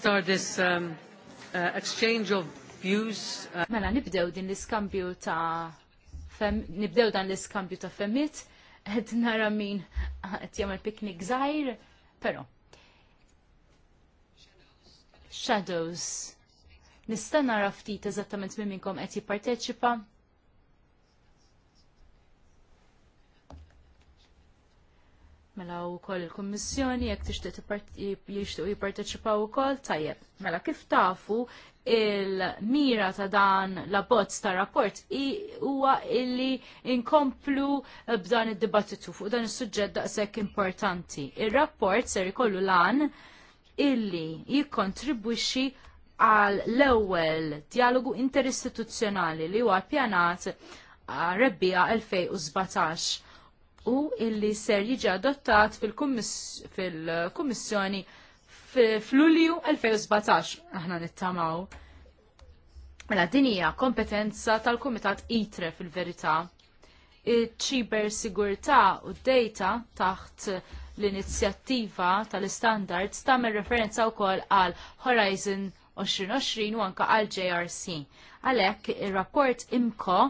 start this um, uh, exchange of views. Uh, mela, nibdew din l-iskambju ta' fem, nibdew dan l-iskambju ta' femmit, għed nara min għed jamal piknik zaħir, pero. Shadows. Nista' nara ftit eżattament minn minnkom qed jipparteċipa mela wkoll il kummissjoni jekk tixtieq jixtiequ jipparteċipaw ukoll tajjeb. Mela kif tafu il-mira ta' dan la bozz ta' rapport huwa illi inkomplu eh, b'dan id-dibattitu fuq dan is-suġġett daqshekk importanti. Ir-rapport ser ikollu lan illi jikkontribwixxi għal l-ewwel dialogu interistituzzjonali li huwa ppjanat u 2017 u illi ser jiġi adottat fil-Kummissjoni fl-Ulju 2017. Aħna nittamaw. Mela din hija kompetenza tal-Kumitat ITRE fil-verità. iċ sigurtà u d-data taħt l-inizjattiva tal-standards tagħmel referenza wkoll għal Horizon 2020 u anka għal JRC. Għalhekk ir-rapport IMCO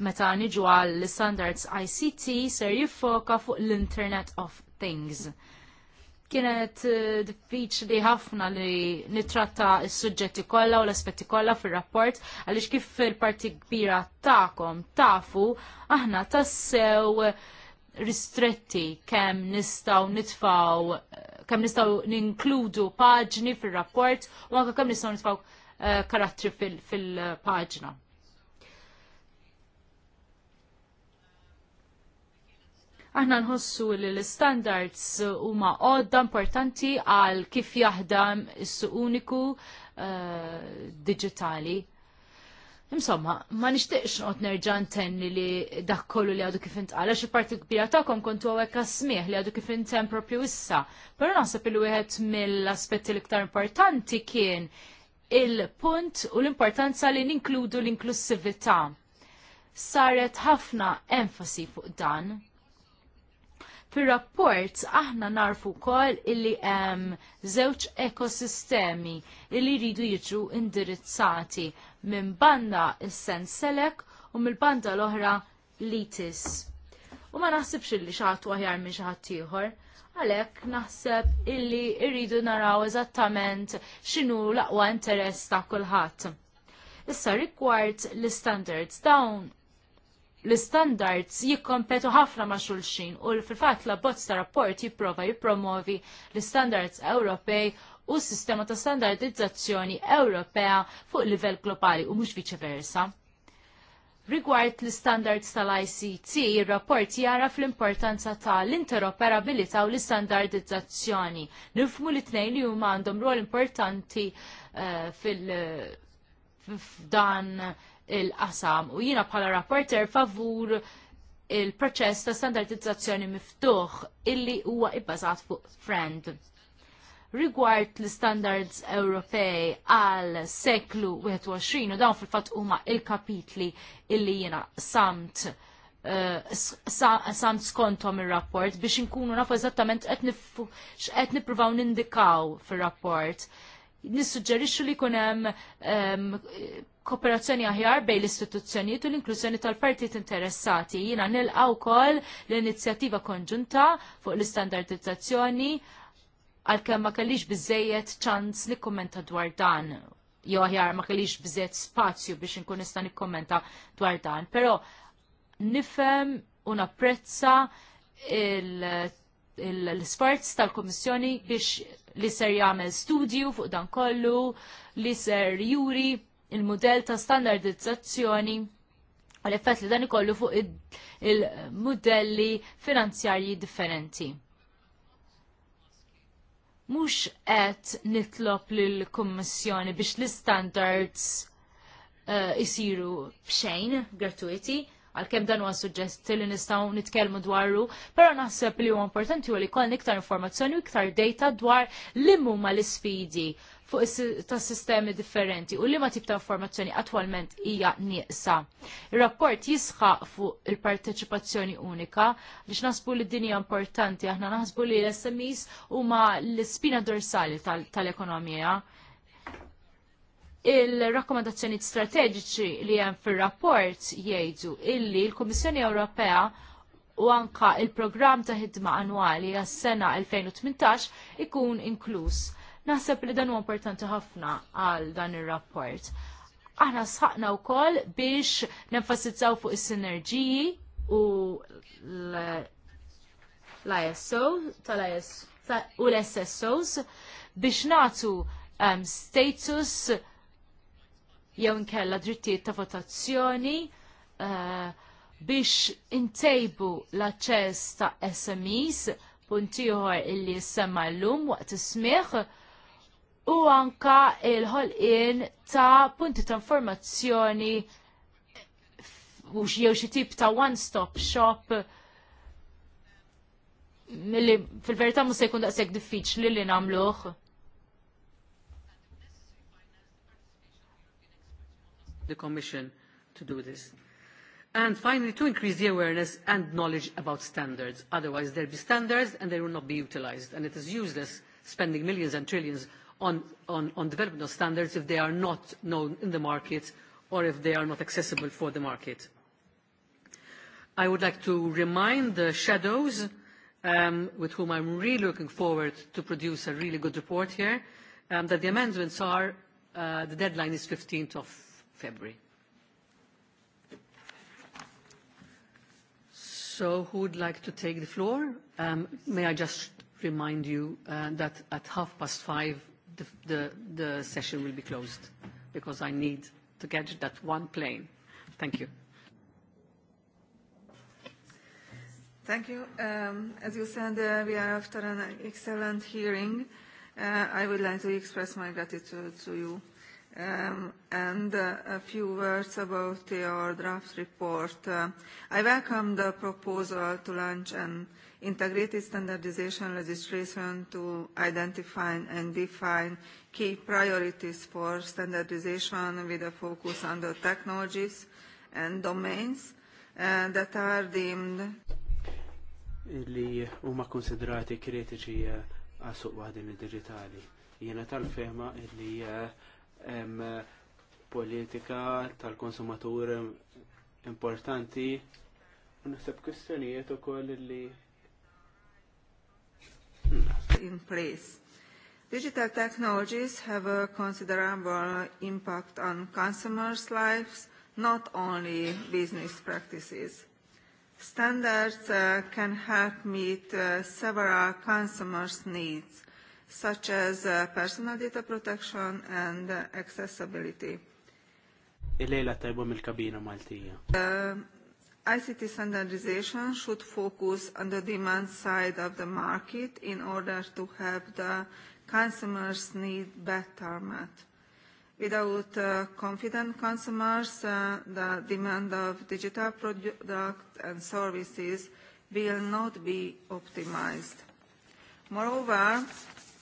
meta niġu għall standards ICT ser jiffoka fuq l-Internet of Things. Kienet eh, diffiċli ħafna li nitratta s-suġġetti kollha u l-aspetti kollha fir-rapport għaliex kif il-parti kbira tagħkom tafu aħna tassew ristretti kemm nistgħu nitfaw eh, kemm nistgħu ninkludu paġni fir-rapport u anke kemm nistgħu nitfaw eh, karattri fil-paġna. Aħna nħossu li l-standards huma għodda importanti għal kif jaħdem is-suq uniku uh, digitali. Insomma, ma nixtieqx nqot nerġa' ntenni li dak kollu li għadu kif intqal għax il-parti kbira tagħkom kontu hawnhekk smieħ li għadu kif intemm propju issa. Però naħseb il wieħed mill-aspetti l-iktar importanti kien il-punt u l-importanza li ninkludu l inklusivita Saret ħafna enfasi fuq dan Fir-rapport aħna narfu wkoll illi hemm żewġ ekosistemi illi jridu jiġu indirizzati minn banda is selek u mill-banda l-oħra litis. U ma naħsibx illi xaħat aħjar minn xaħat ieħor għalek naħseb illi irridu naraw eżattament xinu l-aqwa interess ta' kulħadd. Issa rigward l-standards dawn l-standards jikkompetu ħafna ma' xulxin u fil-fatt la bozz ta' rapport jipprova jippromovi l-standards Ewropej u s-sistema ta' standardizzazzjoni Ewropea fuq livell globali u mhux viċeversa. Rigward l-standards tal-ICT, il-rapport jara fl-importanza ta' l-interoperabilità u l-standardizzazzjoni. Nifmu li tnejn li huma għandhom rol importanti uh, fil- dan il-qasam u jiena bħala rapporter favur il-proċess ta' standardizzazzjoni miftuħ illi huwa ibbażat fuq friend. Rigward l-standards Ewropej għal seklu 21 u dawn fil-fatt huma il-kapitli illi jiena samt uh, samt skontom il-rapport biex inkunu nafu eżattament qed nippruvaw nindikaw fir-rapport nissuġġerixxu li jkun hemm um, kooperazzjoni aħjar bej l-istituzzjonijiet u l-inklużjoni tal-partit interessati. Jina nilqa wkoll l-inizjattiva konġunta fuq l-istandardizzazzjoni għalkemm ma kellix biżejjed ċans nikkummenta dwar dan. Jo aħjar ma kellix biżejjed spazju biex inkun nista' nikkummenta dwar dan. Però nifhem u napprezza l-sforz tal-Kommissjoni biex li ser jagħmel studju fuq dan kollu, li ser juri il-modell ta' standardizzazzjoni u l-effett li dan ikollu fuq il-modelli finanzjarji differenti. Mux qed nitlob lill-Kummissjoni biex l-standards uh, eh, isiru bxejn gratuiti, għal-kem dan huwa suġġest li nistgħu nitkellmu dwarru, però naħseb li huwa importanti u li jkollna iktar informazzjoni u iktar data dwar li huma l-isfidi fuq ta' sistemi differenti u li ma tip ta' informazzjoni attwalment hija nieqsa. Ir-rapport jisħaq fuq il-parteċipazzjoni unika biex naħsbu li din hija importanti aħna naħsbu li l-SMEs huma l-spina dorsali tal-ekonomija. Il-rakkomandazzjoni strateġiċi li hemm fir-rapport jgħidu illi l-Kummissjoni Ewropea u anka il-programm ta' ħidma annwali għas-sena 2018 ikun inkluż Naħseb li dan huwa importanti ħafna għal dan ir-rapport. Aħna sħaqna wkoll biex nenfasizzaw fuq is-sinerġiji u l-ISO u l-SSOs biex natu um, status jew nkella drittijiet ta' votazzjoni uh, biex intejbu l-aċċess ta' SMEs puntiħor illi semma l-lum waqt ismiħ u anka il-ħolqien ta' punti ta' informazzjoni u jew xi tip ta' one-stop shop milli fil-verità mhux se jkun daqshekk diffiċli li nagħmluh. The Commission to do this. And finally, to increase the awareness and knowledge about standards. Otherwise, there'll be standards and they will not be utilized. And it is useless spending millions and trillions on, on, on development of standards if they are not known in the market or if they are not accessible for the market. I would like to remind the shadows um, with whom I'm really looking forward to produce a really good report here um, that the amendments are, uh, the deadline is 15th of February. So who would like to take the floor? Um, may I just remind you uh, that at half past five the, the, the session will be closed because I need to get that one plane. Thank you. Thank you. Um, as you said, uh, we are after an excellent hearing. Uh, I would like to express my gratitude to you um, and uh, a few words about your draft report. Uh, I welcome the proposal to launch an integrated standardization legislation to identify and define key priorities for standardization with a focus on the technologies and domains uh, that are deemed li huma konsiderati kritiċi uh, għasuq waħdim digitali. Jena tal-fema li uh, hemm uh, politika tal-konsumatur importanti u naħseb kwistjonijiet ukoll li in place. Digital technologies have a considerable impact on consumers' lives, not only business practices. Standards uh, can help meet uh, several consumers' needs, such as uh, personal data protection and uh, accessibility. Il-lejla mill-kabina Maltija. Uh, ICT standardization should focus on the demand side of the market in order to have the consumers' need better met. Without uh, confident consumers, uh, the demand of digital products and services will not be optimized. Moreover,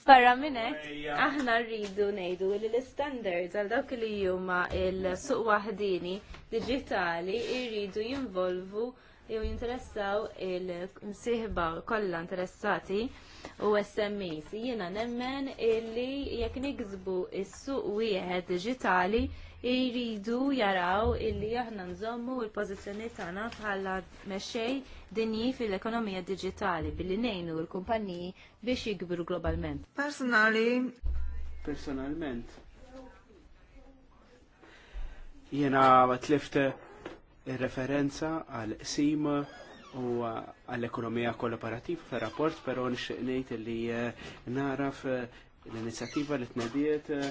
Barra minnek, aħna rridu nejdu li l-standards għal dawk li huma il-suq wahdini digitali irridu jinvolvu jew jinteressaw il-msiħba kollha interessati u SMEs. Jiena nemmen illi jekk niksbu is-suq wieħed digitali Iridu jaraw illi aħna nżommu l-pożizzjoni tagħna bħala mexxej dinji fil-ekonomija diġitali billi ngħinu l-kumpaniji biex jikbru globalment. Personali. Personalment. Jena tlift referenza għal sim u għall-ekonomija kollaborativ fer rapport, pero nixqnejt li eh, naraf eh, l-inizjattiva li tnediet eh,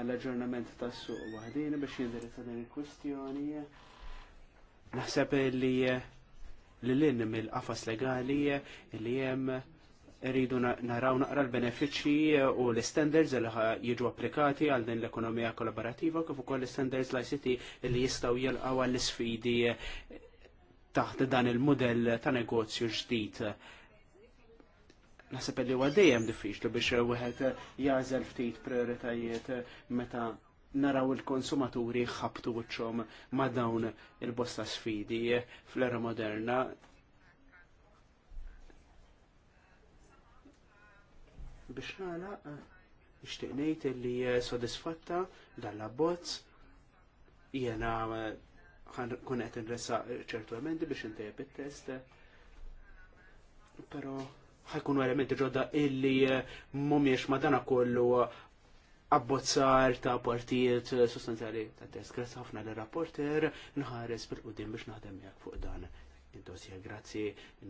għall-aġġornament tas-suq waħdini biex jindirizza din il-kwistjoni. Naħseb li li l mill-qafas legali li jem rridu naraw naqra l-benefiċċji u l-standards li jiġu applikati għal din l-ekonomija kollaborativa kif ukoll l-standards l-ICT li jistgħu jilqgħu għall isfidi taħt dan il mudell ta' negozju ġdid naħseb li huwa dejjem diffiċli biex wieħed jażel ftit prioritajiet meta naraw il-konsumaturi ħabtu wiċċhom ma' dawn il-bosta sfidi fl-era moderna. Biex nala nixtieq ngħid li sodisfatta dal-abbozz jiena kun qed inressaq ċertu emendi biex intejb it-test. Però ħajkunu elementi ġodda illi eh, mumiex madana kollu eh, abbozzar ta' partijiet eh, sostanzjali ta' test. Grazzi ħafna l-rapporter, nħares bil-qudim biex naħdem jak fuq dan. Intosja, grazzi,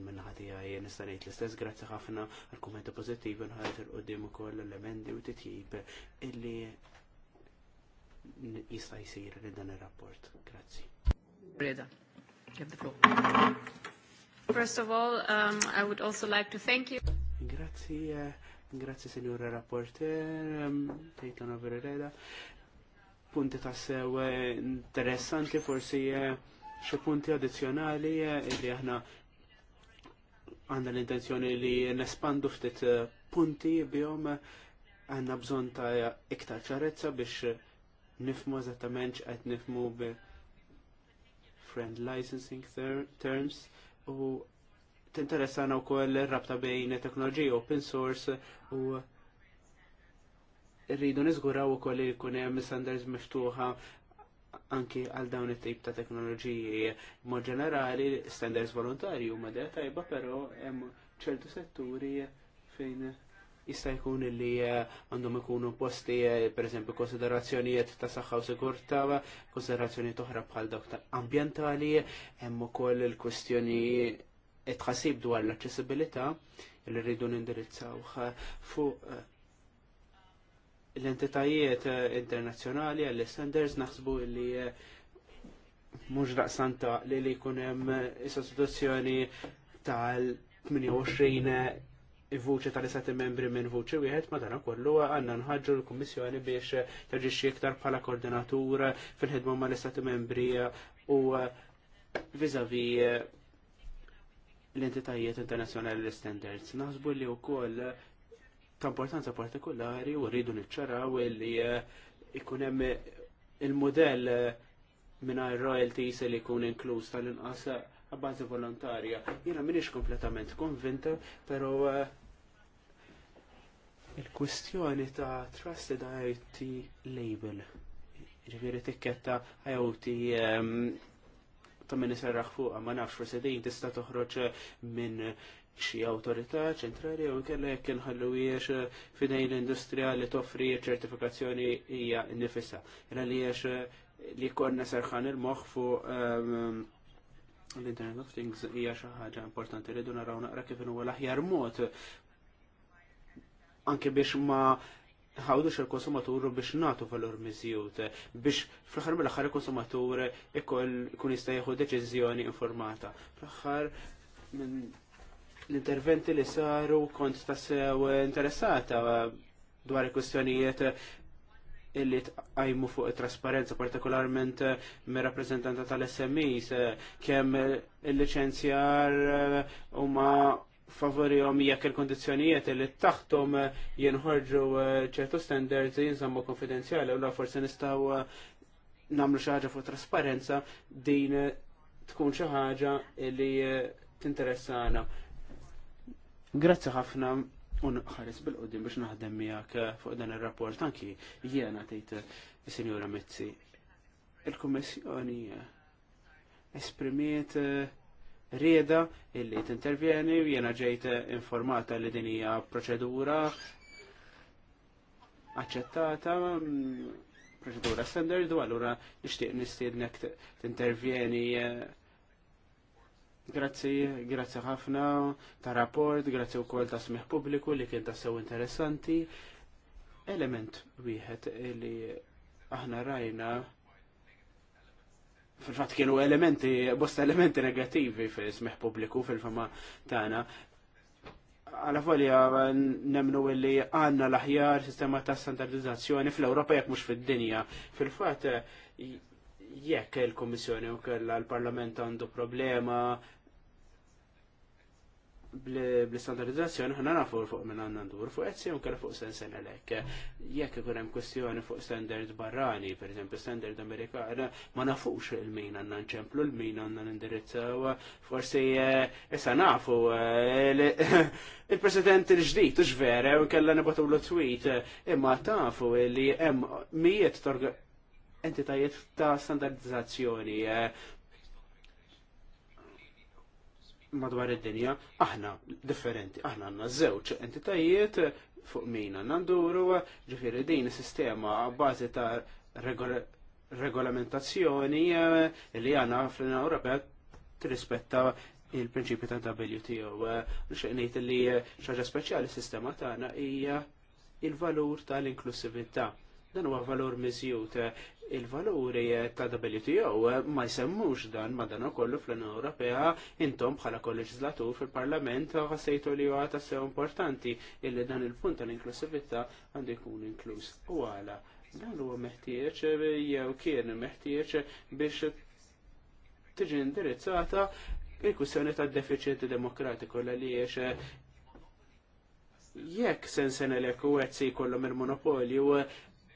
minnaħati għaj nistanajt l-istess, grazzi ħafna għal-kommenti pozittivi nħares bil-qudim u koll l-elementi u titjib illi jista' jisir li dan ir-rapport. Grazzi. Breda, get the floor. First of all, um, I would also like to thank you. Grazie, eh, grazie signora rapporter, ehm, tejtana verreda. Punti sew eh, interessanti, forsi eh, xi punti addizjonali li aħna għanna l-intenzjoni li nespandu ftit punti bjom għanna bżon ta' iktar ċarezza biex nifmu eżattament x'qed nifmu bi friend licensing terms u tinteressana wkoll ir-rabta bejn teknoloġija open source u rridu niżguraw ukoll li jkun hemm standards miftuħa anki għal dawn it-tip ta' teknoloġiji mod ġenerali standards volontarji huma dea tajba pero hemm ċertu setturi fejn jista' jkun li eh, għandhom ikunu posti eh, pereżempju konsiderazzjonijiet ta' saħħa u sigurtà, konsiderazzjonijiet oħra bħal dawk tal ambjentali, hemm ukoll il-kwistjoni eh, tħassib dwar l-aċċessibilità li rridu nindirizzaw fuq l-entitajiet internazzjonali għall-standards naħsbu li mhux daqsanta li li jkun hemm is-sostituzzjoni tal-28 il-vuċi tal-istati membri minn vuċi wieħed ma dan kollu għanna nħagġu l-Kummissjoni biex taġixxi iktar bħala koordinatur fil-ħidma mal istati membri u vizavi l-entitajiet internazzjonali l-standards. Naħsbu li wkoll ta' importanza partikolari u rridu nċaraw li ikunem hemm il-modell mingħajr royalties li jkun inkluż tal-inqas għabbażi volontarja. Jiena m'iniex kompletament konvinta, pero il-kwistjoni ta' Trusted IoT Label, t tikketta IoT ta' minn serraħ fuqa, ma' nafx forse din tista' toħroġ minn xi awtorità ċentrali u kellha jekk jiex f'idejn l-industrija li toffri ċertifikazzjoni hija nifisha. Għaliex li konna serħan il-moħħ fuq l-Internet of Things hija xi ħaġa importanti rridu naraw naqra kif huwa l-aħjar mod anke biex ma ħawdux il konsumaturu biex natu valur miżjut, biex fl ħar mill ħar il-konsumatur ikun jista' jieħu deċiżjoni informata. fl ħar minn l-interventi li saru kont tassew interessata dwar il-kwestjonijiet illi tqajmu fuq trasparenza partikolarment me rappresentanta tal smi kemm il-licenzjar u ma' għom jekk il-kondizjonijiet li taħtom eh, jinħorġu eh, ċertu standards jinżammu konfidenzjali u la forse nistgħu eh, nagħmlu xi ħaġa fuq trasparenza din tkun xi ħaġa li tinteressana. Grazzi ħafna un ħares bil-qudiem biex naħdem miegħek fuq dan ir-rapport anki jiena tgħid is-Sinjura Mizzi. Il-Kummissjoni esprimiet uh, rieda illi t-intervjeni u jiena ġejt informata li din hija proċedura aċċettata mm, proċedura standard u allura nixtieq nistiednek t-intervjeni eh, Grazzi, grazzi ħafna ta' rapport, grazzi u kol ta' smiħ publiku li kien ta' sew interessanti. Element wieħed li aħna rajna fil-fat kienu elementi, bosta elementi negativi fil-smeħ publiku fil-fama tana. Għala folja nemnu illi għanna l-aħjar sistema ta' standardizzazzjoni fl-Europa jek mux fil-dinja. Fil-fat jekk il-Komissjoni u kella l-Parlament għandu problema bl-standardizzazzjoni ħna nafu fuq minn għanna ndur fuq etzi un kera fuq sen sen għalek. Jekk ikun hemm kwestjoni fuq standard barrani, per eżempju standard Amerikana, ma nafux il-min għanna nċemplu, il-min għanna indirizzaw. forsi eh, issa nafu eh, il-president il-ġdijt u ġvera u kellha nibatu l tweet eh, imma tafu li hemm mijiet entitajiet ta' standardizzazzjoni madwar id-dinja, aħna differenti, aħna għanna zewċ entitajiet fuq min nanduru, ġifiri din sistema bazi ta' regolamentazzjoni eh, li għana fl-Unjoni Ewropea trispetta il-prinċipju ta' WTO. Eh, Xejnejt li eh, xaġa speċjali sistema tagħna hija il-valur tal inklusivita Dan huwa valur miżjut il-valuri ta' WTO eh, ma jsemmux dan madana kollu fl-Unjoni Ewropea intom bħala kol-leġislatur fil-Parlament ħassejtu li huwa tassew importanti illi dan il-punt tal-inklusività għandu jkun inkluż. U għala, dan huwa meħtieġ jew kien meħtieġ biex tiġi indirizzata il-kwistjoni tad deficit demokratiku għaliex eh, jekk sensen l-ekwezzi kollu il-monopolju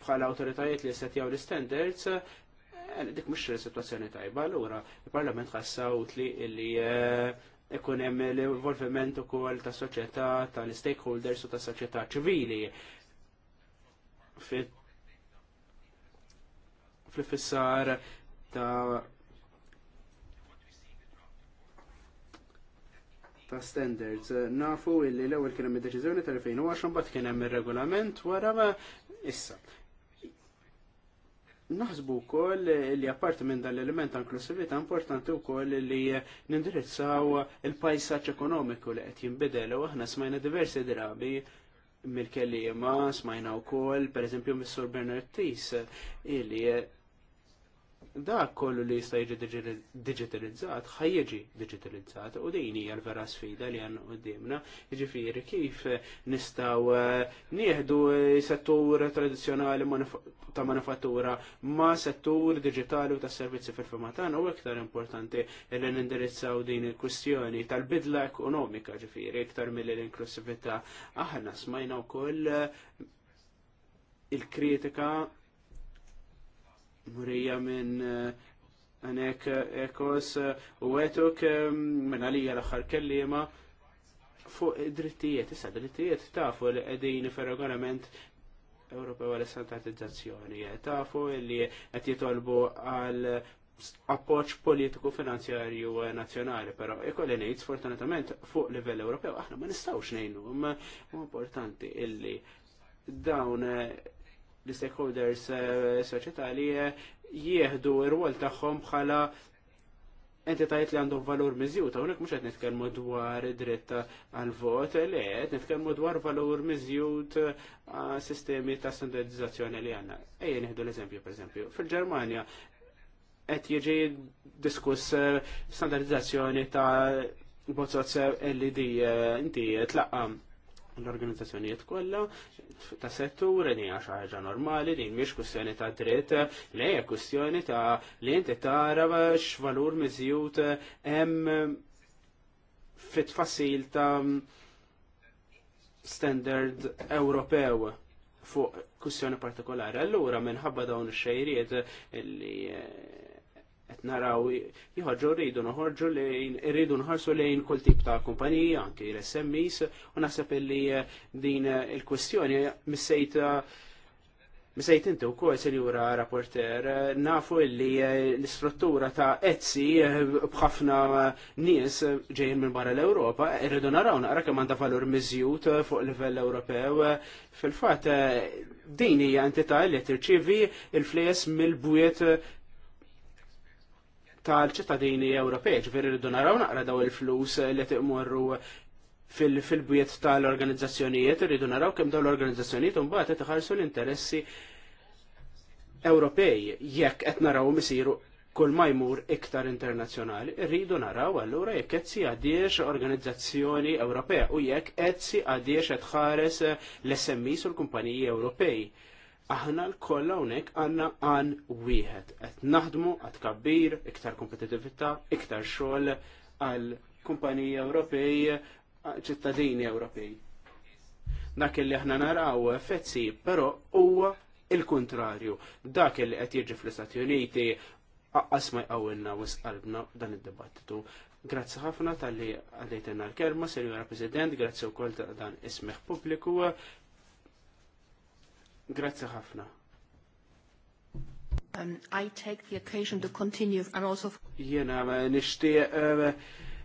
bħala autoritajiet li setjaw l-standards, eh, dik mhux situazzjoni tajba, allura il-Parlament għassaw li li eh, ikun hemm l-involviment ukoll ta' soċjetà tal-stakeholders u ta' soċjetà ċivili. Fl-fissar ta' ta' standards. Eh, nafu illi l-ewwel kien hemm id-deċiżjoni tal-2010 mbagħad kien hemm ir-regolament wara ma issa. Naħsbu wkoll li apparti minn dan l-element ta' inklusività importanti wkoll li nindirizzaw il-pajsaġġ ekonomiku li qed jinbidel u aħna smajna diversi drabi mill-kelliema smajna wkoll pereżempju mis-Sur Bernard Tis illi dak kollu li jista' jiġi digitalizzat ħajjiġi digitalizzat u din hija l-vera sfida li għandna qudiemna. Jiġifieri kif nistgħu eh, nieħdu settur tradizzjonali ta' manifattura ma' settur digitali u tas servizzi fil-firma tagħna u iktar importanti li nindirizzaw din il-kwistjoni tal-bidla ekonomika ġifieri iktar mill-inklusività. Aħna smajna wkoll il-kritika murija minn għanek eh, eh, ekos eh, u għetuk minn għalija l-axar kellima fuq drittijiet, issa drittijiet tafu li għedin ferragonament regolament Ewropew għal standardizzazzjoni, tafu li qed jitolbu għal appoċ politiku finanzjarju nazjonali, pero ikolli ngħid sfortunatament fuq livell Ewropew aħna ma nistgħux ngħinu, ma importanti illi dawn l-stakeholders eh, soċjetali eh, jieħdu r-rwol tagħhom bħala entitajiet li għandhom valur miżjut, hawnhekk mhux qed nitkellmu dwar dritt għal vot, le għed nitkellmu dwar valur mizjut sistemi ta' standardizzazzjoni li għandna. Ejja nieħdu l-eżempju eżempju, Fil-Ġermanja qed jiġi diskuss eh, standardizzazzjoni ta' bozzozz LED inti tlaqqam l-organizzazzjonijiet kollha ta' settur li hija xi ħaġa normali li mhix kwistjoni ta' dritt, li hija kwistjoni ta' li inti tara x'valur miżjud hemm fit-tfassil ta' standard Ewropew fuq kwistjoni partikolari. Allura minħabba dawn ix xejrijiet li eh, qed naraw jħorġu rridu noħorġu lejn rridu nħarsu lejn kull tip ta' kumpanija anki l smis u naħseb li eh, din eh, il-kwestjoni eh, missejt Misajt inti u kol senjura rapporter, nafu illi l-istruttura ta' Etsi bħafna nies ġejjin minn barra l-Europa, irridu naraw naqra kem għandha valur mizjut fuq livell Ewropew. Fil-fatt din hija entità li tirċivi il-flies mill-bwiet tal-ċittadini Ewropej, ġveri rridu naraw naqra daw il-flus li tiqmorru fil-bwiet tal-organizzazzjonijiet, rridu naraw kemm daw l-organizzazzjonijiet mbagħad qed iħarsu l-interessi Ewropej jekk qed naraw misiru kull majmur jmur iktar internazzjonali, rridu naraw allura jekk qed si għadiex organizzazzjoni Ewropej u jekk qed si għadiex qed ħares l-SMI sul kumpaniji Ewropej aħna l-koll hawnhekk għandna għan wieħed qed naħdmu għad kabbir, iktar kompetitività, iktar xogħol għal kumpaniji Ewropej, ċittadini Ewropej. Dak li aħna naraw fetzi, però huwa il-kontrarju. Dak li qed jiġi fl-Istati Uniti aqqas ma jqawilna wis qalbna dan id-dibattitu. Grazzi ħafna tal-li għaddejtenna l-kelma, Senjora President, grazzi u koll ta' dan ismiħ publiku, Grazie ħafna. Um, I take the occasion to continue. I'm also... Jena, eh, nishtiq uh, eh,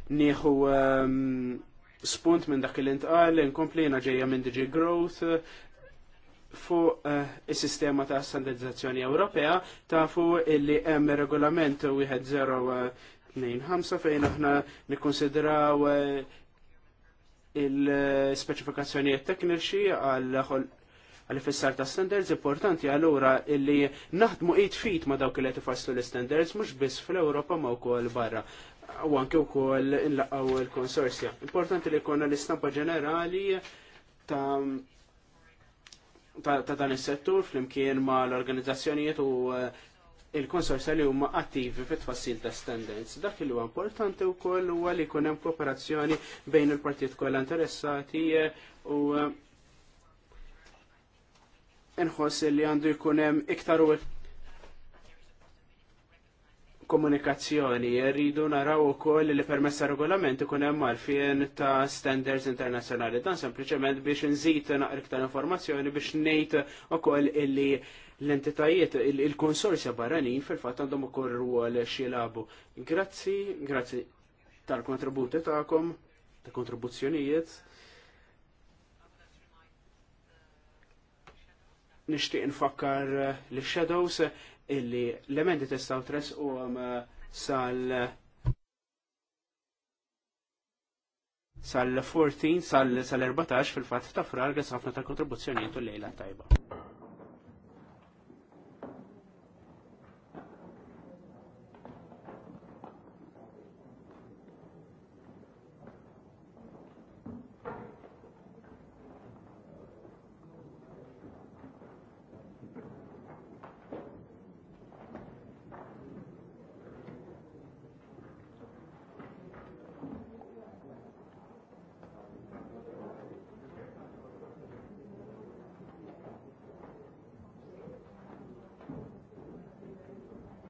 nieħu ehm, spunt minn dak il-intqal, inkompli jena ġeja minn Digi Growth, fu uh, eh, il-sistema ta' standardizzazzjoni Ewropea ta' fuq illi hemm regolament 1025 fejn aħna nikkonsidraw uh, il-speċifikazzjonijiet tekniċi għal għalli fissar ta' standards importanti għallura illi naħdmu id fit ma dawk li ifasslu l-standards mux biss fl-Europa ma' u barra u anke u kol inlaqaw il-konsorsja. Importanti li konna l-istampa ġenerali ta' ta' dan is-settur flimkien ma' l-organizzazzjonijiet u eh, il-konsorsja li huma attivi fit tfassil ta' standards. Dak li huwa importanti wkoll huwa li jkun hemm kooperazzjoni bejn il-partijiet kollha interessati eh, u eh, nħoss li għandu jkun hemm iktar komunikazzjoni. Rridu naraw ukoll li permessa regolament ikun hemm ta' standards internazzjonali. Dan sempliċement biex nżid naqr iktar informazzjoni biex ngħid ukoll illi l-entitajiet, il-konsorzja barranin fil-fatt għandhom ukoll rwol xilabu. Grazzi, grazzi tal-kontributi tagħkom, tal-kontribuzzjonijiet. nixtieq nfakkar eh, li shadows eh, illi l-emendi testaw tres u eh, sal sal-14 sal-14 fil-fatt ta' frar għasafna ħafna tal-kontribuzzjonijiet u lejla tajba.